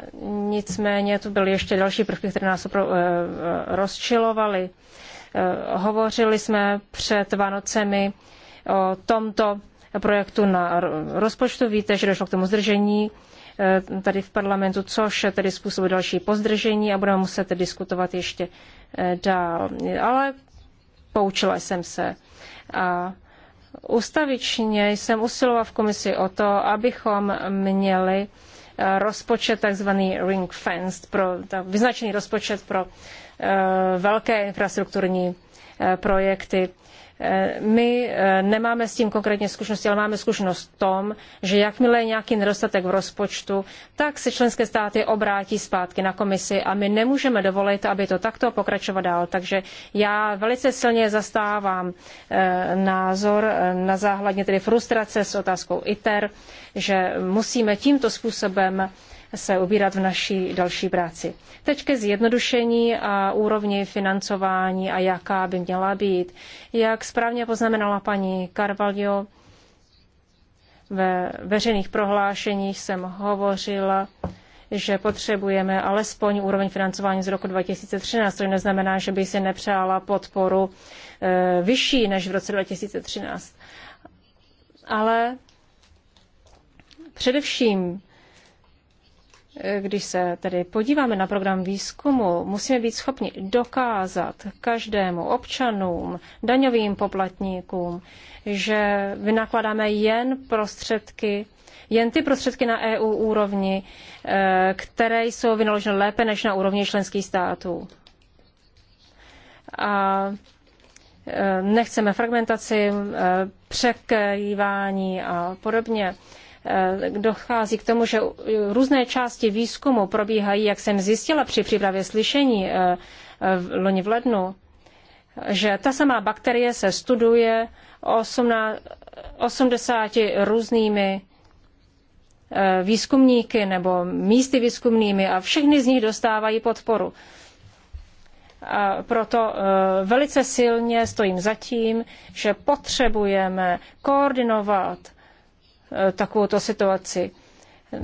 nicméně tu byly ještě další prvky, které nás opro, eh, eh, rozčilovaly. Eh, hovořili jsme před Vánocemi o tomto projektu na rozpočtu. Víte, že došlo k tomu zdržení tady v parlamentu, což tedy způsobuje další pozdržení a budeme muset diskutovat ještě dál. Ale poučila jsem se. A ustavičně jsem usilovala v komisi o to, abychom měli Eh, rozpočet, takzvaný ring fenced, pro, vyznačený rozpočet pro eh, velké infrastrukturní eh, projekty Eh, my eh, nemáme s tím konkrétně zkušenosti, ale máme zkušenost v tom, že jakmile je nějaký nedostatek v rozpočtu, tak se členské státy obrátí zpátky na komisi a my nemůžeme dovolit, aby to takto pokračovalo dál. Takže já velice silně zastávám eh, názor na základně tedy frustrace s otázkou ITER, že musíme tímto způsobem se ubírat v naší další práci. Teď ke zjednodušení a úrovni financování a jaká by měla být. Jak správně poznamenala paní Carvalho, ve veřejných prohlášeních jsem hovořila že potřebujeme alespoň úroveň financování z roku 2013, což neznamená, že by si nepřála podporu e, vyšší než v roce 2013. Ale především když se tedy podíváme na program výzkumu, musíme být schopni dokázat každému občanům, daňovým poplatníkům, že vynakládáme jen prostředky, jen ty prostředky na EU úrovni, eh, které jsou vynaloženy lépe než na úrovni členských států. A eh, nechceme fragmentaci, eh, překrývání a podobně. Eh, dochází k tomu, že různé části výzkumu probíhají, jak jsem zjistila při přípravě slyšení eh, eh, v loni v lednu, že ta samá bakterie se studuje 80 různými výzkumníky nebo místy výzkumnými a všechny z nich dostávají podporu. A proto velice silně stojím za tím, že potřebujeme koordinovat Eh, takovouto situaci.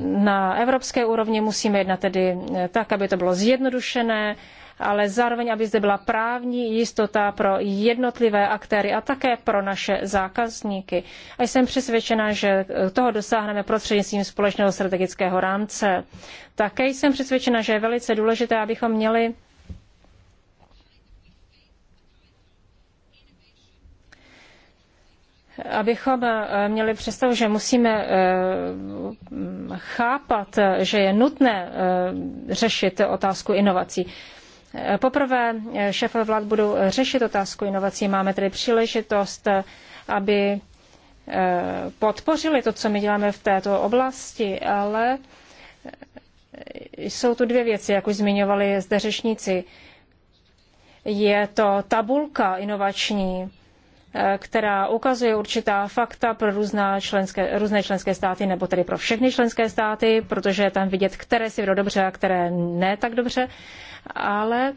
Na evropské úrovni musíme jednat tedy eh, tak, aby to bylo zjednodušené, ale zároveň, aby zde byla právní jistota pro jednotlivé aktéry a také pro naše zákazníky. A jsem přesvědčena, že toho dosáhneme prostřednictvím společného strategického rámce. Také jsem přesvědčena, že je velice důležité, abychom měli abychom eh, měli představu, že musíme eh, chápat, že je nutné eh, řešit otázku inovací. Poprvé šéfové vlád budou řešit otázku inovací. Máme tedy příležitost, aby podpořili to, co my děláme v této oblasti, ale jsou tu dvě věci, jak už zmiňovali zde řečníci. Je to tabulka inovační, Eh, která ukazuje určitá fakta pro různá členské, různé členské státy, nebo tedy pro všechny členské státy, protože je tam vidět, které si vedou dobře a které ne tak dobře. Ale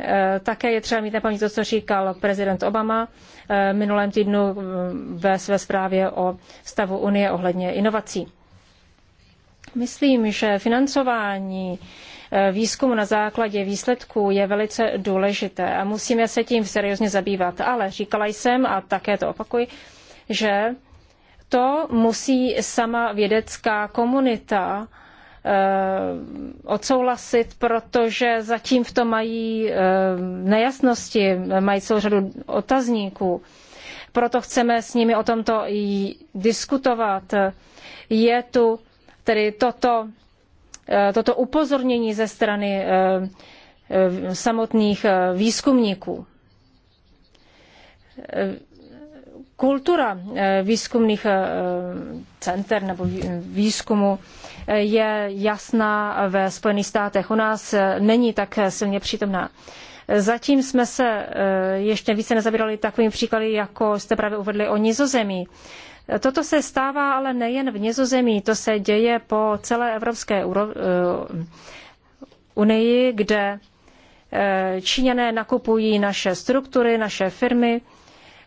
eh, také je třeba mít na paměti to, co říkal prezident Obama eh, minulém týdnu mm, ve své zprávě o stavu Unie ohledně inovací. Myslím, že financování Eh, výzkumu na základě výsledků je velice důležité a musíme se tím seriózně zabývat. Ale říkala jsem, a také to opakuji, že to musí sama vědecká komunita eh, odsouhlasit, protože zatím v tom mají eh, nejasnosti, mají celou řadu otazníků. Proto chceme s nimi o tomto i diskutovat. Je tu tedy toto Eh, toto upozornění ze strany eh, eh, samotných výzkumníků. Kultura výzkumných center nebo výzkumu je jasná ve Spojených státech. U nás není tak silně přítomná. Zatím jsme se ještě více nezabírali takovými příklady, jako jste právě uvedli o nizozemí. Toto se stává ale nejen v Nizozemí, to se děje po celé Evropské eh, unii, kde eh, Číňané nakupují naše struktury, naše firmy.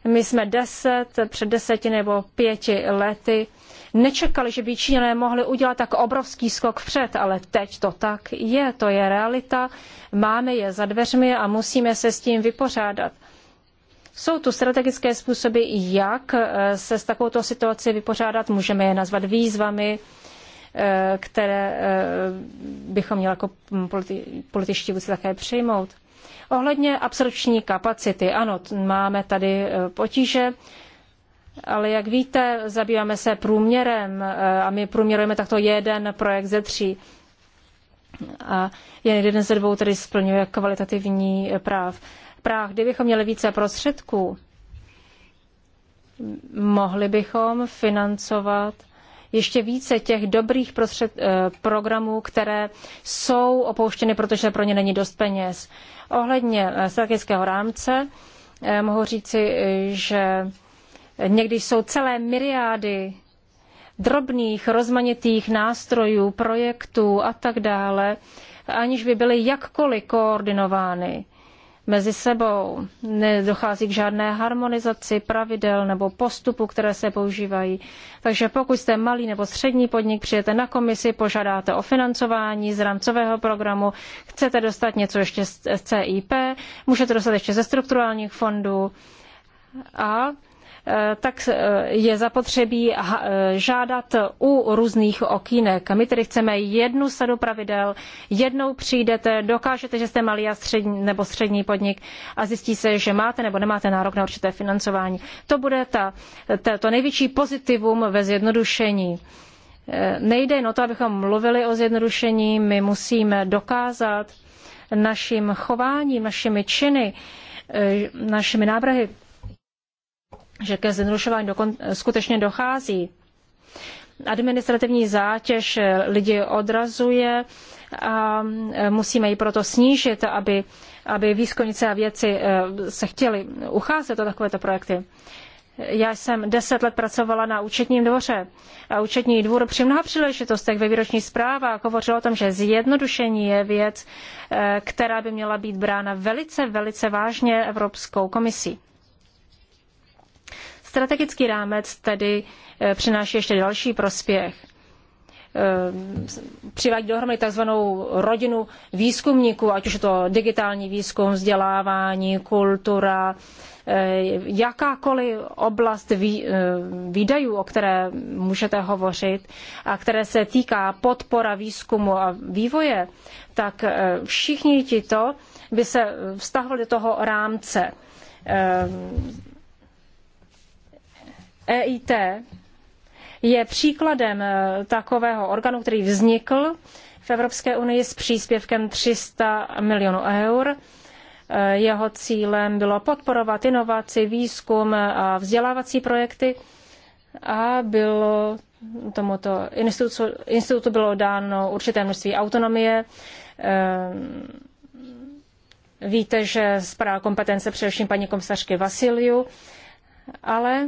My jsme deset, před deseti nebo pěti lety nečekali, že by Číňané mohli udělat tak obrovský skok vpřed, ale teď to tak je, to je realita, máme je za dveřmi a musíme se s tím vypořádat. Jsou tu strategické způsoby, jak eh, se s takovouto situací vypořádat. Můžeme je nazvat výzvami, eh, které eh, bychom měli jako politi- političtí vůbec také přijmout. Ohledně absorpční kapacity, ano, máme tady potíže, ale jak víte, zabýváme se průměrem a my průměrujeme takto jeden projekt ze tří. A jen jeden ze dvou tedy splňuje kvalitativní práv. Prah, Kdybychom měli více prostředků, mohli bychom financovat ještě více těch dobrých prostřed, eh, programů, které jsou opouštěny, protože pro ně není dost peněz. Ohledně eh, strategického rámce eh, mohu říci, že někdy jsou celé myriády drobných, rozmanitých nástrojů, projektů a tak dále, aniž by byly jakkoliv koordinovány mezi sebou. Nedochází k žádné harmonizaci pravidel nebo postupu, které se používají. Takže pokud jste malý nebo střední podnik, přijete na komisi, požádáte o financování z rámcového programu, chcete dostat něco ještě z CIP, můžete dostat ještě ze strukturálních fondů a Eh, tak eh, je zapotřebí eh, žádat u různých okýnek. My tedy chceme jednu sadu pravidel, jednou přijdete, dokážete, že jste malý a střední, nebo střední podnik a zjistí se, že máte nebo nemáte nárok na určité financování. To bude ta, ta, to největší pozitivum ve zjednodušení. Nejde jen o to, abychom mluvili o zjednodušení, my musíme dokázat naším chováním, našimi činy, našimi návrhy, že ke zjednodušování skutečně dochází. Administrativní zátěž lidi odrazuje a e, musíme ji proto snížit, aby, aby výzkumníci a věci e, se chtěli ucházet o takovéto projekty. Já jsem deset let pracovala na účetním dvoře a účetní dvůr při mnoha příležitostech ve výročních zprávách hovořil o tom, že zjednodušení je věc, e, která by měla být brána velice, velice vážně Evropskou komisí. Strategický rámec tedy eh, přináší ještě další prospěch. Eh, přivádí dohromady tzv. rodinu výzkumníků, ať už je to digitální výzkum, vzdělávání, kultura, eh, jakákoliv oblast výdajů, o které můžete hovořit a které se týká podpora výzkumu a vývoje, tak všichni tito by se vztahovali do toho rámce EIT je příkladem e, takového orgánu, který vznikl v Evropské unii s příspěvkem 300 milionů eur. E, jeho cílem bylo podporovat inovaci, výzkum a vzdělávací projekty a bylo tomuto institutu, institutu bylo dáno určité množství autonomie. E, víte, že zpráva kompetence především paní komisařky Vasiliu, ale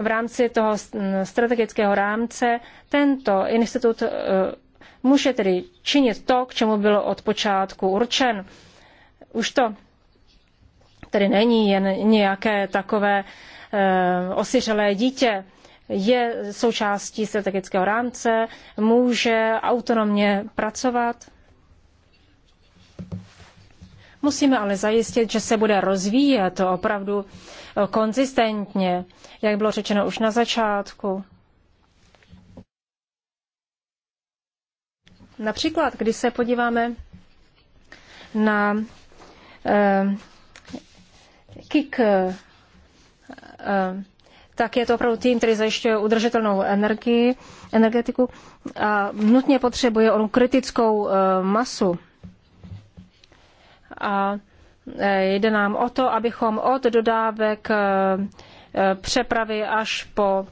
v rámci toho strategického rámce tento institut e, může tedy činit to, k čemu byl od počátku určen. Už to tedy není jen nějaké takové e, osiřelé dítě, je součástí strategického rámce, může autonomně pracovat. Musíme ale zajistit, že se bude rozvíjet opravdu Eh, konzistentně, jak bylo řečeno už na začátku. Například, když se podíváme na eh, KIK, eh, tak je to opravdu tým, který zajišťuje udržitelnou energii, energetiku a nutně potřebuje onu kritickou eh, masu. A Eh, jde nám o to, abychom od dodávek eh, eh, přepravy až po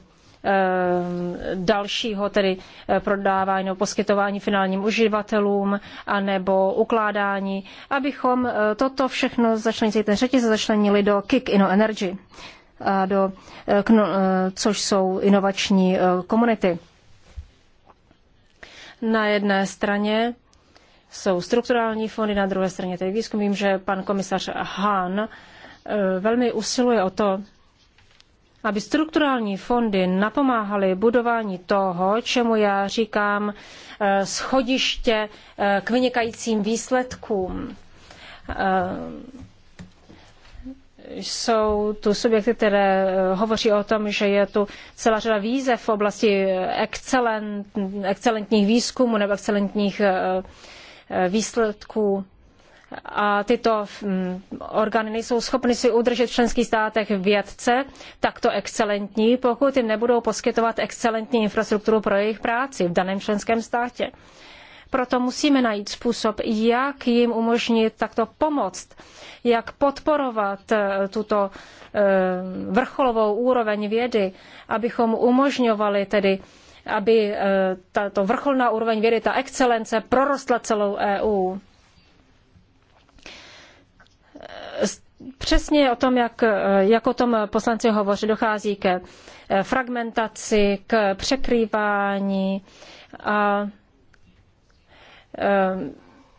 dalšího, tedy prodávání nebo poskytování finálním uživatelům anebo ukládání, abychom toto všechno začlenili, ten řetěz začlenili do Kick Inno Energy, a do, což jsou inovační komunity. Na jedné straně jsou strukturální fondy, na druhé straně tedy výzkum. Vím, že pan komisař Hahn eh, velmi usiluje o to, aby strukturální fondy napomáhaly budování toho, čemu já říkám eh, schodiště eh, k vynikajícím výsledkům. Jsou tu subjekty, které hovoří o tom, že je tu celá řada výzev v oblasti excelent, excelentních výzkumů nebo excelentních uh, výsledků a tyto mm, orgány nejsou schopny si udržet v členských státech vědce takto excelentní, pokud jim nebudou poskytovat excelentní infrastrukturu pro jejich práci v daném členském státě. Proto musíme najít způsob, jak jim umožnit takto pomoct, jak podporovat e, tuto e, vrcholovou úroveň vědy, abychom umožňovali tedy aby eh, tato vrcholná úroveň vědy, ta excelence, prorostla celou EU. Přesně o tom, jak, eh, jak o tom poslanci hovoří, dochází ke eh, fragmentaci, k překrývání a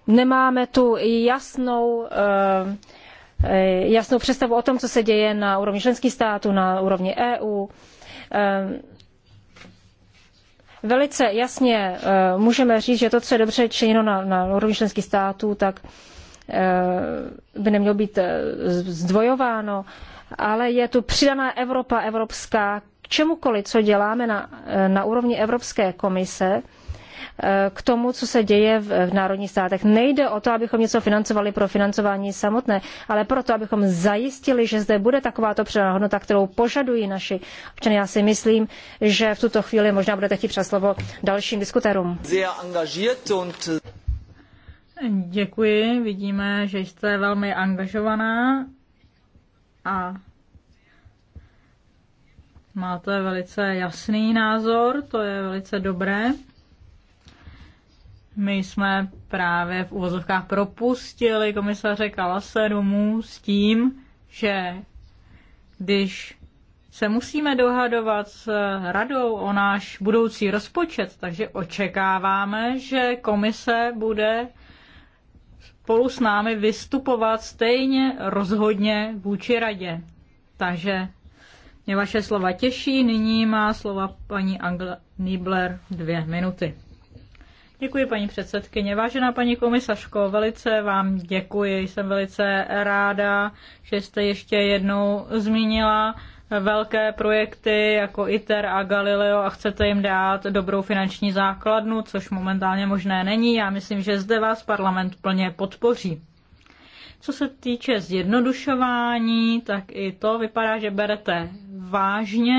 nemáme tu jasnou jasnou představu o tom, co se děje na úrovni členských států, na úrovni EU velice jasně eh, můžeme říct, že to, co je dobře činěno na, na úrovni členských států, tak eh, by nemělo být eh, zdvojováno, ale je tu přidaná Evropa evropská k čemukoliv, co děláme na, na úrovni Evropské komise, k tomu, co se děje v, národních státech. Nejde o to, abychom něco financovali pro financování samotné, ale proto, abychom zajistili, že zde bude takováto přidaná hodnota, kterou požadují naši občany. Já si myslím, že v tuto chvíli možná budete chtít přes slovo dalším diskutérům. Děkuji, vidíme, že jste velmi angažovaná a máte velice jasný názor, to je velice dobré. My jsme právě v uvozovkách propustili komisaře Kalase domů s tím, že když se musíme dohadovat s radou o náš budoucí rozpočet, takže očekáváme, že komise bude spolu s námi vystupovat stejně rozhodně vůči radě. Takže mě vaše slova těší. Nyní má slova paní Angela Niebler dvě minuty. Děkuji, paní předsedkyně. Vážená paní komisařko, velice vám děkuji. Jsem velice ráda, že jste ještě jednou zmínila velké projekty jako ITER a Galileo a chcete jim dát dobrou finanční základnu, což momentálně možné není. Já myslím, že zde vás parlament plně podpoří. Co se týče zjednodušování, tak i to vypadá, že berete vážně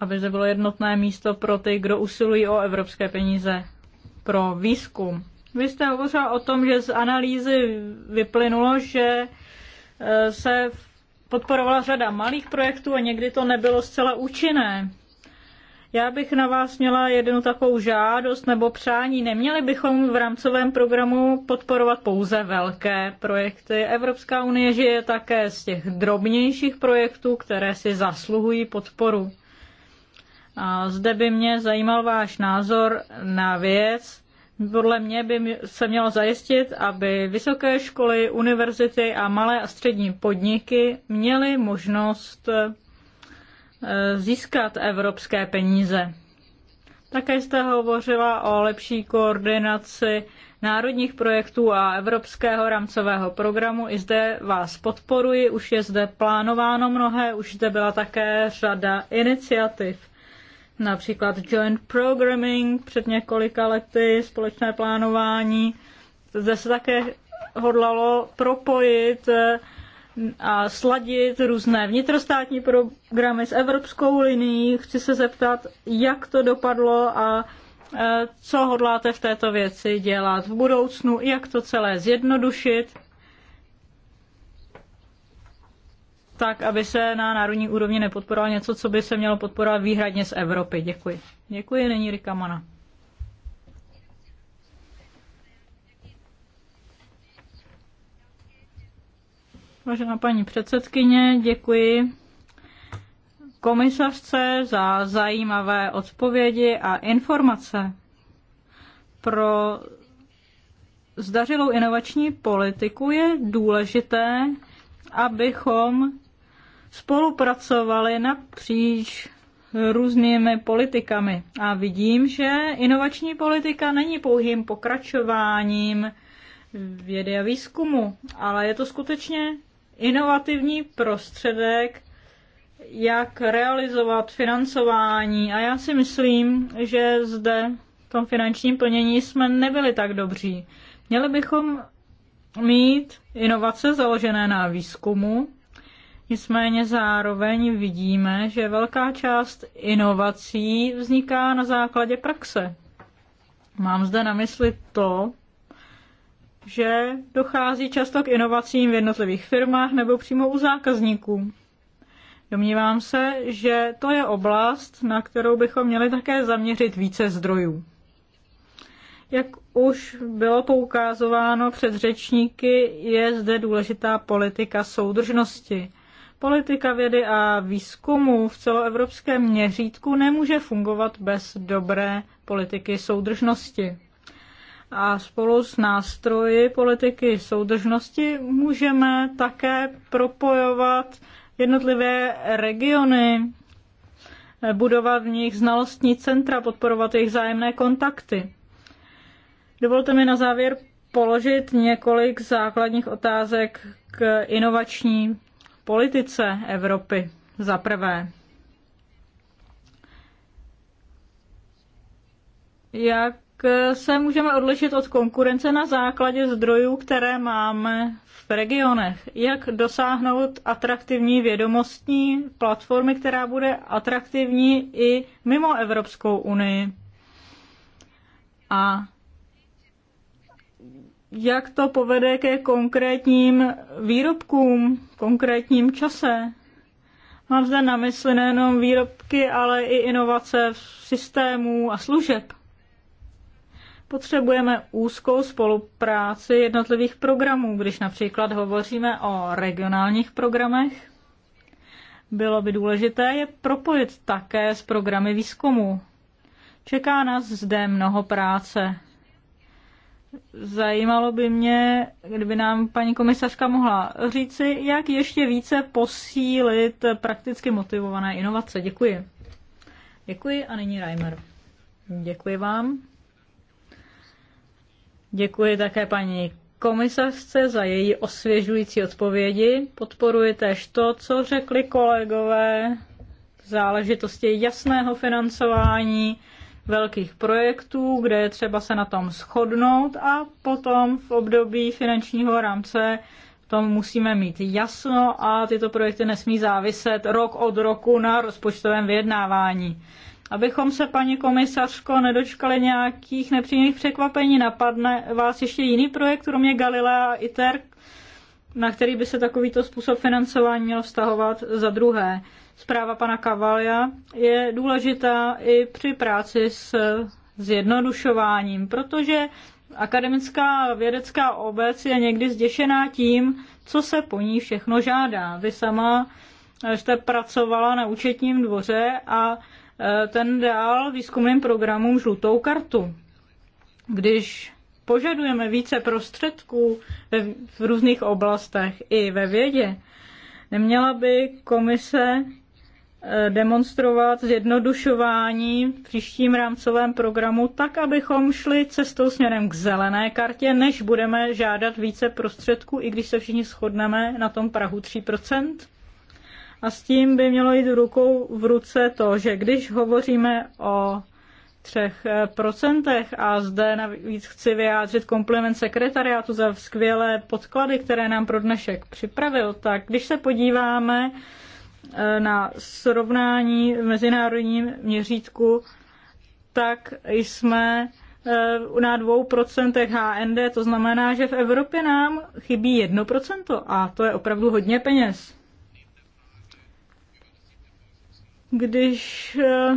aby zde bylo jednotné místo pro ty, kdo usilují o evropské peníze pro výzkum. Vy jste hovořil o tom, že z analýzy vyplynulo, že e, se podporovala řada malých projektů a někdy to nebylo zcela účinné. Já bych na vás měla jednu takovou žádost nebo přání. Neměli bychom v rámcovém programu podporovat pouze velké projekty. Evropská unie žije také z těch drobnějších projektů, které si zasluhují podporu. A zde by mě zajímal váš názor na věc. Podle mě by se mělo zajistit, aby vysoké školy, univerzity a malé a střední podniky měly možnost eh, získat evropské peníze. Také jste hovořila o lepší koordinaci národních projektů a evropského rámcového programu. I zde vás podporuji, už je zde plánováno mnohé, už zde byla také řada iniciativ například joint programming před několika lety, společné plánování. Zde se také hodlalo propojit eh, a sladit různé vnitrostátní programy s Evropskou linií. Chci se zeptat, jak to dopadlo a eh, co hodláte v této věci dělat v budoucnu, jak to celé zjednodušit tak, aby se na národní úrovni nepodporovalo něco, co by se mělo podporovat výhradně z Evropy. Děkuji. Děkuji, není Rika Mana. Vážená paní předsedkyně, děkuji komisařce za zajímavé odpovědi a informace pro zdařilou inovační politiku je důležité, abychom spolupracovali napříč různými politikami. A vidím, že inovační politika není pouhým pokračováním vědy a výzkumu, ale je to skutečně inovativní prostředek, jak realizovat financování. A já si myslím, že zde v tom finančním plnění jsme nebyli tak dobří. Měli bychom mít inovace založené na výzkumu, Nicméně zároveň vidíme, že velká část inovací vzniká na základě praxe. Mám zde na mysli to, že dochází často k inovacím v jednotlivých firmách nebo přímo u zákazníků. Domnívám se, že to je oblast, na kterou bychom měli také zaměřit více zdrojů. Jak už bylo poukázováno před řečníky, je zde důležitá politika soudržnosti. Politika vědy a výzkumu v celoevropském měřítku nemůže fungovat bez dobré politiky soudržnosti. A spolu s nástroji politiky soudržnosti můžeme také propojovat jednotlivé regiony, budovat v nich znalostní centra, podporovat jejich zájemné kontakty. Dovolte mi na závěr položit několik základních otázek k inovační politice Evropy za prvé. Jak se můžeme odlišit od konkurence na základě zdrojů, které máme v regionech? Jak dosáhnout atraktivní vědomostní platformy, která bude atraktivní i mimo Evropskou unii? A jak to povede ke konkrétním výrobkům, konkrétním čase. Mám zde na mysli nejenom výrobky, ale i inovace v systémů a služeb. Potřebujeme úzkou spolupráci jednotlivých programů, když například hovoříme o regionálních programech. Bylo by důležité je propojit také s programy výzkumu. Čeká nás zde mnoho práce. Zajímalo by mě, kdyby nám paní komisařka mohla říci, jak ještě více posílit prakticky motivované inovace. Děkuji. Děkuji a nyní Reimer. Děkuji vám. Děkuji také paní komisařce za její osvěžující odpovědi. Podporuji tež to, co řekli kolegové v záležitosti jasného financování velkých projektů, kde je třeba se na tom shodnout a potom v období finančního rámce tom musíme mít jasno a tyto projekty nesmí záviset rok od roku na rozpočtovém vyjednávání. Abychom se, paní komisařko, nedočkali nějakých nepříjemných překvapení, napadne vás ještě jiný projekt, kromě Galilea a ITER, na který by se takovýto způsob financování měl vztahovat za druhé. Zpráva pana Kavalia je důležitá i při práci s zjednodušováním, protože akademická vědecká obec je někdy zděšená tím, co se po ní všechno žádá. Vy sama jste pracovala na účetním dvoře a e, ten dál výzkumným programům žlutou kartu. Když požadujeme více prostředků v různých oblastech i ve vědě, neměla by komise Eh, demonstrovat zjednodušování v příštím rámcovém programu tak, abychom šli cestou směrem k zelené kartě, než budeme žádat více prostředků, i když se všichni shodneme na tom Prahu 3%. A s tím by mělo jít rukou v ruce to, že když hovoříme o třech eh, procentech a zde navíc chci vyjádřit komplement sekretariátu za skvělé podklady, které nám pro dnešek připravil, tak když se podíváme Eh, na srovnání v mezinárodním měřítku, tak jsme eh, na dvou procentech HND, to znamená, že v Evropě nám chybí jedno procento a to je opravdu hodně peněz. Když eh,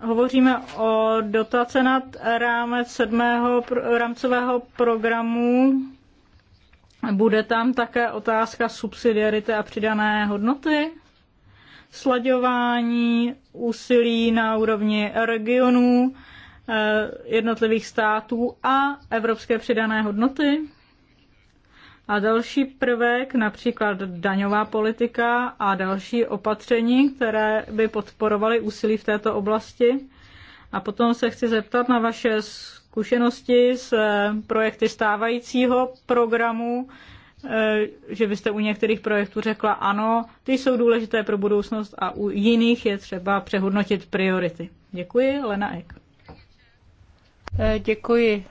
hovoříme o dotace nad rámec sedmého rámcového programu, bude tam také otázka subsidiarity a přidané hodnoty? slaďování úsilí na úrovni regionů, eh, jednotlivých států a evropské přidané hodnoty. A další prvek, například daňová politika a další opatření, které by podporovaly úsilí v této oblasti. A potom se chci zeptat na vaše zkušenosti s projekty stávajícího programu Eh, že byste u některých projektů řekla ano, ty jsou důležité pro budoucnost a u jiných je třeba přehodnotit priority. Děkuji, Lena Ek. Eh, děkuji.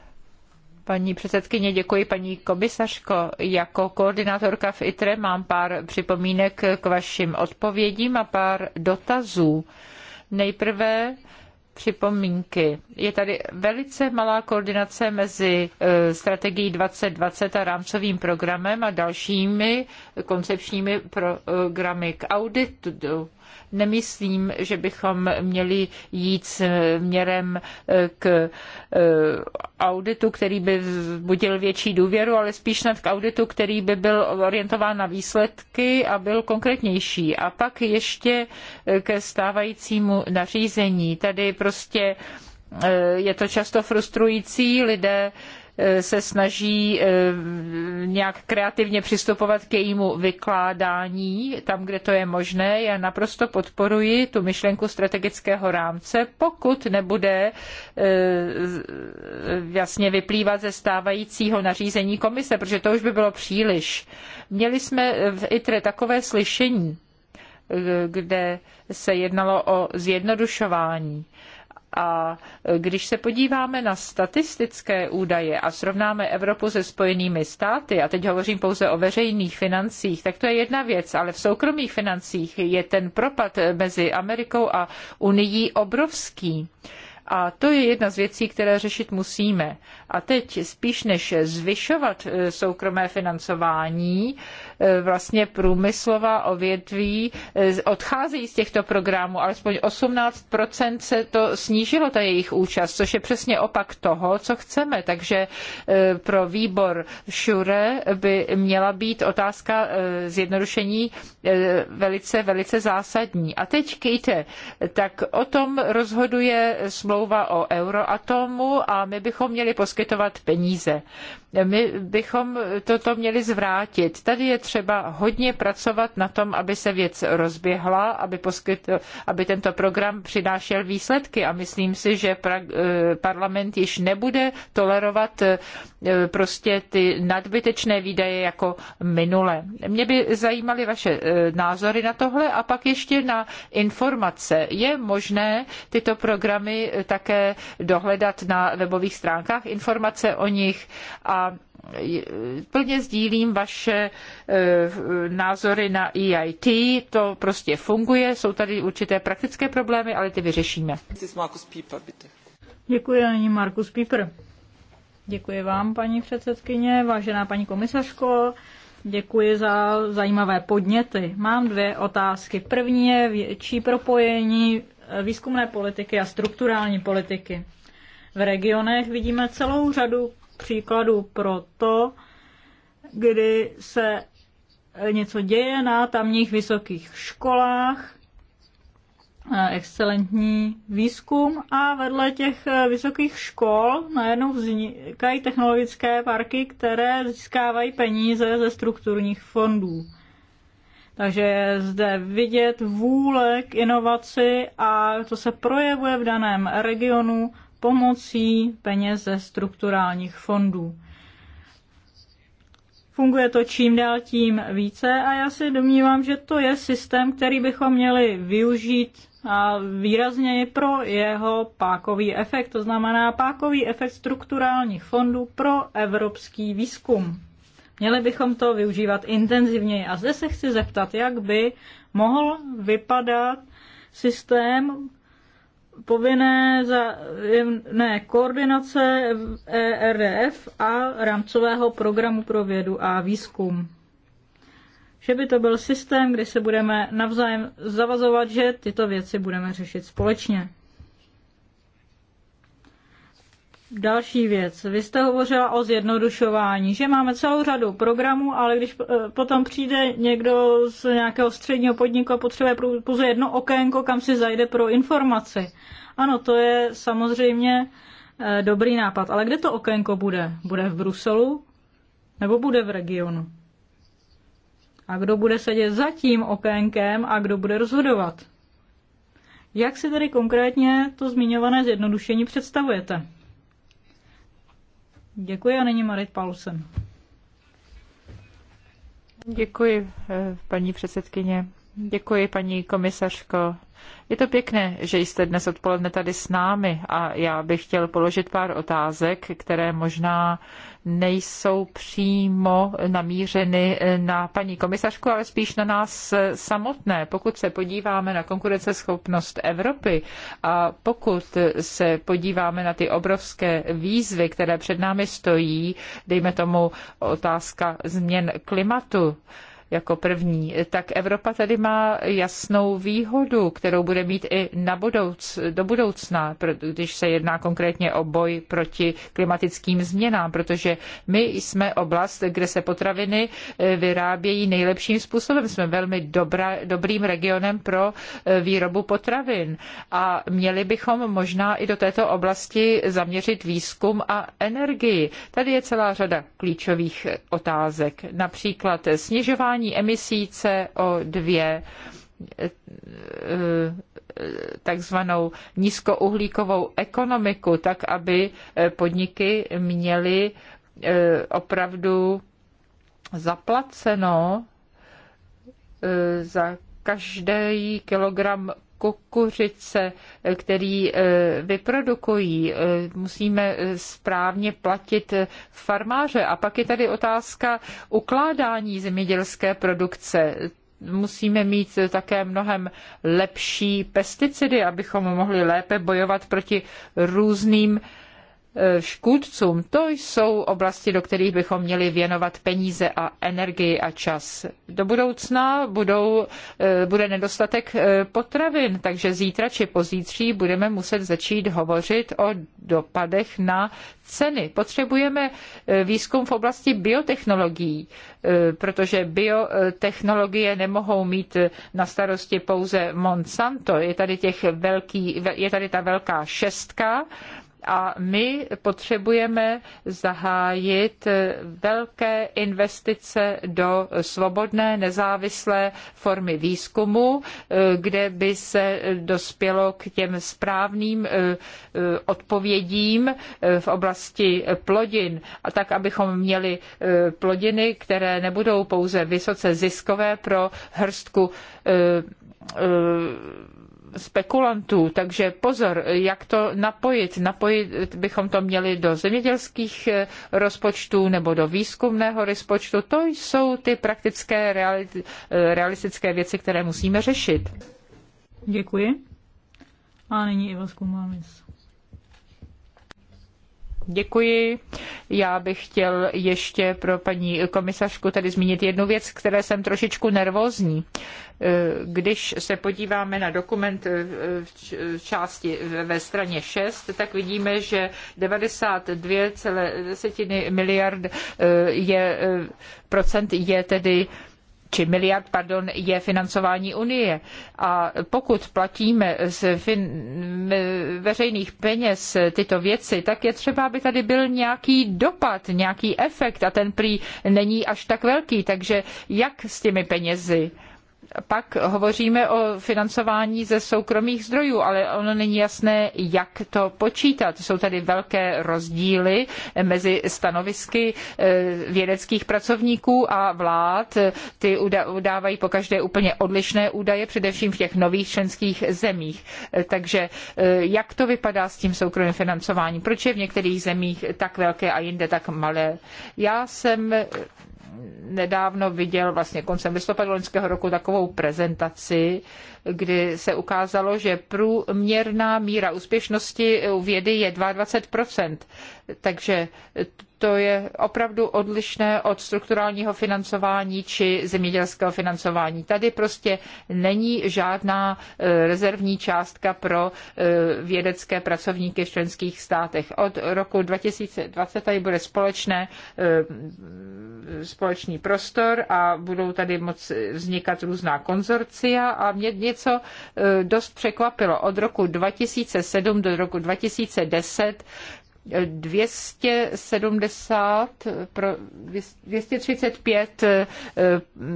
Paní předsedkyně, děkuji paní komisařko. Jako koordinátorka v ITRE mám pár připomínek k vašim odpovědím a pár dotazů. Nejprve připomínky. Je tady velice malá koordinace mezi e, strategií 2020 a rámcovým programem a dalšími koncepčními programy k auditu nemyslím, že bychom měli jít směrem eh, k eh, auditu, který by budil větší důvěru, ale spíš nad k auditu, který by byl orientován na výsledky a byl konkrétnější. A pak ještě eh, ke stávajícímu nařízení. Tady prostě je to často frustrující, lidé se snaží eh, nějak kreativně přistupovat k jejímu vykládání tam, kde to je možné. Já naprosto podporuji tu myšlenku strategického rámce, pokud nebude eh, jasně vyplývat ze stávajícího nařízení komise, protože to už by bylo příliš. Měli jsme v ITRE takové slyšení, eh, kde se jednalo o zjednodušování. A když se podíváme na statistické údaje a srovnáme Evropu se Spojenými státy, a teď hovořím pouze o veřejných financích, tak to je jedna věc, ale v soukromých financích je ten propad mezi Amerikou a Unií obrovský. A to je jedna z věcí, které řešit musíme. A teď spíš než zvyšovat eh, soukromé financování, E, vlastně průmyslová ovětví e, odcházejí z těchto programů, alespoň 18% se to snížilo, ta jejich účast, což je přesně opak toho, co chceme. Takže e, pro výbor Šure by měla být otázka zjednodušení velice, velice zásadní. A teď, Kejte, tak o tom rozhoduje smlouva o Euroatomu a my bychom měli poskytovat peníze. My bychom toto měli zvrátit. Tady je třeba hodně pracovat na tom, aby se věc rozběhla, aby, poskytl, aby tento program přinášel výsledky a myslím si, že pra, eh, parlament již nebude tolerovat eh, prostě ty nadbytečné výdaje jako minule. Mě by zajímaly vaše eh, názory na tohle a pak ještě na informace. Je možné tyto programy také dohledat na webových stránkách, informace o nich a plně sdílím vaše eh, názory na EIT, to prostě funguje, jsou tady určité praktické problémy, ale ty vyřešíme. Děkuji, ani Markus Pieper. Děkuji vám, paní předsedkyně, vážená paní komisařko. Děkuji za zajímavé podněty. Mám dvě otázky. První je větší propojení eh, výzkumné politiky a strukturální politiky. V regionech vidíme celou řadu příkladů pro to, kdy se něco děje na tamních vysokých školách, eh, excelentní výzkum a vedle těch eh, vysokých škol najednou vznikají technologické parky, které získávají peníze ze strukturních fondů. Takže je zde vidět vůle k inovaci a to se projevuje v daném regionu pomocí peněz ze strukturálních fondů. Funguje to čím dál tím více a já si domnívám, že to je systém, který bychom měli využít a výrazně pro jeho pákový efekt, to znamená pákový efekt strukturálních fondů pro evropský výzkum. Měli bychom to využívat intenzivněji. A zde se chci zeptat, jak by mohl vypadat systém povinné ne, koordinace ERDF a rámcového programu pro vědu a výzkum. Že by to byl systém, kdy se budeme navzájem zavazovat, že tyto věci budeme řešit společně. Další věc. Vy jste hovořila o zjednodušování, že máme celou řadu programů, ale když eh, potom přijde někdo z nějakého středního podniku a potřebuje pouze jedno okénko, kam si zajde pro informaci. Ano, to je samozřejmě eh, dobrý nápad, ale kde to okénko bude? Bude v Bruselu nebo bude v regionu? A kdo bude sedět za tím okénkem a kdo bude rozhodovat? Jak si tedy konkrétně to zmiňované zjednodušení představujete? Děkuji a nyní Marit Paulsen. Děkuji, eh, paní předsedkyně. Děkuji, paní komisařko. Je to pěkné, že jste dnes odpoledne tady s námi a já bych chtěl položit pár otázek, které možná nejsou přímo namířeny na paní komisařku, ale spíš na nás samotné. Pokud se podíváme na konkurenceschopnost Evropy a pokud se podíváme na ty obrovské výzvy, které před námi stojí, dejme tomu otázka změn klimatu, jako první, tak Evropa tady má jasnou výhodu, kterou bude mít i na budouc, do budoucna, když se jedná konkrétně o boj proti klimatickým změnám, protože my jsme oblast, kde se potraviny eh, vyrábějí nejlepším způsobem. Jsme velmi dobra, dobrým regionem pro eh, výrobu potravin a měli bychom možná i do této oblasti zaměřit výzkum a energii. Tady je celá řada klíčových otázek, například snižování snižování emisí CO2 eh, eh, takzvanou nízkouhlíkovou ekonomiku, tak aby eh, podniky měly opravdu zaplaceno za každý kilogram kukuřice, který eh, vyprodukují. Eh, musíme eh, správně platit farmáře. A pak je tady otázka ukládání zemědělské produkce musíme mít také mnohem lepší pesticidy, abychom mohli lépe bojovat proti různým škůdcům, to jsou oblasti, do kterých bychom měli věnovat peníze a energii a čas. Do budoucna budou, eh, bude nedostatek eh, potravin, takže zítra či pozítří budeme muset začít hovořit o dopadech na ceny. Potřebujeme eh, výzkum v oblasti biotechnologií, protože biotechnologie nemohou mít na starosti pouze Monsanto. Je tady, těch velký, je tady ta velká šestka, a my potřebujeme zahájit velké investice do svobodné, nezávislé formy výzkumu, kde by se dospělo k těm správným eh, eh, odpovědím eh, v oblasti plodin. A tak, abychom měli plodiny, které nebudou pouze vysoce ziskové pro hrstku spekulantů, takže pozor, jak to napojit. Napojit bychom to měli do zemědělských eh, rozpočtů nebo do výzkumného rozpočtu. To jsou ty praktické eh, realistické věci, které musíme řešit. Děkuji. A nyní Iva Děkuji. Já bych chtěl ještě pro paní komisařku tady zmínit jednu věc, které jsem trošičku nervózní. Eh, když se podíváme na dokument eh, v části ve straně 6, tak vidíme, že 92,10 miliard eh, je, procent je tedy či miliard, pardon, je financování Unie. A pokud platíme z veřejných peněz tyto věci, tak je třeba, aby tady byl nějaký dopad, nějaký efekt a ten prý není až tak velký. Takže jak s těmi penězi? pak hovoříme o financování ze soukromých zdrojů, ale ono není jasné, jak to počítat. Jsou tady velké rozdíly eh, mezi stanovisky eh, vědeckých pracovníků a vlád. Ty udávají po každé úplně odlišné údaje, především v těch nových členských zemích. Eh, takže jak to vypadá s tím soukromým financováním? Proč je v některých zemích tak velké a jinde tak malé? Já jsem nedávno viděl vlastně koncem listopadu loňského roku takovou prezentaci, kdy se ukázalo, že průměrná míra úspěšnosti u vědy je 22%. Takže to je opravdu odlišné od strukturálního financování či zemědělského financování. Tady prostě není žádná eh, rezervní částka pro eh, vědecké pracovníky v členských státech. Od roku 2020 tady bude společné, eh, společný prostor a budou tady moc vznikat různá konzorcia a mě něco dost překvapilo. Od roku 2007 do roku 2010 270 pro 235 eh,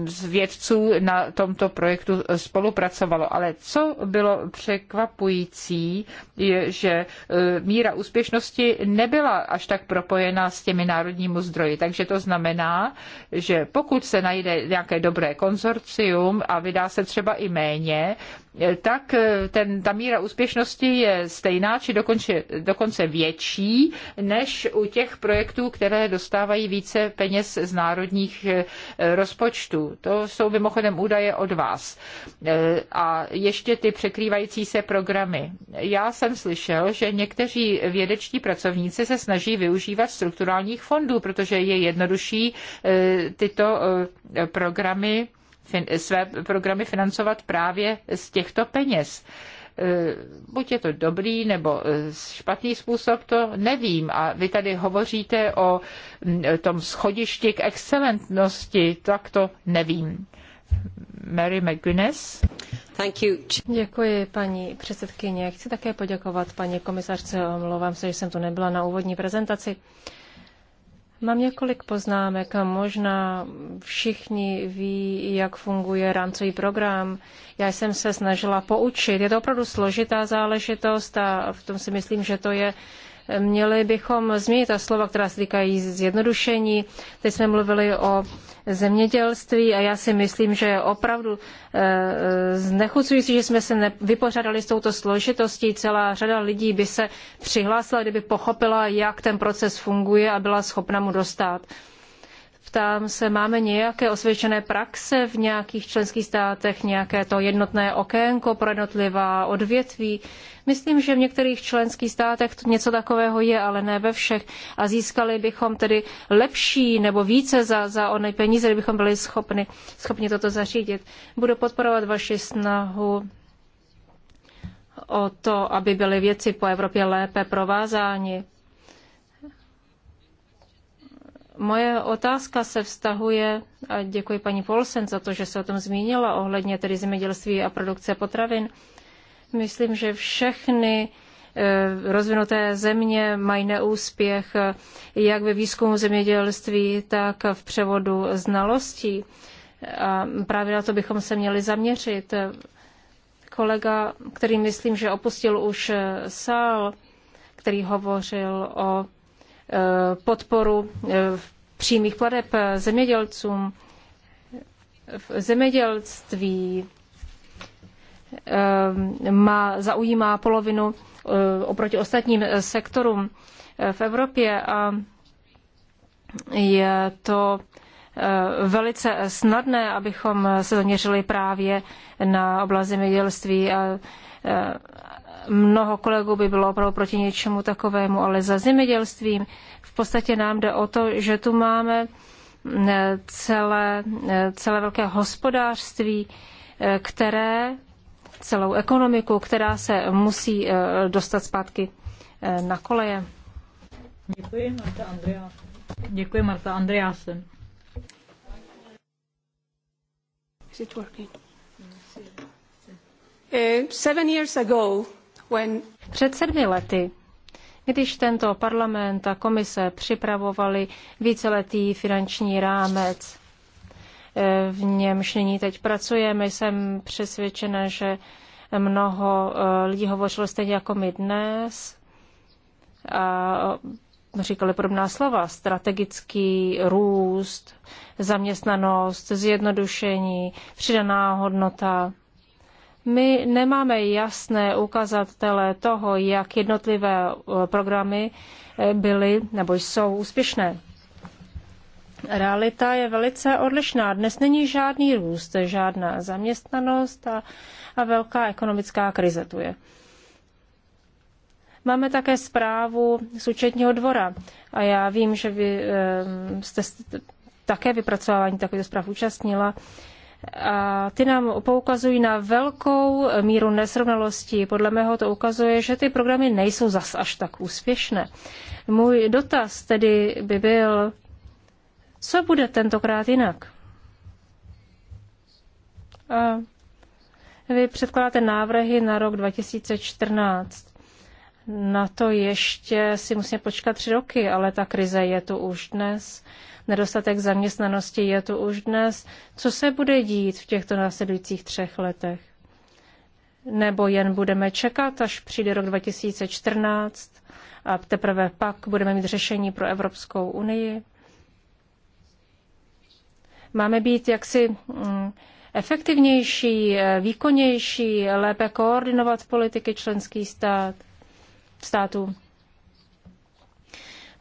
z vědců na tomto projektu spolupracovalo. Ale co bylo překvapující, je, že eh, míra úspěšnosti nebyla až tak propojená s těmi národními zdroji. Takže to znamená, že pokud se najde nějaké dobré konzorcium a vydá se třeba i méně, Eh, tak eh, ten, ta míra úspěšnosti je stejná, či dokonce, dokonce větší, než u těch projektů, které dostávají více peněz z národních eh, rozpočtů. To jsou mimochodem údaje od vás. A ještě ty překrývající se programy. Já jsem slyšel, že někteří vědečtí pracovníci se snaží využívat strukturálních fondů, protože je jednodušší tyto programy své programy financovat právě z těchto peněz e, buď je to dobrý nebo e, špatný způsob, to nevím. A vy tady hovoříte o tom schodišti k excelentnosti, tak to nevím. Mary McGuinness. Thank you. Děkuji, paní předsedkyně. Chci také poděkovat paní komisařce. Omlouvám se, že jsem tu nebyla na úvodní prezentaci. Uh, Mám několik poznámek. Možná všichni ví, jak funguje rámcový program. Já jsem se snažila poučit. Je to opravdu složitá záležitost a v tom si myslím, že to je Měli bychom změnit ta slova, která se týkají zjednodušení. Teď jsme mluvili o zemědělství a já si myslím, že je opravdu eh, znechucující, že jsme se vypořádali s touto složitostí. Celá řada lidí by se přihlásila, kdyby pochopila, jak ten proces funguje a byla schopna mu dostat. Ptám se, máme nějaké osvědčené praxe v nějakých členských státech, nějaké to jednotné okénko pro jednotlivá odvětví? Myslím, že v některých členských státech to něco takového je, ale ne ve všech. A získali bychom tedy lepší nebo více za, za ony peníze, kdybychom byli schopni, schopni toto zařídit. Budu podporovat vaši snahu o to, aby byly věci po Evropě lépe provázány Moje otázka se vztahuje, a děkuji paní Polsen za to, že se o tom zmínila, ohledně tedy zemědělství a produkce potravin. Myslím, že všechny e, rozvinuté země mají neúspěch e, jak ve výzkumu zemědělství, tak v převodu znalostí. A právě na to bychom se měli zaměřit. Kolega, který myslím, že opustil už e, sál, který hovořil o podporu eh, přímých plateb zemědělcům v zemědělství eh, má, zaujímá polovinu eh, oproti ostatním sektorům v Evropě a je to velice snadné, abychom se zaměřili právě na oblast zemědělství a, mnoho kolegů by bylo opravdu proti něčemu takovému, ale za zemědělstvím v podstatě nám jde o to, že tu máme eh, celé, eh, celé velké hospodářství, eh, které celou ekonomiku, která se musí dostat zpátky na koleje. Děkuji, Marta Andrea. Děkuji, Marta Andreasen. Is it working? Seven years ago, před sedmi lety, když tento parlament a komise připravovali víceletý finanční rámec, eh, v němž nyní teď pracujeme, jsem přesvědčena, že mnoho eh, lidí hovořilo stejně jako my dnes a eh, říkali podobná slova, strategický růst, zaměstnanost, zjednodušení, přidaná hodnota. My nemáme jasné ukazatele toho, jak jednotlivé eh, programy eh, byly nebo jsou úspěšné. Realita je velice odlišná. Dnes není žádný růst, žádná zaměstnanost a, a velká ekonomická krize tu je. Máme také zprávu z účetního dvora a já vím, že vy eh, jste také vypracování takových zpráv účastnila. A ty nám poukazují na velkou míru nesrovnalostí. Podle mého to ukazuje, že ty programy nejsou zas až tak úspěšné. Můj dotaz tedy by byl, co bude tentokrát jinak? A vy předkládáte návrhy na rok 2014. Na to ještě si musíme počkat tři roky, ale ta krize je tu už dnes nedostatek zaměstnanosti je tu už dnes. Co se bude dít v těchto následujících třech letech? Nebo jen budeme čekat, až přijde rok 2014 a teprve pak budeme mít řešení pro Evropskou unii? Máme být jaksi mm, efektivnější, eh, výkonnější, lépe koordinovat politiky členských stát, států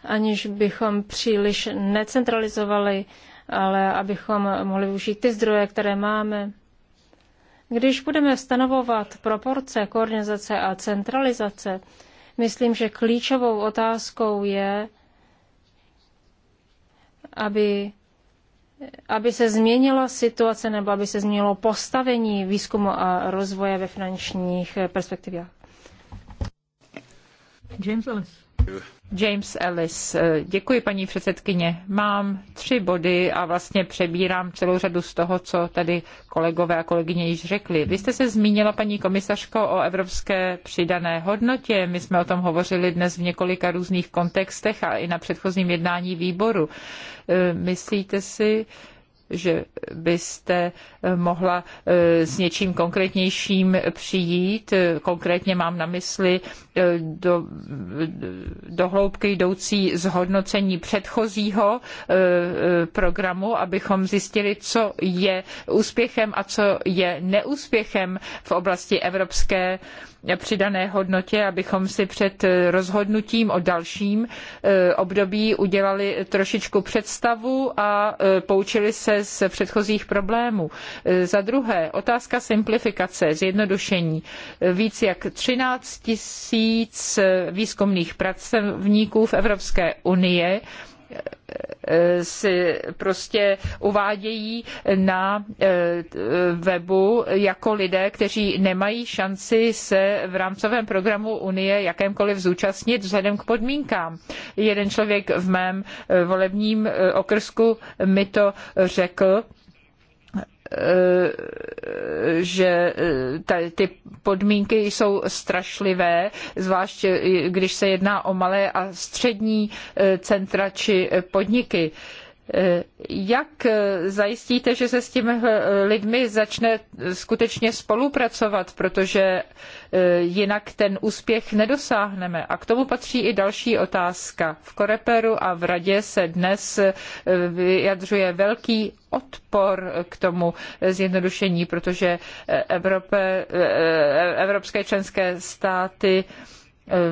aniž bychom příliš necentralizovali, ale abychom mohli využít ty zdroje, které máme. Když budeme stanovovat proporce koordinace a centralizace, myslím, že klíčovou otázkou je, aby, aby se změnila situace nebo aby se změnilo postavení výzkumu a rozvoje ve finančních perspektivách. James Ellis. James Ellis. Eh, děkuji, paní předsedkyně. Mám tři body a vlastně přebírám celou řadu z toho, co tady kolegové a kolegyně již řekli. Vy jste se zmínila, paní komisařko, o evropské přidané hodnotě. My jsme o tom hovořili dnes v několika různých kontextech a i na předchozím jednání výboru. Eh, myslíte si, že byste eh, mohla eh, s něčím konkrétnějším přijít. Konkrétně mám na mysli eh, do, hloubky jdoucí zhodnocení předchozího programu, abychom zjistili, co je úspěchem a co je neúspěchem v oblasti evropské přidané hodnotě, abychom si před eh, rozhodnutím o dalším eh, období udělali trošičku představu a eh, poučili se z předchozích problémů. Za druhé, otázka simplifikace, zjednodušení. Víc jak 13 tisíc výzkumných pracovníků v Evropské unii si prostě uvádějí na eh, webu jako lidé, kteří nemají šanci se v rámcovém programu Unie jakémkoliv zúčastnit vzhledem k podmínkám. Jeden člověk v mém eh, volebním eh, okrsku mi to řekl, že eh, ty podmínky jsou strašlivé, zvláště eh, když se jedná o malé a střední eh, centra či podniky. Jak zajistíte, že se s těmi lidmi začne skutečně spolupracovat, protože e, jinak ten úspěch nedosáhneme? A k tomu patří i další otázka. V Koreperu a v Radě se dnes e, vyjadřuje velký odpor k tomu zjednodušení, protože e, evropské členské státy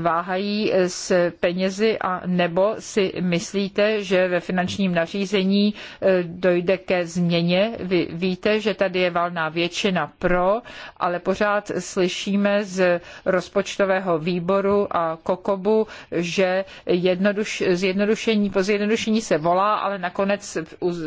váhají s penězi a nebo si myslíte, že ve finančním nařízení eh, dojde ke změně. Vy víte, že tady je valná většina pro, ale pořád slyšíme z rozpočtového výboru a Kokobu, že jednoduš, zjednodušení, po zjednodušení se volá, ale nakonec,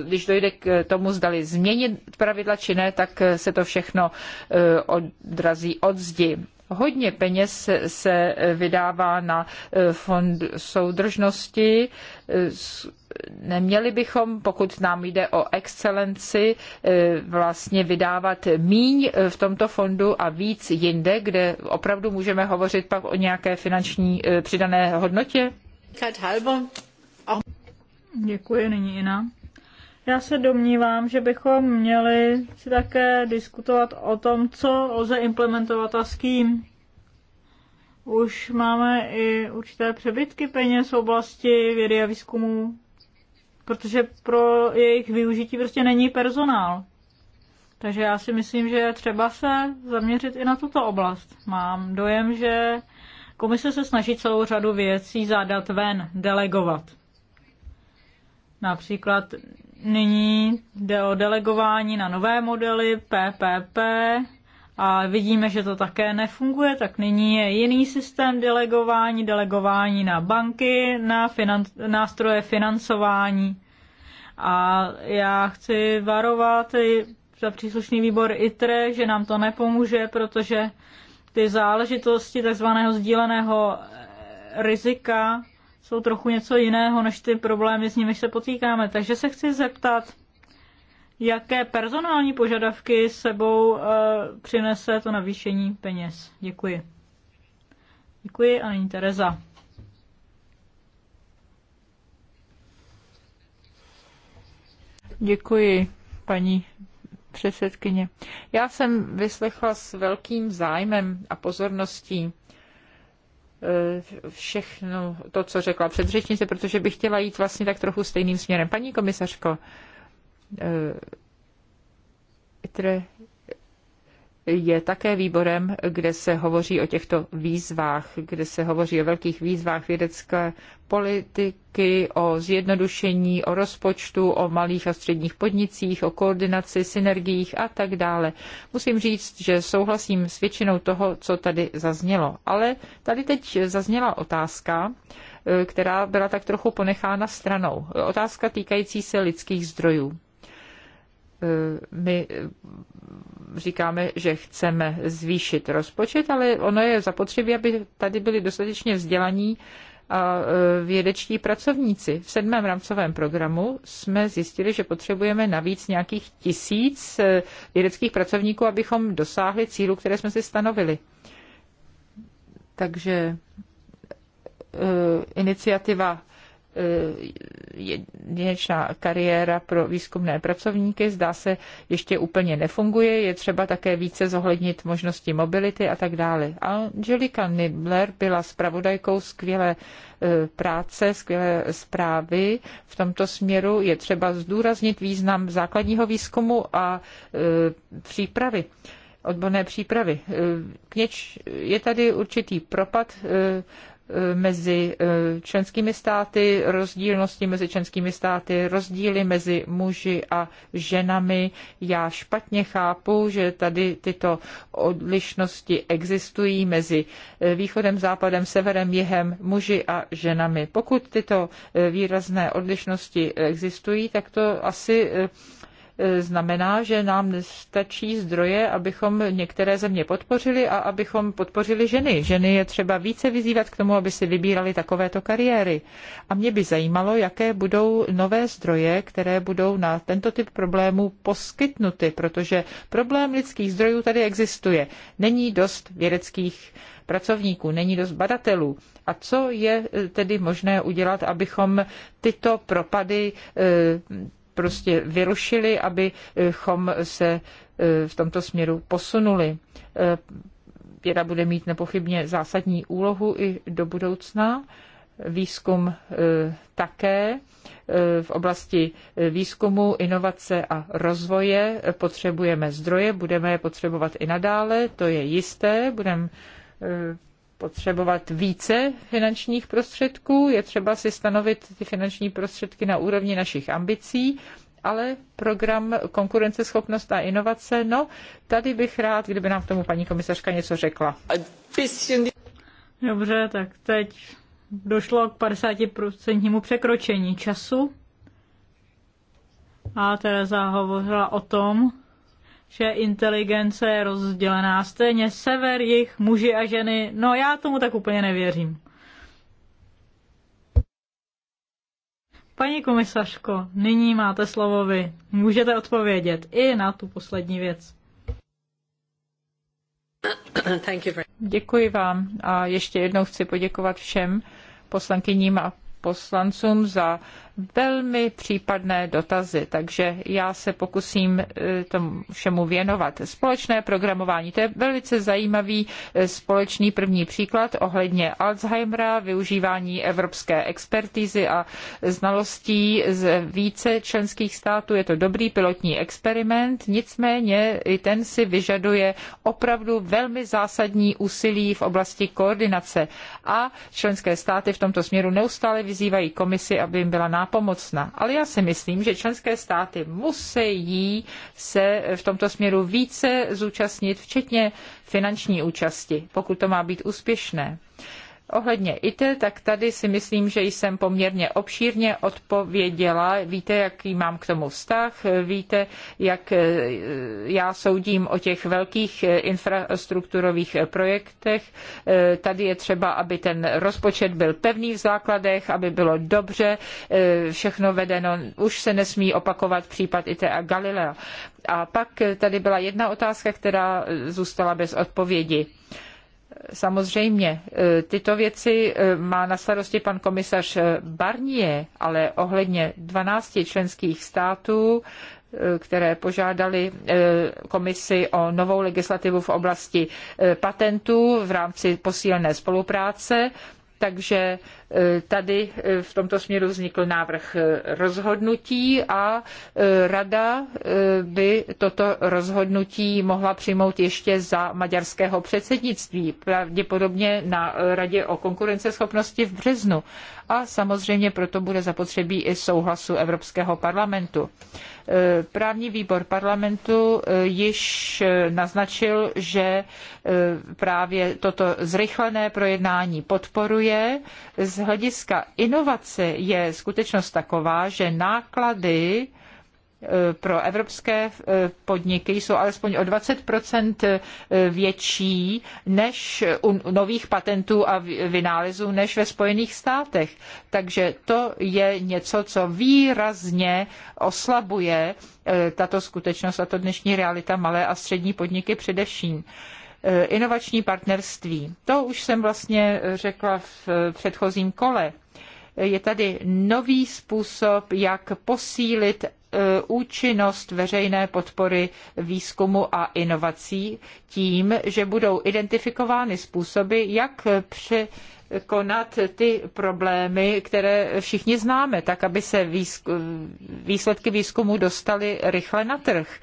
když dojde k tomu, zdali změnit pravidla či ne, tak se to všechno eh, odrazí od zdi. Hodně peněz se vydává na eh, fond soudržnosti. Eh, neměli bychom, pokud nám jde o excelenci, eh, vlastně vydávat míň v tomto fondu a víc jinde, kde opravdu můžeme hovořit pak o nějaké finanční přidané hodnotě? Děkuji, není jiná. Já se domnívám, že bychom měli si také diskutovat o tom, co lze implementovat a s kým. Už máme i určité přebytky peněz v oblasti vědy a výzkumu, protože pro jejich využití prostě není personál. Takže já si myslím, že třeba se zaměřit i na tuto oblast. Mám dojem, že komise se snaží celou řadu věcí zadat ven, delegovat. Například nyní jde o delegování na nové modely PPP a vidíme, že to také nefunguje, tak nyní je jiný systém delegování, delegování na banky, na finan, nástroje financování. A já chci varovat i za příslušný výbor ITRE, že nám to nepomůže, protože ty záležitosti takzvaného sdíleného eh, rizika jsou trochu něco jiného než ty problémy, s nimi se potýkáme. Takže se chci zeptat, jaké personální požadavky sebou e, přinese to navýšení peněz. Děkuji. Děkuji a nyní Tereza. Děkuji, paní předsedkyně. Já jsem vyslechla s velkým zájmem a pozorností Eh, všechno to, co řekla předřečnice, protože bych chtěla jít vlastně tak trochu stejným směrem. Paní komisařko, které eh, je také výborem, kde se hovoří o těchto výzvách, kde se hovoří o velkých výzvách vědecké politiky, o zjednodušení, o rozpočtu, o malých a středních podnicích, o koordinaci, synergiích a tak dále. Musím říct, že souhlasím s většinou toho, co tady zaznělo. Ale tady teď zazněla otázka, eh, která byla tak trochu ponechána stranou. Otázka týkající se lidských zdrojů. Eh, my eh, říkáme, že chceme zvýšit rozpočet, ale ono je zapotřebí, aby tady byli dostatečně vzdělaní a eh, vědečtí pracovníci. V sedmém rámcovém programu jsme zjistili, že potřebujeme navíc nějakých tisíc vědeckých pracovníků, abychom dosáhli cílu, které jsme si stanovili. Takže iniciativa Eh, jedinečná kariéra pro výzkumné pracovníky. Zdá se, ještě úplně nefunguje. Je třeba také více zohlednit možnosti mobility a tak dále. Angelika Nibler byla spravodajkou skvělé eh, práce, skvělé zprávy v tomto směru. Je třeba zdůraznit význam základního výzkumu a eh, přípravy odborné přípravy. K něč, je tady určitý propad mezi eh, členskými státy, rozdílnosti mezi členskými státy, rozdíly mezi muži a ženami. Já špatně chápu, že tady tyto odlišnosti existují mezi eh, východem, západem, severem, jihem, muži a ženami. Pokud tyto eh, výrazné odlišnosti existují, tak to asi E, znamená, že nám nestačí zdroje, abychom některé země podpořili a abychom podpořili ženy. Ženy je třeba více vyzývat k tomu, aby si vybírali takovéto kariéry. A mě by zajímalo, jaké budou nové zdroje, které budou na tento typ problémů poskytnuty, protože problém lidských zdrojů tady existuje. Není dost vědeckých pracovníků, není dost badatelů. A co je e, tedy možné udělat, abychom tyto propady e, prostě vyrušili, abychom se e, v tomto směru posunuli. E, Věda bude mít nepochybně zásadní úlohu i do budoucna výzkum e, také. V oblasti výzkumu, inovace a rozvoje potřebujeme zdroje, budeme je potřebovat i nadále, to je jisté, budeme potřebovat více finančních prostředků, je třeba si stanovit ty finanční prostředky na úrovni našich ambicí, ale program konkurenceschopnost a inovace, no, tady bych rád, kdyby nám k tomu paní komisařka něco řekla. Dobře, tak teď došlo k 50% překročení času. A Tereza hovořila o tom, že inteligence je rozdělená stejně sever, jich, muži a ženy. No já tomu tak úplně nevěřím. Paní komisařko, nyní máte slovo vy. Můžete odpovědět i na tu poslední věc. Děkuji vám a ještě jednou chci poděkovat všem poslankyním a poslancům za velmi případné dotazy, takže já se pokusím eh, tomu všemu věnovat. Společné programování, to je velice zajímavý eh, společný první příklad ohledně Alzheimera, využívání evropské expertizy a znalostí z více členských států. Je to dobrý pilotní experiment, nicméně i ten si vyžaduje opravdu velmi zásadní úsilí v oblasti koordinace a členské státy v tomto směru neustále vyzývají komisi, aby jim byla nápad nápomocna. Ale já si myslím, že členské státy musí se v tomto směru více zúčastnit, včetně finanční účasti, pokud to má být úspěšné. Ohledně ITER, tak tady si myslím, že jsem poměrně obšírně odpověděla. Víte, jaký mám k tomu vztah, víte, jak eh, já soudím o těch velkých eh, infrastrukturových projektech. Eh, tady je třeba, aby ten rozpočet byl pevný v základech, aby bylo dobře všechno vedeno. Už se nesmí opakovat případ ITER a Galilea. A pak tady byla jedna otázka, která zůstala bez odpovědi. Samozřejmě, e, tyto věci e, má na starosti pan komisař Barnier, ale ohledně 12 členských států, e, které požádali komisi o novou legislativu v oblasti patentů v rámci posílené spolupráce, takže e, tady e, v tomto směru vznikl návrh e, rozhodnutí a rada by toto rozhodnutí mohla přijmout ještě za maďarského předsednictví, pravděpodobně na radě o konkurenceschopnosti v březnu a samozřejmě proto bude zapotřebí i souhlasu Evropského parlamentu. E, právní výbor parlamentu e, již naznačil, že e, právě toto zrychlené projednání podporuje. Z hlediska inovace je skutečnost taková, že náklady Eh, pro evropské eh, podniky jsou alespoň o 20 eh, větší než u nových patentů a vynálezů než ve Spojených státech. Takže to je něco, co výrazně oslabuje tato skutečnost a to dnešní realita malé a střední podniky především inovační partnerství. To už jsem vlastně řekla v předchozím kole. Je tady nový způsob, jak posílit Eh, účinnost veřejné podpory výzkumu a inovací tím, že budou identifikovány způsoby, jak překonat ty problémy, které všichni známe, tak aby se výsledky výzkumu dostaly rychle na trh.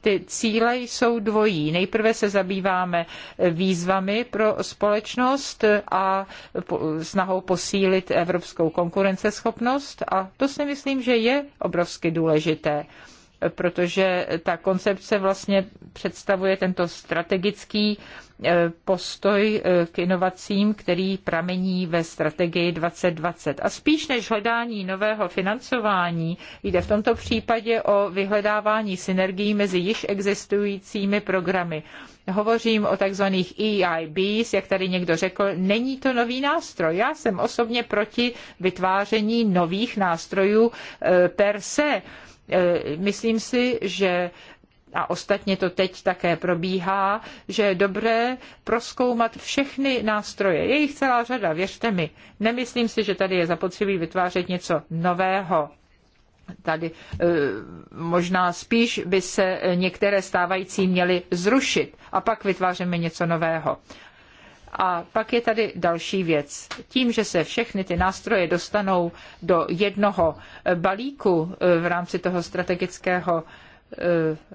Ty cíle jsou dvojí. Nejprve se zabýváme výzvami pro společnost a snahou posílit evropskou konkurenceschopnost a to si myslím, že je obrovsky důležité protože ta koncepce vlastně představuje tento strategický eh, postoj eh, k inovacím, který pramení ve strategii 2020. A spíš než hledání nového financování, jde v tomto případě o vyhledávání synergií mezi již existujícími programy. Hovořím o takzvaných EIBs, jak tady někdo řekl, není to nový nástroj. Já jsem osobně proti vytváření nových nástrojů eh, per se Eh, myslím si, že a ostatně to teď také probíhá, že je dobré proskoumat všechny nástroje. Je jich celá řada, věřte mi. Nemyslím si, že tady je zapotřebí vytvářet něco nového tady eh, možná spíš by se některé stávající měly zrušit a pak vytváříme něco nového. A pak je tady další věc. Tím, že se všechny ty nástroje dostanou do jednoho eh, balíku eh, v rámci toho strategického eh,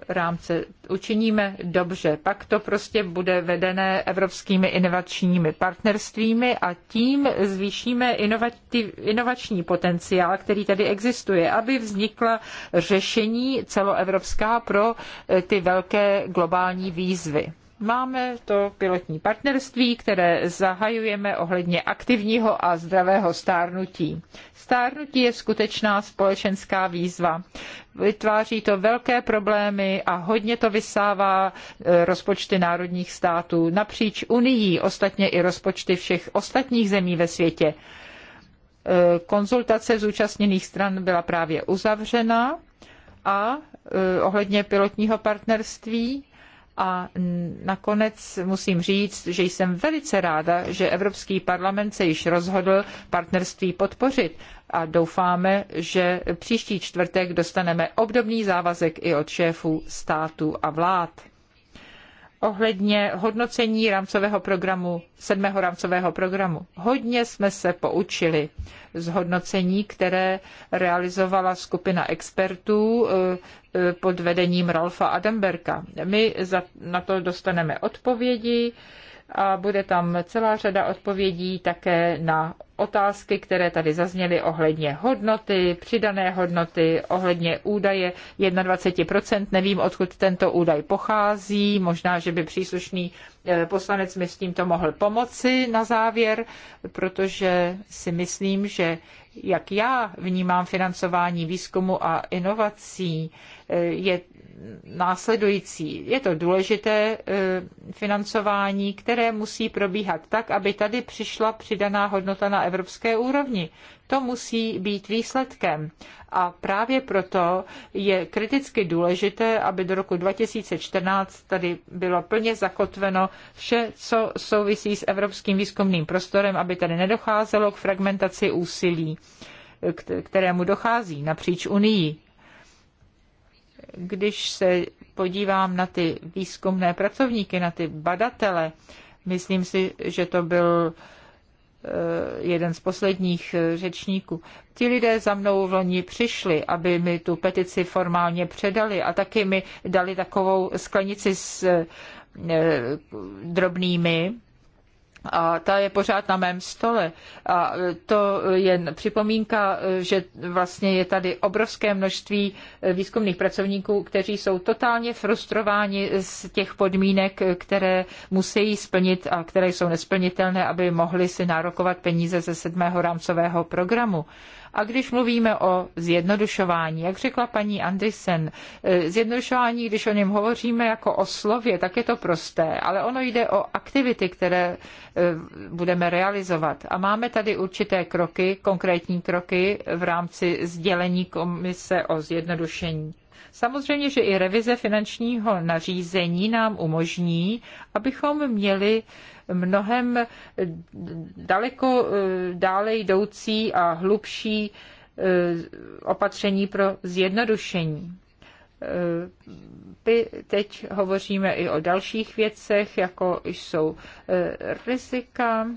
rámce učiníme dobře. Pak to prostě bude vedené evropskými inovačními partnerstvími a tím zvýšíme inovační potenciál, který tady existuje, aby vznikla řešení celoevropská pro ty velké globální výzvy. Máme to pilotní partnerství, které zahajujeme ohledně aktivního a zdravého stárnutí. Stárnutí je skutečná společenská výzva. Vytváří to velké problémy a hodně to vysává e, rozpočty národních států napříč Unii, ostatně i rozpočty všech ostatních zemí ve světě. E, konzultace zúčastněných stran byla právě uzavřena a e, ohledně pilotního partnerství a nakonec musím říct, že jsem velice ráda, že Evropský parlament se již rozhodl partnerství podpořit a doufáme, že příští čtvrtek dostaneme obdobný závazek i od šéfů států a vlád ohledně hodnocení rámcového programu, sedmého rámcového programu. Hodně jsme se poučili z hodnocení, které realizovala skupina expertů e, e, pod vedením Rolfa Adamberka. My na to dostaneme odpovědi a bude tam celá řada odpovědí také na otázky, které tady zazněly ohledně hodnoty, přidané hodnoty, ohledně údaje 21%. Nevím, odkud tento údaj pochází. Možná, že by příslušný eh, poslanec mi s tímto mohl pomoci na závěr, protože si myslím, že jak já vnímám financování výzkumu a inovací, eh, je následující. Je to důležité eh, financování, které musí probíhat tak, aby tady přišla přidaná hodnota na evropské úrovni. To musí být výsledkem. A právě proto je kriticky důležité, aby do roku 2014 tady bylo plně zakotveno vše, co souvisí s evropským výzkumným prostorem, aby tady nedocházelo k fragmentaci úsilí, kterému dochází napříč Unii když se podívám na ty výzkumné pracovníky, na ty badatele, myslím si, že to byl eh, jeden z posledních eh, řečníků. Ti lidé za mnou v loni přišli, aby mi tu petici formálně předali a taky mi dali takovou sklenici s eh, drobnými a ta je pořád na mém stole. A to je připomínka, že vlastně je tady obrovské množství výzkumných pracovníků, kteří jsou totálně frustrováni z těch podmínek, které musí splnit a které jsou nesplnitelné, aby mohli si nárokovat peníze ze sedmého rámcového programu. A když mluvíme o zjednodušování, jak řekla paní Andrisen, eh, zjednodušování, když o něm hovoříme jako o slově, tak je to prosté, ale ono jde o aktivity, které eh, budeme realizovat. A máme tady určité kroky, konkrétní kroky v rámci sdělení komise o zjednodušení. Samozřejmě, že i revize finančního nařízení nám umožní, abychom měli mnohem daleko eh, dále jdoucí a hlubší eh, opatření pro zjednodušení. Eh, teď hovoříme i o dalších věcech, jako jsou rizika.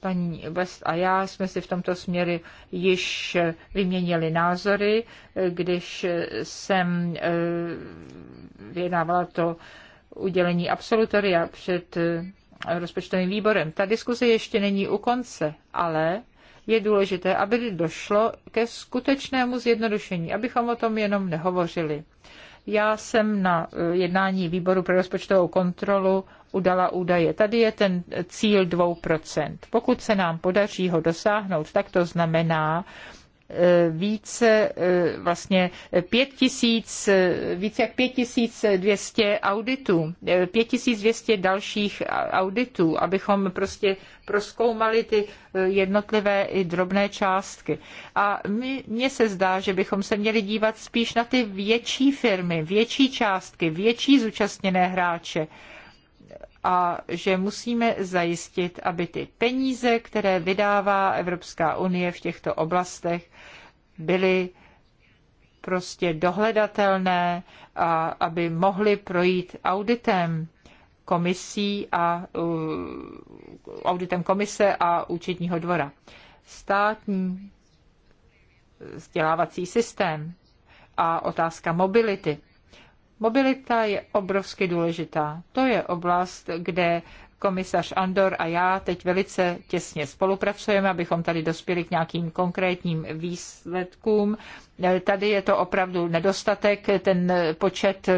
Paní West a já jsme si v tomto směru již vyměnili názory, když jsem vyjednávala to udělení absolutoria před rozpočtovým výborem. Ta diskuse ještě není u konce, ale je důležité, aby došlo ke skutečnému zjednodušení, abychom o tom jenom nehovořili. Já jsem na eh, jednání výboru pro rozpočtovou kontrolu udala údaje. Tady je ten cíl 2%. Pokud se nám podaří ho dosáhnout, tak to znamená, více e, vlastně pět tisíc e, více jak 5200 auditů, 5200 e, dalších auditů, abychom prostě proskoumali ty jednotlivé i drobné částky. A mně se zdá, že bychom se měli dívat spíš na ty větší firmy, větší částky, větší zúčastněné hráče a že musíme zajistit, aby ty peníze, které vydává Evropská unie v těchto oblastech, byly prostě dohledatelné a aby mohly projít auditem komisí a auditem komise a účetního dvora. Státní vzdělávací systém a otázka mobility. Mobilita je obrovsky důležitá. To je oblast, kde komisař Andor a já teď velice těsně spolupracujeme, abychom tady dospěli k nějakým konkrétním výsledkům. Tady je to opravdu nedostatek, ten počet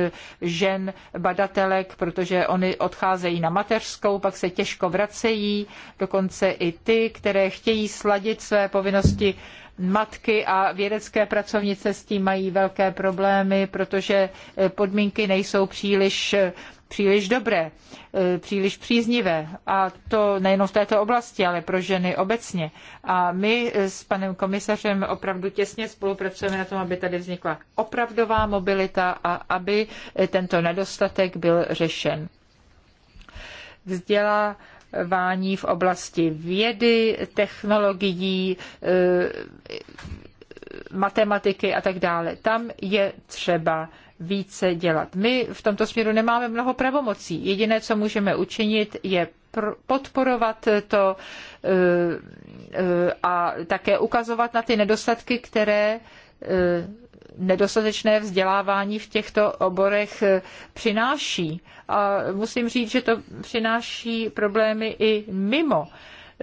žen badatelek, protože oni odcházejí na mateřskou, pak se těžko vracejí, dokonce i ty, které chtějí sladit své povinnosti matky a vědecké pracovnice s tím mají velké problémy, protože podmínky nejsou příliš příliš dobré, e, příliš příznivé. A to nejenom v této oblasti, ale pro ženy obecně. A my s panem komisařem opravdu těsně spolupracujeme na tom, aby tady vznikla opravdová mobilita a aby tento nedostatek byl řešen. Vzdělávání vání v oblasti vědy, technologií, e, matematiky a tak dále. Tam je třeba více dělat. My v tomto směru nemáme mnoho pravomocí. Jediné, co můžeme učinit, je podporovat to eh, eh, a také ukazovat na ty nedostatky, které eh, nedostatečné vzdělávání v těchto oborech přináší. A musím říct, že to přináší problémy i mimo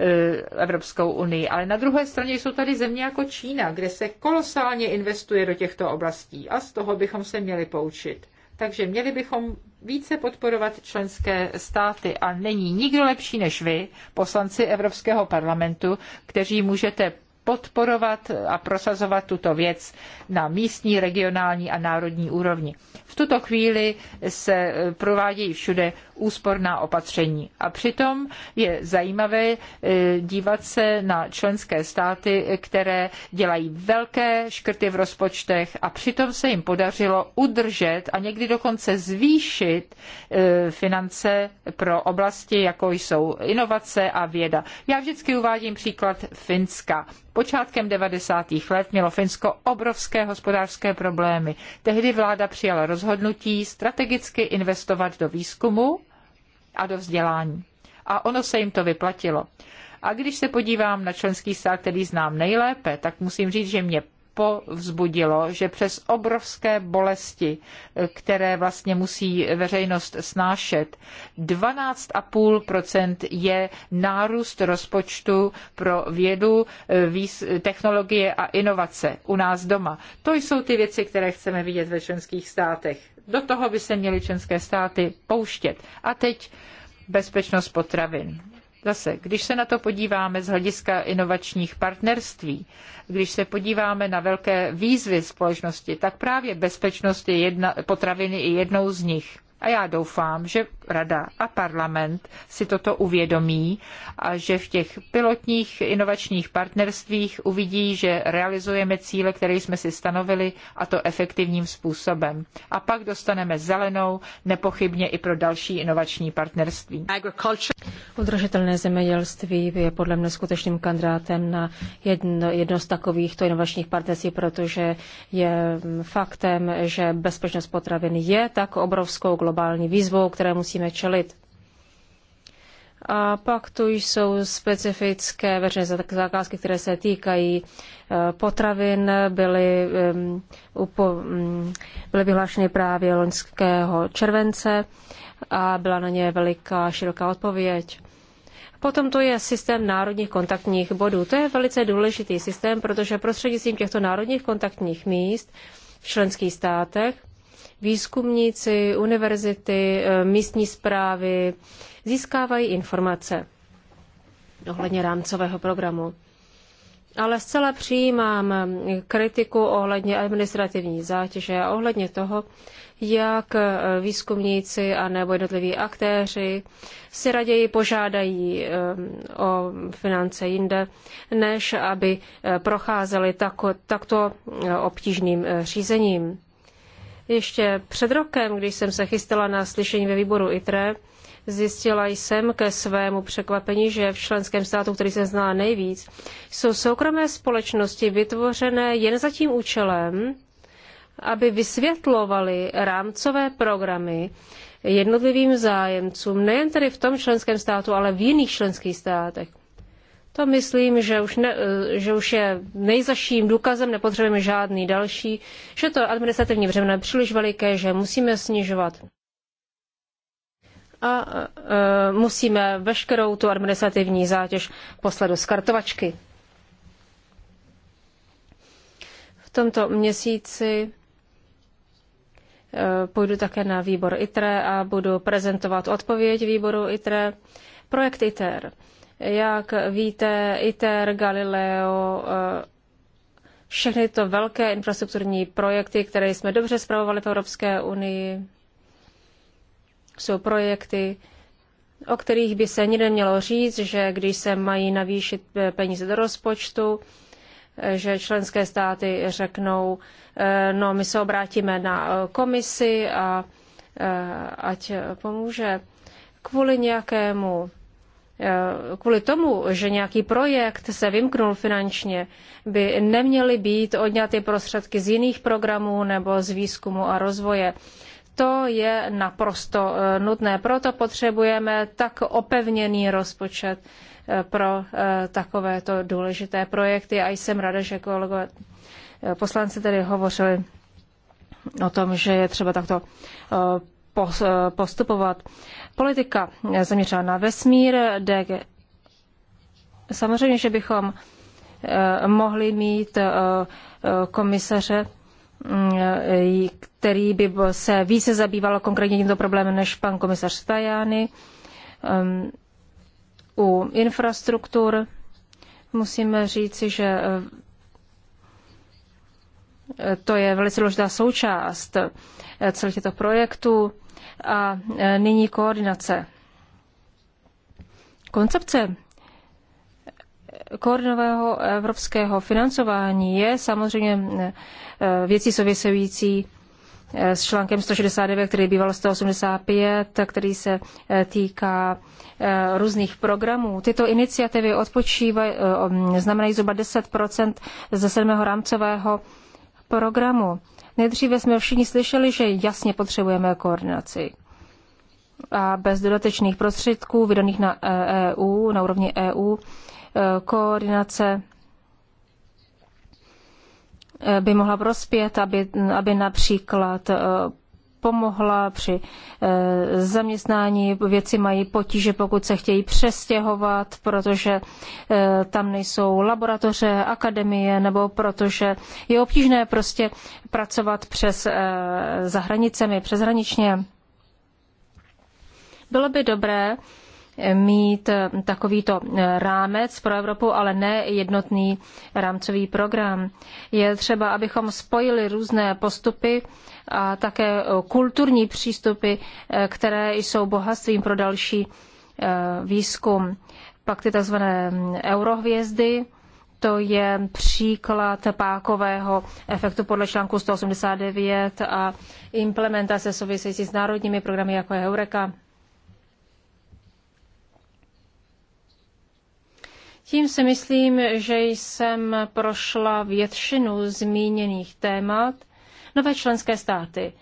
Eh, Evropskou unii. Ale na druhé straně jsou tady země jako Čína, kde se kolosálně investuje do těchto oblastí a z toho bychom se měli poučit. Takže měli bychom více podporovat členské státy a není nikdo lepší než vy, poslanci Evropského parlamentu, kteří můžete podporovat a prosazovat tuto věc na místní, regionální a národní úrovni. V tuto chvíli se eh, provádějí všude úsporná opatření. A přitom je zajímavé eh, dívat se na členské státy, které dělají velké škrty v rozpočtech a přitom se jim podařilo udržet a někdy dokonce zvýšit eh, finance pro oblasti, jako jsou inovace a věda. Já vždycky uvádím příklad Finska. Počátkem 90. let mělo Finsko obrovské hospodářské problémy. Tehdy vláda přijala rozhodnutí strategicky investovat do výzkumu a do vzdělání. A ono se jim to vyplatilo. A když se podívám na členský stát, který znám nejlépe, tak musím říct, že mě povzbudilo, že přes obrovské bolesti, které vlastně musí veřejnost snášet, 12,5% je nárůst rozpočtu pro vědu, technologie a inovace u nás doma. To jsou ty věci, které chceme vidět ve členských státech. Do toho by se měly členské státy pouštět. A teď bezpečnost potravin. Zase, když se na to podíváme z hlediska inovačních partnerství, když se podíváme na velké výzvy společnosti, tak právě bezpečnost je jedna, potraviny je jednou z nich. A já doufám, že Rada a parlament si toto uvědomí a že v těch pilotních inovačních partnerstvích uvidí, že realizujeme cíle, které jsme si stanovili a to efektivním způsobem. A pak dostaneme zelenou, nepochybně i pro další inovační partnerství. Udržitelné zemědělství je podle mě skutečným kandidátem na jedno, jedno z takovýchto inovačních partnerství, protože je faktem, že bezpečnost potravin je tak obrovskou globální globální výzvou, které musíme čelit. A pak tu jsou specifické veřejné zakázky, které se týkají e, potravin. Byly, mm, byly vyhlášeny právě loňského července a byla na ně veliká široká odpověď. Potom to je systém národních kontaktních bodů. To je velice důležitý systém, protože prostřednictvím těchto národních kontaktních míst v členských státech výzkumníci, univerzity, eh, místní zprávy získávají informace ohledně rámcového programu. Ale zcela přijímám kritiku ohledně administrativní zátěže a ohledně toho, jak eh, výzkumníci a nebo jednotliví aktéři si raději požádají eh, o finance jinde, než aby procházeli takto obtížným řízením. Ještě před rokem, když jsem se chystala na slyšení ve výboru ITRE, zjistila jsem ke svému překvapení, že v členském státu, který jsem znala nejvíc, jsou soukromé společnosti vytvořené jen za tím účelem, aby vysvětlovaly rámcové programy jednotlivým zájemcům, nejen tedy v tom členském státu, ale v jiných členských státech. To myslím, že už, ne, že už je nejzaším důkazem, nepotřebujeme žádný další, že to administrativní břemeno je příliš veliké, že musíme snižovat. A e, musíme veškerou tu administrativní zátěž poslat do skartovačky. V tomto měsíci e, půjdu také na výbor ITRE a budu prezentovat odpověď výboru ITRE, projekt ITER. E, jak víte, ITER, Galileo, eh, všechny to velké infrastrukturní projekty, které jsme dobře zpravovali v Evropské unii, jsou projekty, o kterých by se nikdy mělo říct, že když se mají navýšit eh, peníze do rozpočtu, eh, že členské státy řeknou, no my se obrátíme na komisi a ať pomůže kvůli nějakému Eh, kvůli tomu, že nějaký projekt se vymknul finančně, by neměly být odňaty prostředky z jiných programů nebo z výzkumu a rozvoje. To je naprosto eh, nutné. Proto potřebujeme tak opevněný rozpočet eh, pro takovéto důležité projekty a jsem ráda, že kolegové poslanci tady hovořili o tom, že je třeba takto postupovat politika zaměřená na vesmír, DG. Samozřejmě, že bychom eh, mohli mít eh, eh, komisaře, mm, který by se více zabýval konkrétně tímto problémem než pan komisař Tajány. Ehm, u infrastruktur musíme říci, že to je velice důležitá součást celých těchto projektů. A e, nyní koordinace. Koncepce e, koordinového evropského financování je samozřejmě e, věcí související s článkem 169, který býval 185, který se týká různých programů. Tyto iniciativy odpočívají, znamenají zhruba 10 ze sedmého rámcového programu. Nejdříve jsme všichni slyšeli, že jasně potřebujeme koordinaci. A bez dodatečných prostředků vydaných na EU, e na úrovni EU, e, koordinace e, by mohla prospět, aby, aby například pomohla při eh, zaměstnání. Věci mají potíže, pokud se chtějí přestěhovat, protože eh, tam nejsou laboratoře, akademie, nebo protože je obtížné prostě pracovat přes eh, za hranicemi, přeshraničně. Bylo by dobré, mít eh, takovýto eh, rámec pro Evropu, ale ne jednotný rámcový program. Je třeba, abychom spojili různé postupy a také eh, kulturní přístupy, které jsou bohatstvím pro další výzkum. Pak ty tzv. eurohvězdy, to je příklad pákového efektu podle článku 189 a implementace související s národními programy jako je Eureka. Tím si myslím, že jsem prošla většinu zmíněných témat. Nové členské státy.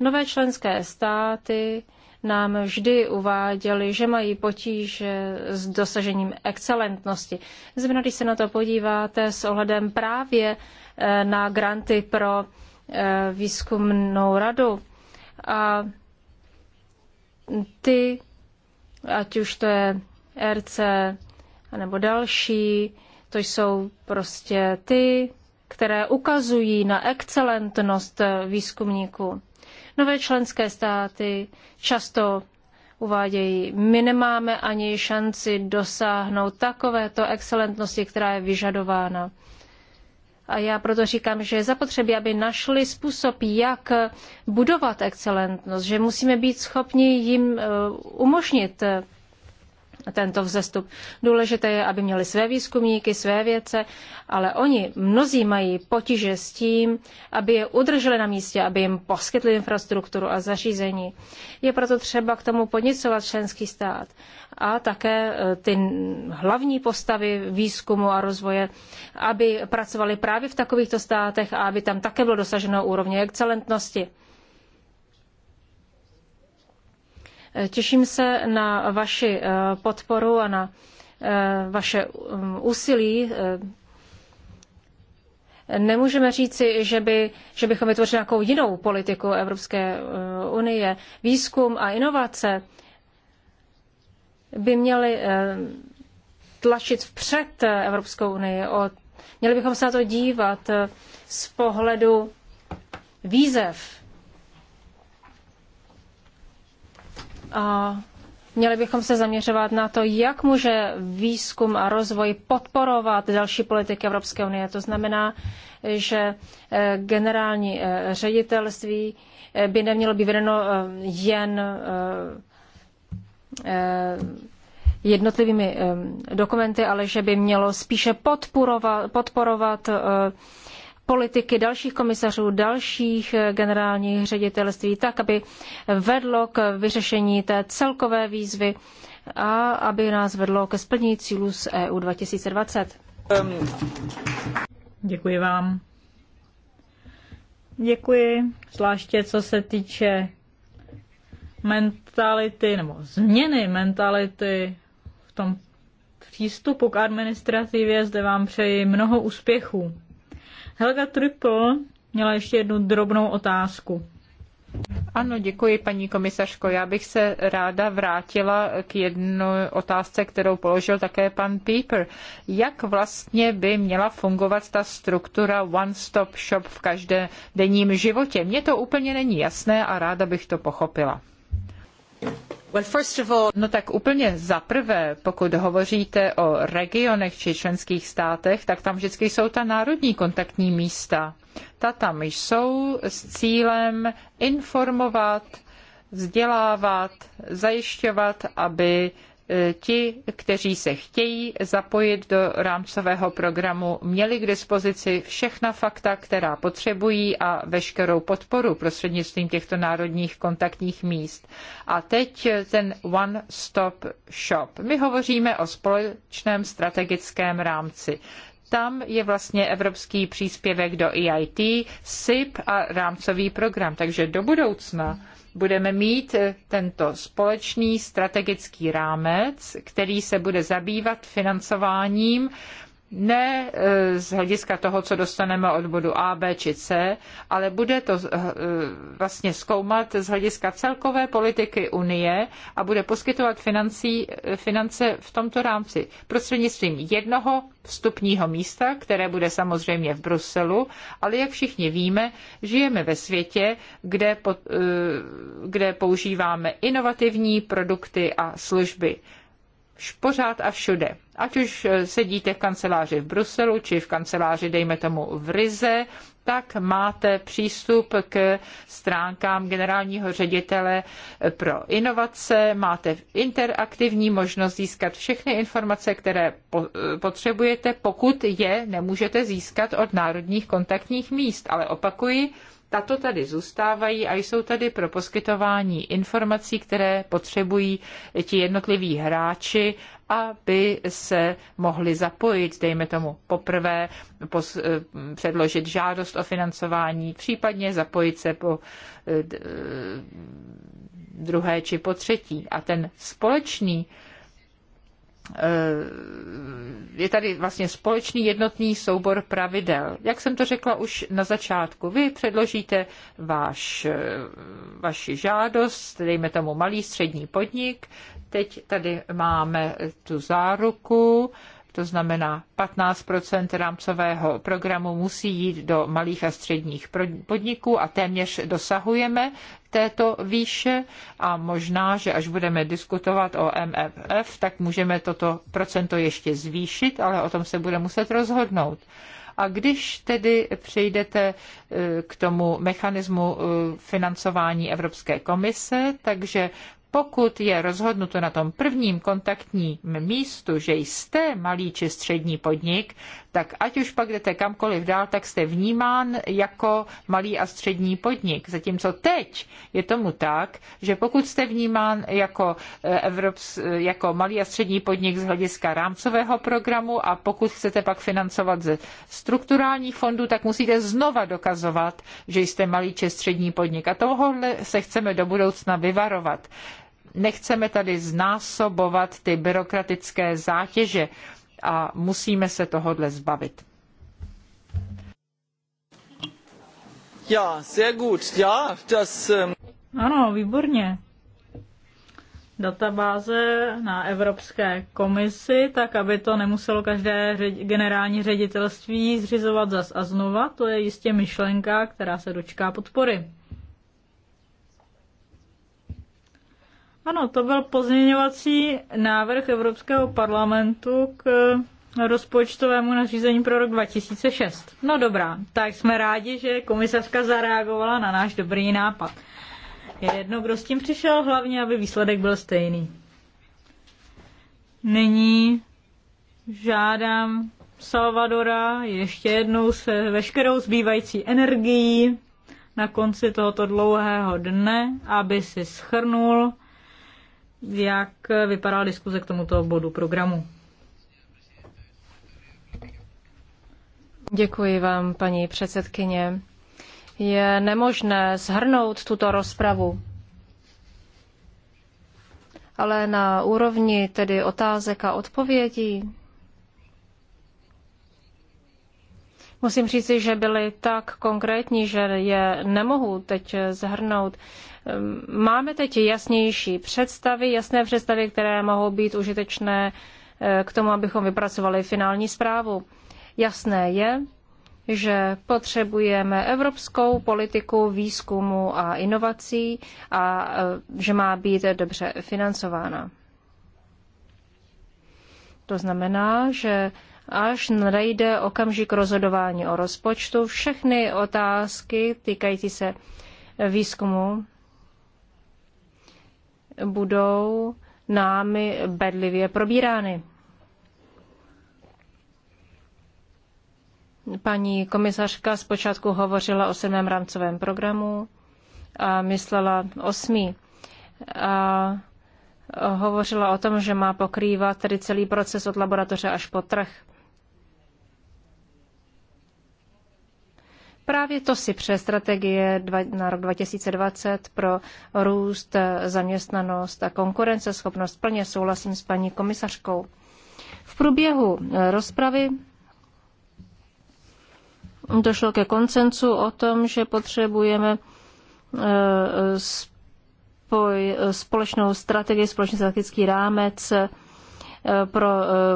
Nové členské státy nám vždy uváděly, že mají potíže s dosažením excelentnosti. Znamená, když se na to podíváte s ohledem právě eh, na granty pro eh, výzkumnou radu a ty, ať už to je RC nebo další. To jsou prostě ty, které ukazují na excelentnost výzkumníků. Nové členské státy často uvádějí, my nemáme ani šanci dosáhnout takovéto excelentnosti, která je vyžadována. A já proto říkám, že je zapotřebí, aby našli způsob, jak budovat excelentnost, že musíme být schopni jim eh, umožnit tento vzestup. Důležité je, aby měli své výzkumníky, své vědce, ale oni mnozí mají potíže s tím, aby je udrželi na místě, aby jim poskytli infrastrukturu a zařízení. Je proto třeba k tomu podnicovat členský stát a také e, ty hlavní postavy výzkumu a rozvoje, aby pracovali právě v takovýchto státech a aby tam také bylo dosaženo úrovně excelentnosti. Těším se na vaši eh, podporu a na eh, vaše mm, úsilí. Eh, nemůžeme říci, že, by, že bychom vytvořili nějakou jinou politiku Evropské unie. Výzkum a inovace by měly tlačit vpřed Evropskou unii. měli bychom se na to dívat z pohledu výzev A měli bychom se zaměřovat na to, jak může výzkum a rozvoj podporovat další politiky Evropské unie. To znamená, že eh, generální eh, ředitelství eh, by nemělo být vedeno jen jednotlivými dokumenty, ale že by mělo spíše podporovat, podporovat politiky dalších komisařů, dalších eh, generálních ředitelství, tak, aby vedlo k vyřešení té celkové výzvy a aby nás vedlo ke splnění cílů z EU 2020. Děkuji vám. Děkuji, zvláště co se týče mentality nebo změny mentality v tom přístupu k administrativě. Zde vám přeji mnoho úspěchů. Helga Trypl měla ještě jednu drobnou otázku. Ano, děkuji, paní komisařko. Já bych se ráda vrátila k jedné otázce, kterou položil také pan Pieper. Jak vlastně by měla fungovat ta struktura one-stop shop v každém denním životě? Mně to úplně není jasné a ráda bych to pochopila. No tak úplně zaprvé, pokud hovoříte o regionech či členských státech, tak tam vždycky jsou ta národní kontaktní místa. Ta tam jsou s cílem informovat, vzdělávat, zajišťovat, aby E, ti, kteří se chtějí zapojit do rámcového programu, měli k dispozici všechna fakta, která potřebují a veškerou podporu prostřednictvím těchto národních kontaktních míst. A teď ten one-stop shop. My hovoříme o společném strategickém rámci tam je vlastně evropský příspěvek do EIT, SIP a rámcový program. Takže do budoucna budeme mít eh, tento společný strategický rámec, který se bude zabývat financováním ne e, z hlediska toho, co dostaneme od bodu A, B či C, ale bude to e, vlastně zkoumat z hlediska celkové politiky Unie a bude poskytovat financí, e, finance v tomto rámci prostřednictvím jednoho vstupního místa, které bude samozřejmě v Bruselu, ale jak všichni víme, žijeme ve světě, kde, po, kde používáme inovativní produkty a služby. Pořád a všude. Ať už eh, sedíte v kanceláři v Bruselu, či v kanceláři, dejme tomu, v Rize, tak máte přístup k stránkám generálního ředitele pro inovace, máte interaktivní možnost získat všechny informace, které eh, potřebujete, pokud je nemůžete získat od národních kontaktních míst. Ale opakuji, tato tady zůstávají a jsou tady pro poskytování informací, které potřebují ti jednotliví hráči aby se mohli zapojit, dejme tomu poprvé pos, eh, předložit žádost o financování, případně zapojit se po eh, druhé či po třetí. A ten společný Eh, je tady vlastně společný jednotný soubor pravidel. Jak jsem to řekla už na začátku, vy předložíte váš, eh, vaši žádost, dejme tomu malý střední podnik, teď tady máme tu záruku, to znamená 15 rámcového programu musí jít do malých a středních podniků a téměř dosahujeme této výše a možná, že až budeme diskutovat o MFF, tak můžeme toto procento ještě zvýšit, ale o tom se bude muset rozhodnout. A když tedy přejdete e, k tomu mechanismu e, financování Evropské komise, takže pokud je rozhodnuto na tom prvním kontaktním místu, že jste malý či střední podnik, tak ať už pak jdete kamkoliv dál, tak jste vnímán jako malý a střední podnik. Zatímco teď je tomu tak, že pokud jste vnímán jako, eh, Evrops, eh, jako malý a střední podnik z hlediska rámcového programu a pokud chcete pak financovat ze strukturálních fondů, tak musíte znova dokazovat, že jste malý či střední podnik. A tohohle se chceme do budoucna vyvarovat. Nechceme tady znásobovat ty byrokratické zátěže a musíme se tohodle zbavit. Ja, sehr gut. Ja, das, um... Ano, výborně. Databáze na Evropské komisi, tak aby to nemuselo každé generální ředitelství zřizovat zas a znova, to je jistě myšlenka, která se dočká podpory. Ano, to byl pozměňovací návrh Evropského parlamentu k rozpočtovému nařízení pro rok 2006. No dobrá, tak jsme rádi, že komisařka zareagovala na náš dobrý nápad. Je jedno, kdo s tím přišel, hlavně, aby výsledek byl stejný. Nyní žádám Salvadora ještě jednou se veškerou zbývající energií na konci tohoto dlouhého dne, aby si schrnul jak vypadala diskuze k tomuto bodu programu. Děkuji vám, paní předsedkyně. Je nemožné shrnout tuto rozpravu, ale na úrovni tedy otázek a odpovědí Musím říci, že byly tak konkrétní, že je nemohu teď zhrnout. Máme teď jasnější představy, jasné představy, které mohou být užitečné eh, k tomu, abychom vypracovali finální zprávu. Jasné je, že potřebujeme evropskou politiku výzkumu a inovací a eh, že má být dobře financována. To znamená, že až nadejde okamžik rozhodování o rozpočtu, všechny otázky týkající se výzkumu budou námi bedlivě probírány. Paní komisařka zpočátku hovořila o sedmém rámcovém programu a myslela osmý. A hovořila o tom, že má pokrývat tedy celý proces od laboratoře až po trh. Právě to si pře strategie na rok 2020 pro růst, eh, zaměstnanost a konkurenceschopnost. Plně souhlasím s paní komisařkou. V průběhu eh, rozpravy došlo ke koncensu o tom, že potřebujeme eh, spoj, společnou strategii, společný strategický rámec pro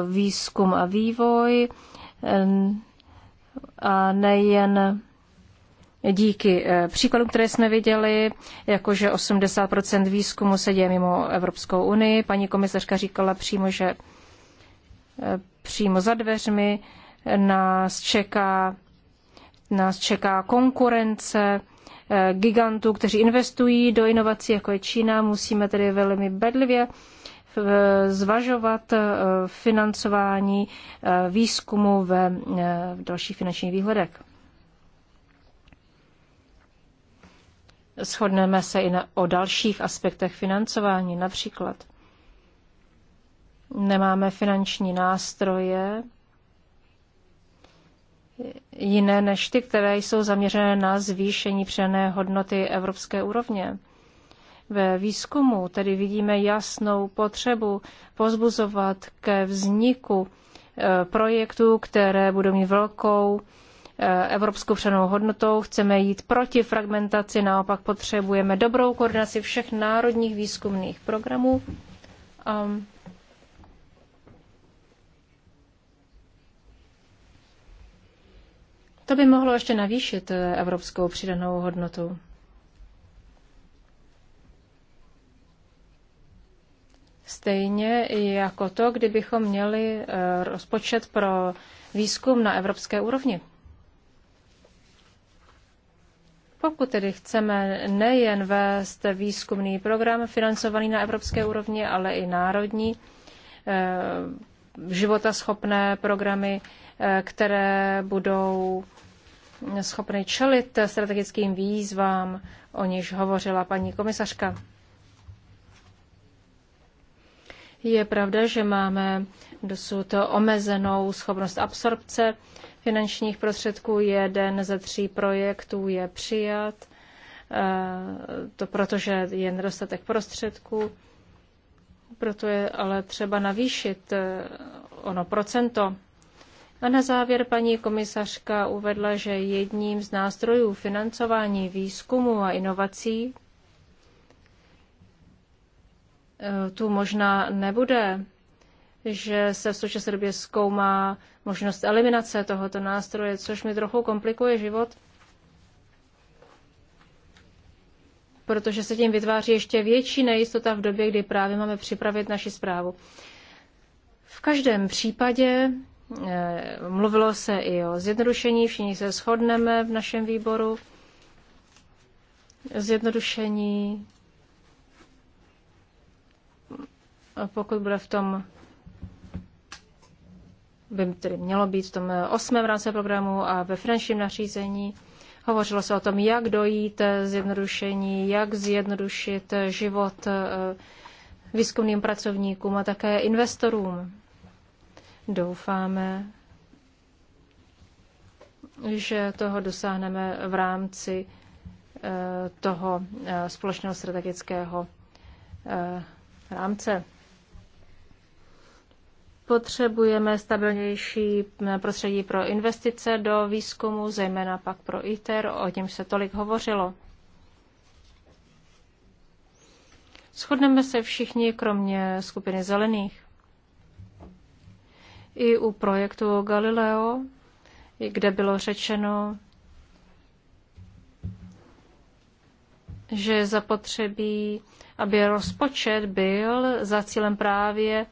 výzkum a vývoj a nejen díky eh, příkladům, které jsme viděli, jakože 80 výzkumu se děje mimo Evropskou unii. Paní komisařka říkala přímo, že eh, přímo za dveřmi nás čeká, nás čeká konkurence eh, gigantů, kteří investují do inovací, jako je Čína. Musíme tedy velmi bedlivě zvažovat financování výzkumu ve v dalších finančních výhledech. Shodneme se i na, o dalších aspektech financování. Například nemáme finanční nástroje jiné než ty, které jsou zaměřené na zvýšení přené hodnoty evropské úrovně. Ve výzkumu tedy vidíme jasnou potřebu pozbuzovat ke vzniku eh, projektů, které budou mít velkou Eh, evropskou přenou hodnotou, chceme jít proti fragmentaci, naopak potřebujeme dobrou koordinaci všech národních výzkumných programů. Um, to by mohlo ještě navýšit eh, evropskou přidanou hodnotu. Stejně jako to, kdybychom měli eh, rozpočet pro výzkum na evropské úrovni. Pokud tedy chceme nejen vést výzkumný program financovaný na evropské úrovni, ale i národní, eh, životaschopné programy, eh, které budou schopny čelit strategickým výzvám, o níž hovořila paní komisařka. Je pravda, že máme dosud omezenou schopnost absorpce finančních prostředků. Jeden ze tří projektů je přijat, eh, to protože je nedostatek prostředků. Proto je ale třeba navýšit eh, ono procento. A na závěr paní komisařka uvedla, že jedním z nástrojů financování výzkumu a inovací eh, tu možná nebude že se v současné době zkoumá možnost eliminace tohoto nástroje, což mi trochu komplikuje život, protože se tím vytváří ještě větší nejistota v době, kdy právě máme připravit naši zprávu. V každém případě eh, mluvilo se i o zjednodušení, všichni se shodneme v našem výboru. Zjednodušení, pokud bude v tom by tedy mělo být v tom osmém rámci programu a ve finančním nařízení. Hovořilo se o tom, jak dojít zjednodušení, jak zjednodušit život eh, výzkumným pracovníkům a také investorům. Doufáme, že toho dosáhneme v rámci eh, toho eh, společného strategického rámce. Potřebujeme stabilnější prostředí pro investice do výzkumu, zejména pak pro ITER, o něm se tolik hovořilo. Shodneme se všichni, kromě skupiny zelených. I u projektu Galileo, kde bylo řečeno, že zapotřebí, aby rozpočet byl za cílem právě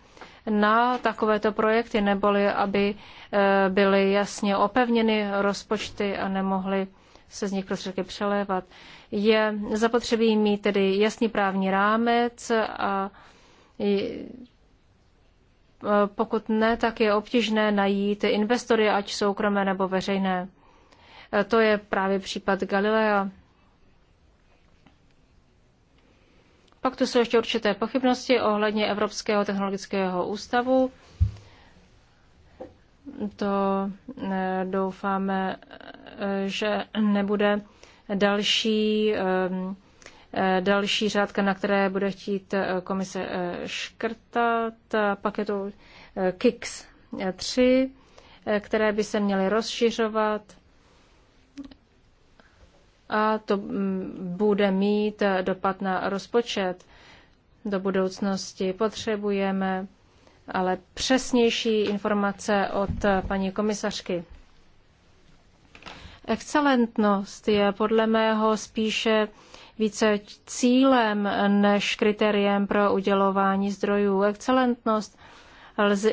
na takovéto projekty, neboli aby eh, byly jasně opevněny rozpočty a nemohly se z nich prostředky přelévat. Je zapotřebí mít tedy jasný právní rámec a eh, pokud ne, tak je obtížné najít investory, ať soukromé nebo veřejné. Eh, to je právě případ Galilea. Pak tu jsou ještě určité pochybnosti ohledně Evropského technologického ústavu. To eh, doufáme, eh, že nebude další, eh, další řádka, na které bude chtít komise škrtat. Pak je to KIX 3, které by se měly rozšiřovat a to mm, bude mít eh, dopad na rozpočet do budoucnosti. Potřebujeme ale přesnější informace od eh, paní komisařky. Excelentnost je podle mého spíše více cílem než kritériem pro udělování zdrojů. Excelentnost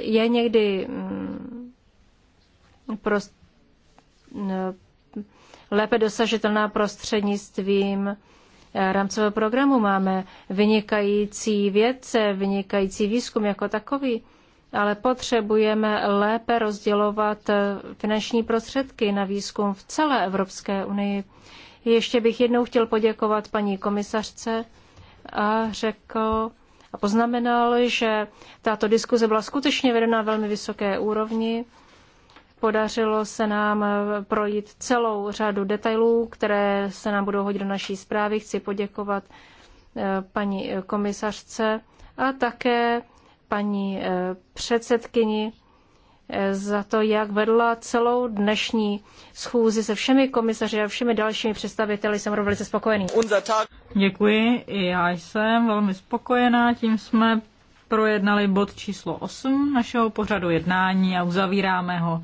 je někdy mm, prost, eh, lépe dosažitelná prostřednictvím eh, rámcového programu. Máme vynikající vědce, vynikající výzkum jako takový, ale potřebujeme lépe rozdělovat eh, finanční prostředky na výzkum v celé Evropské unii. Ještě bych jednou chtěl poděkovat paní komisařce a řekl a poznamenal, že tato diskuze byla skutečně vedena velmi vysoké úrovni Podařilo se nám eh, projít celou řadu detailů, které se nám budou hodit do naší zprávy. Chci poděkovat eh, paní eh, komisařce a také paní předsedkyni za to, jak vedla celou dnešní schůzi se všemi komisaři a všemi dalšími představiteli. Jsem velice spokojený. Děkuji, i já jsem velmi spokojená, tím jsme projednali bod číslo 8 našeho pořadu jednání a uzavíráme ho.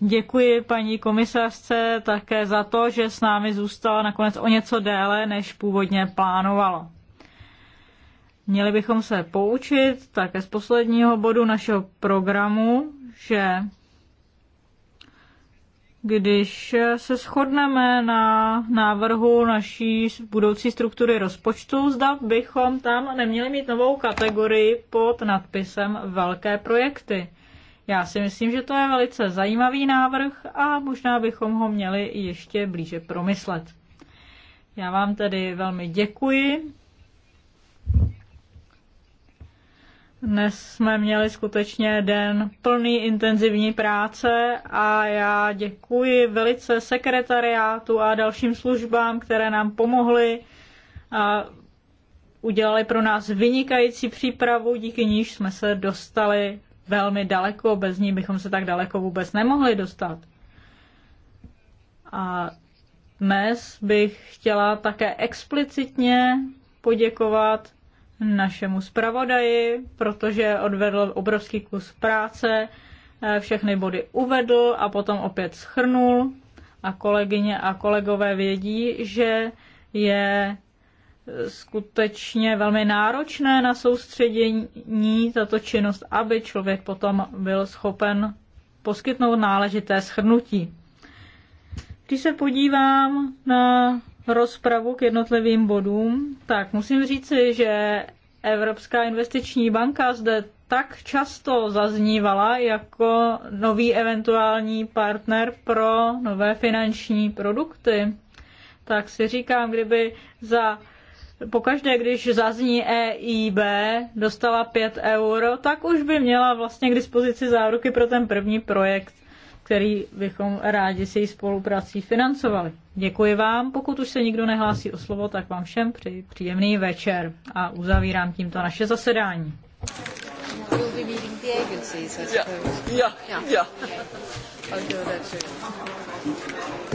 Děkuji paní komisařce také za to, že s námi zůstala nakonec o něco déle, než původně plánovala. Měli bychom se poučit také z posledního bodu našeho programu, že když se shodneme na návrhu naší budoucí struktury rozpočtu, zda bychom tam neměli mít novou kategorii pod nadpisem Velké projekty. Já si myslím, že to je velice zajímavý návrh a možná bychom ho měli ještě blíže promyslet. Já vám tedy velmi děkuji dnes jsme měli skutečně den plný intenzivní práce a já děkuji velice sekretariátu a dalším službám, které nám pomohly a udělali pro nás vynikající přípravu, díky níž jsme se dostali velmi daleko, bez ní bychom se tak daleko vůbec nemohli dostat. A dnes bych chtěla také explicitně poděkovat našemu zpravodaji, protože odvedl obrovský kus práce, eh, všechny body uvedl a potom opět schrnul. A kolegyně a kolegové vědí, že je eh, skutečně velmi náročné na soustředění tato činnost, aby člověk potom byl schopen poskytnout náležité schrnutí. Když se podívám na rozpravu k jednotlivým bodům, tak musím říci, že Evropská investiční banka zde tak často zaznívala jako nový eventuální partner pro nové finanční produkty, tak si říkám, kdyby za pokaždé, když zazní EIB, dostala 5 euro, tak už by měla vlastně k dispozici záruky pro ten první projekt který bychom rádi s její spoluprací financovali. Děkuji vám, pokud už se nikdo nehlásí o slovo, tak vám všem přeji příjemný večer a uzavírám tímto naše zasedání. Yeah, yeah, yeah. I'll do that too.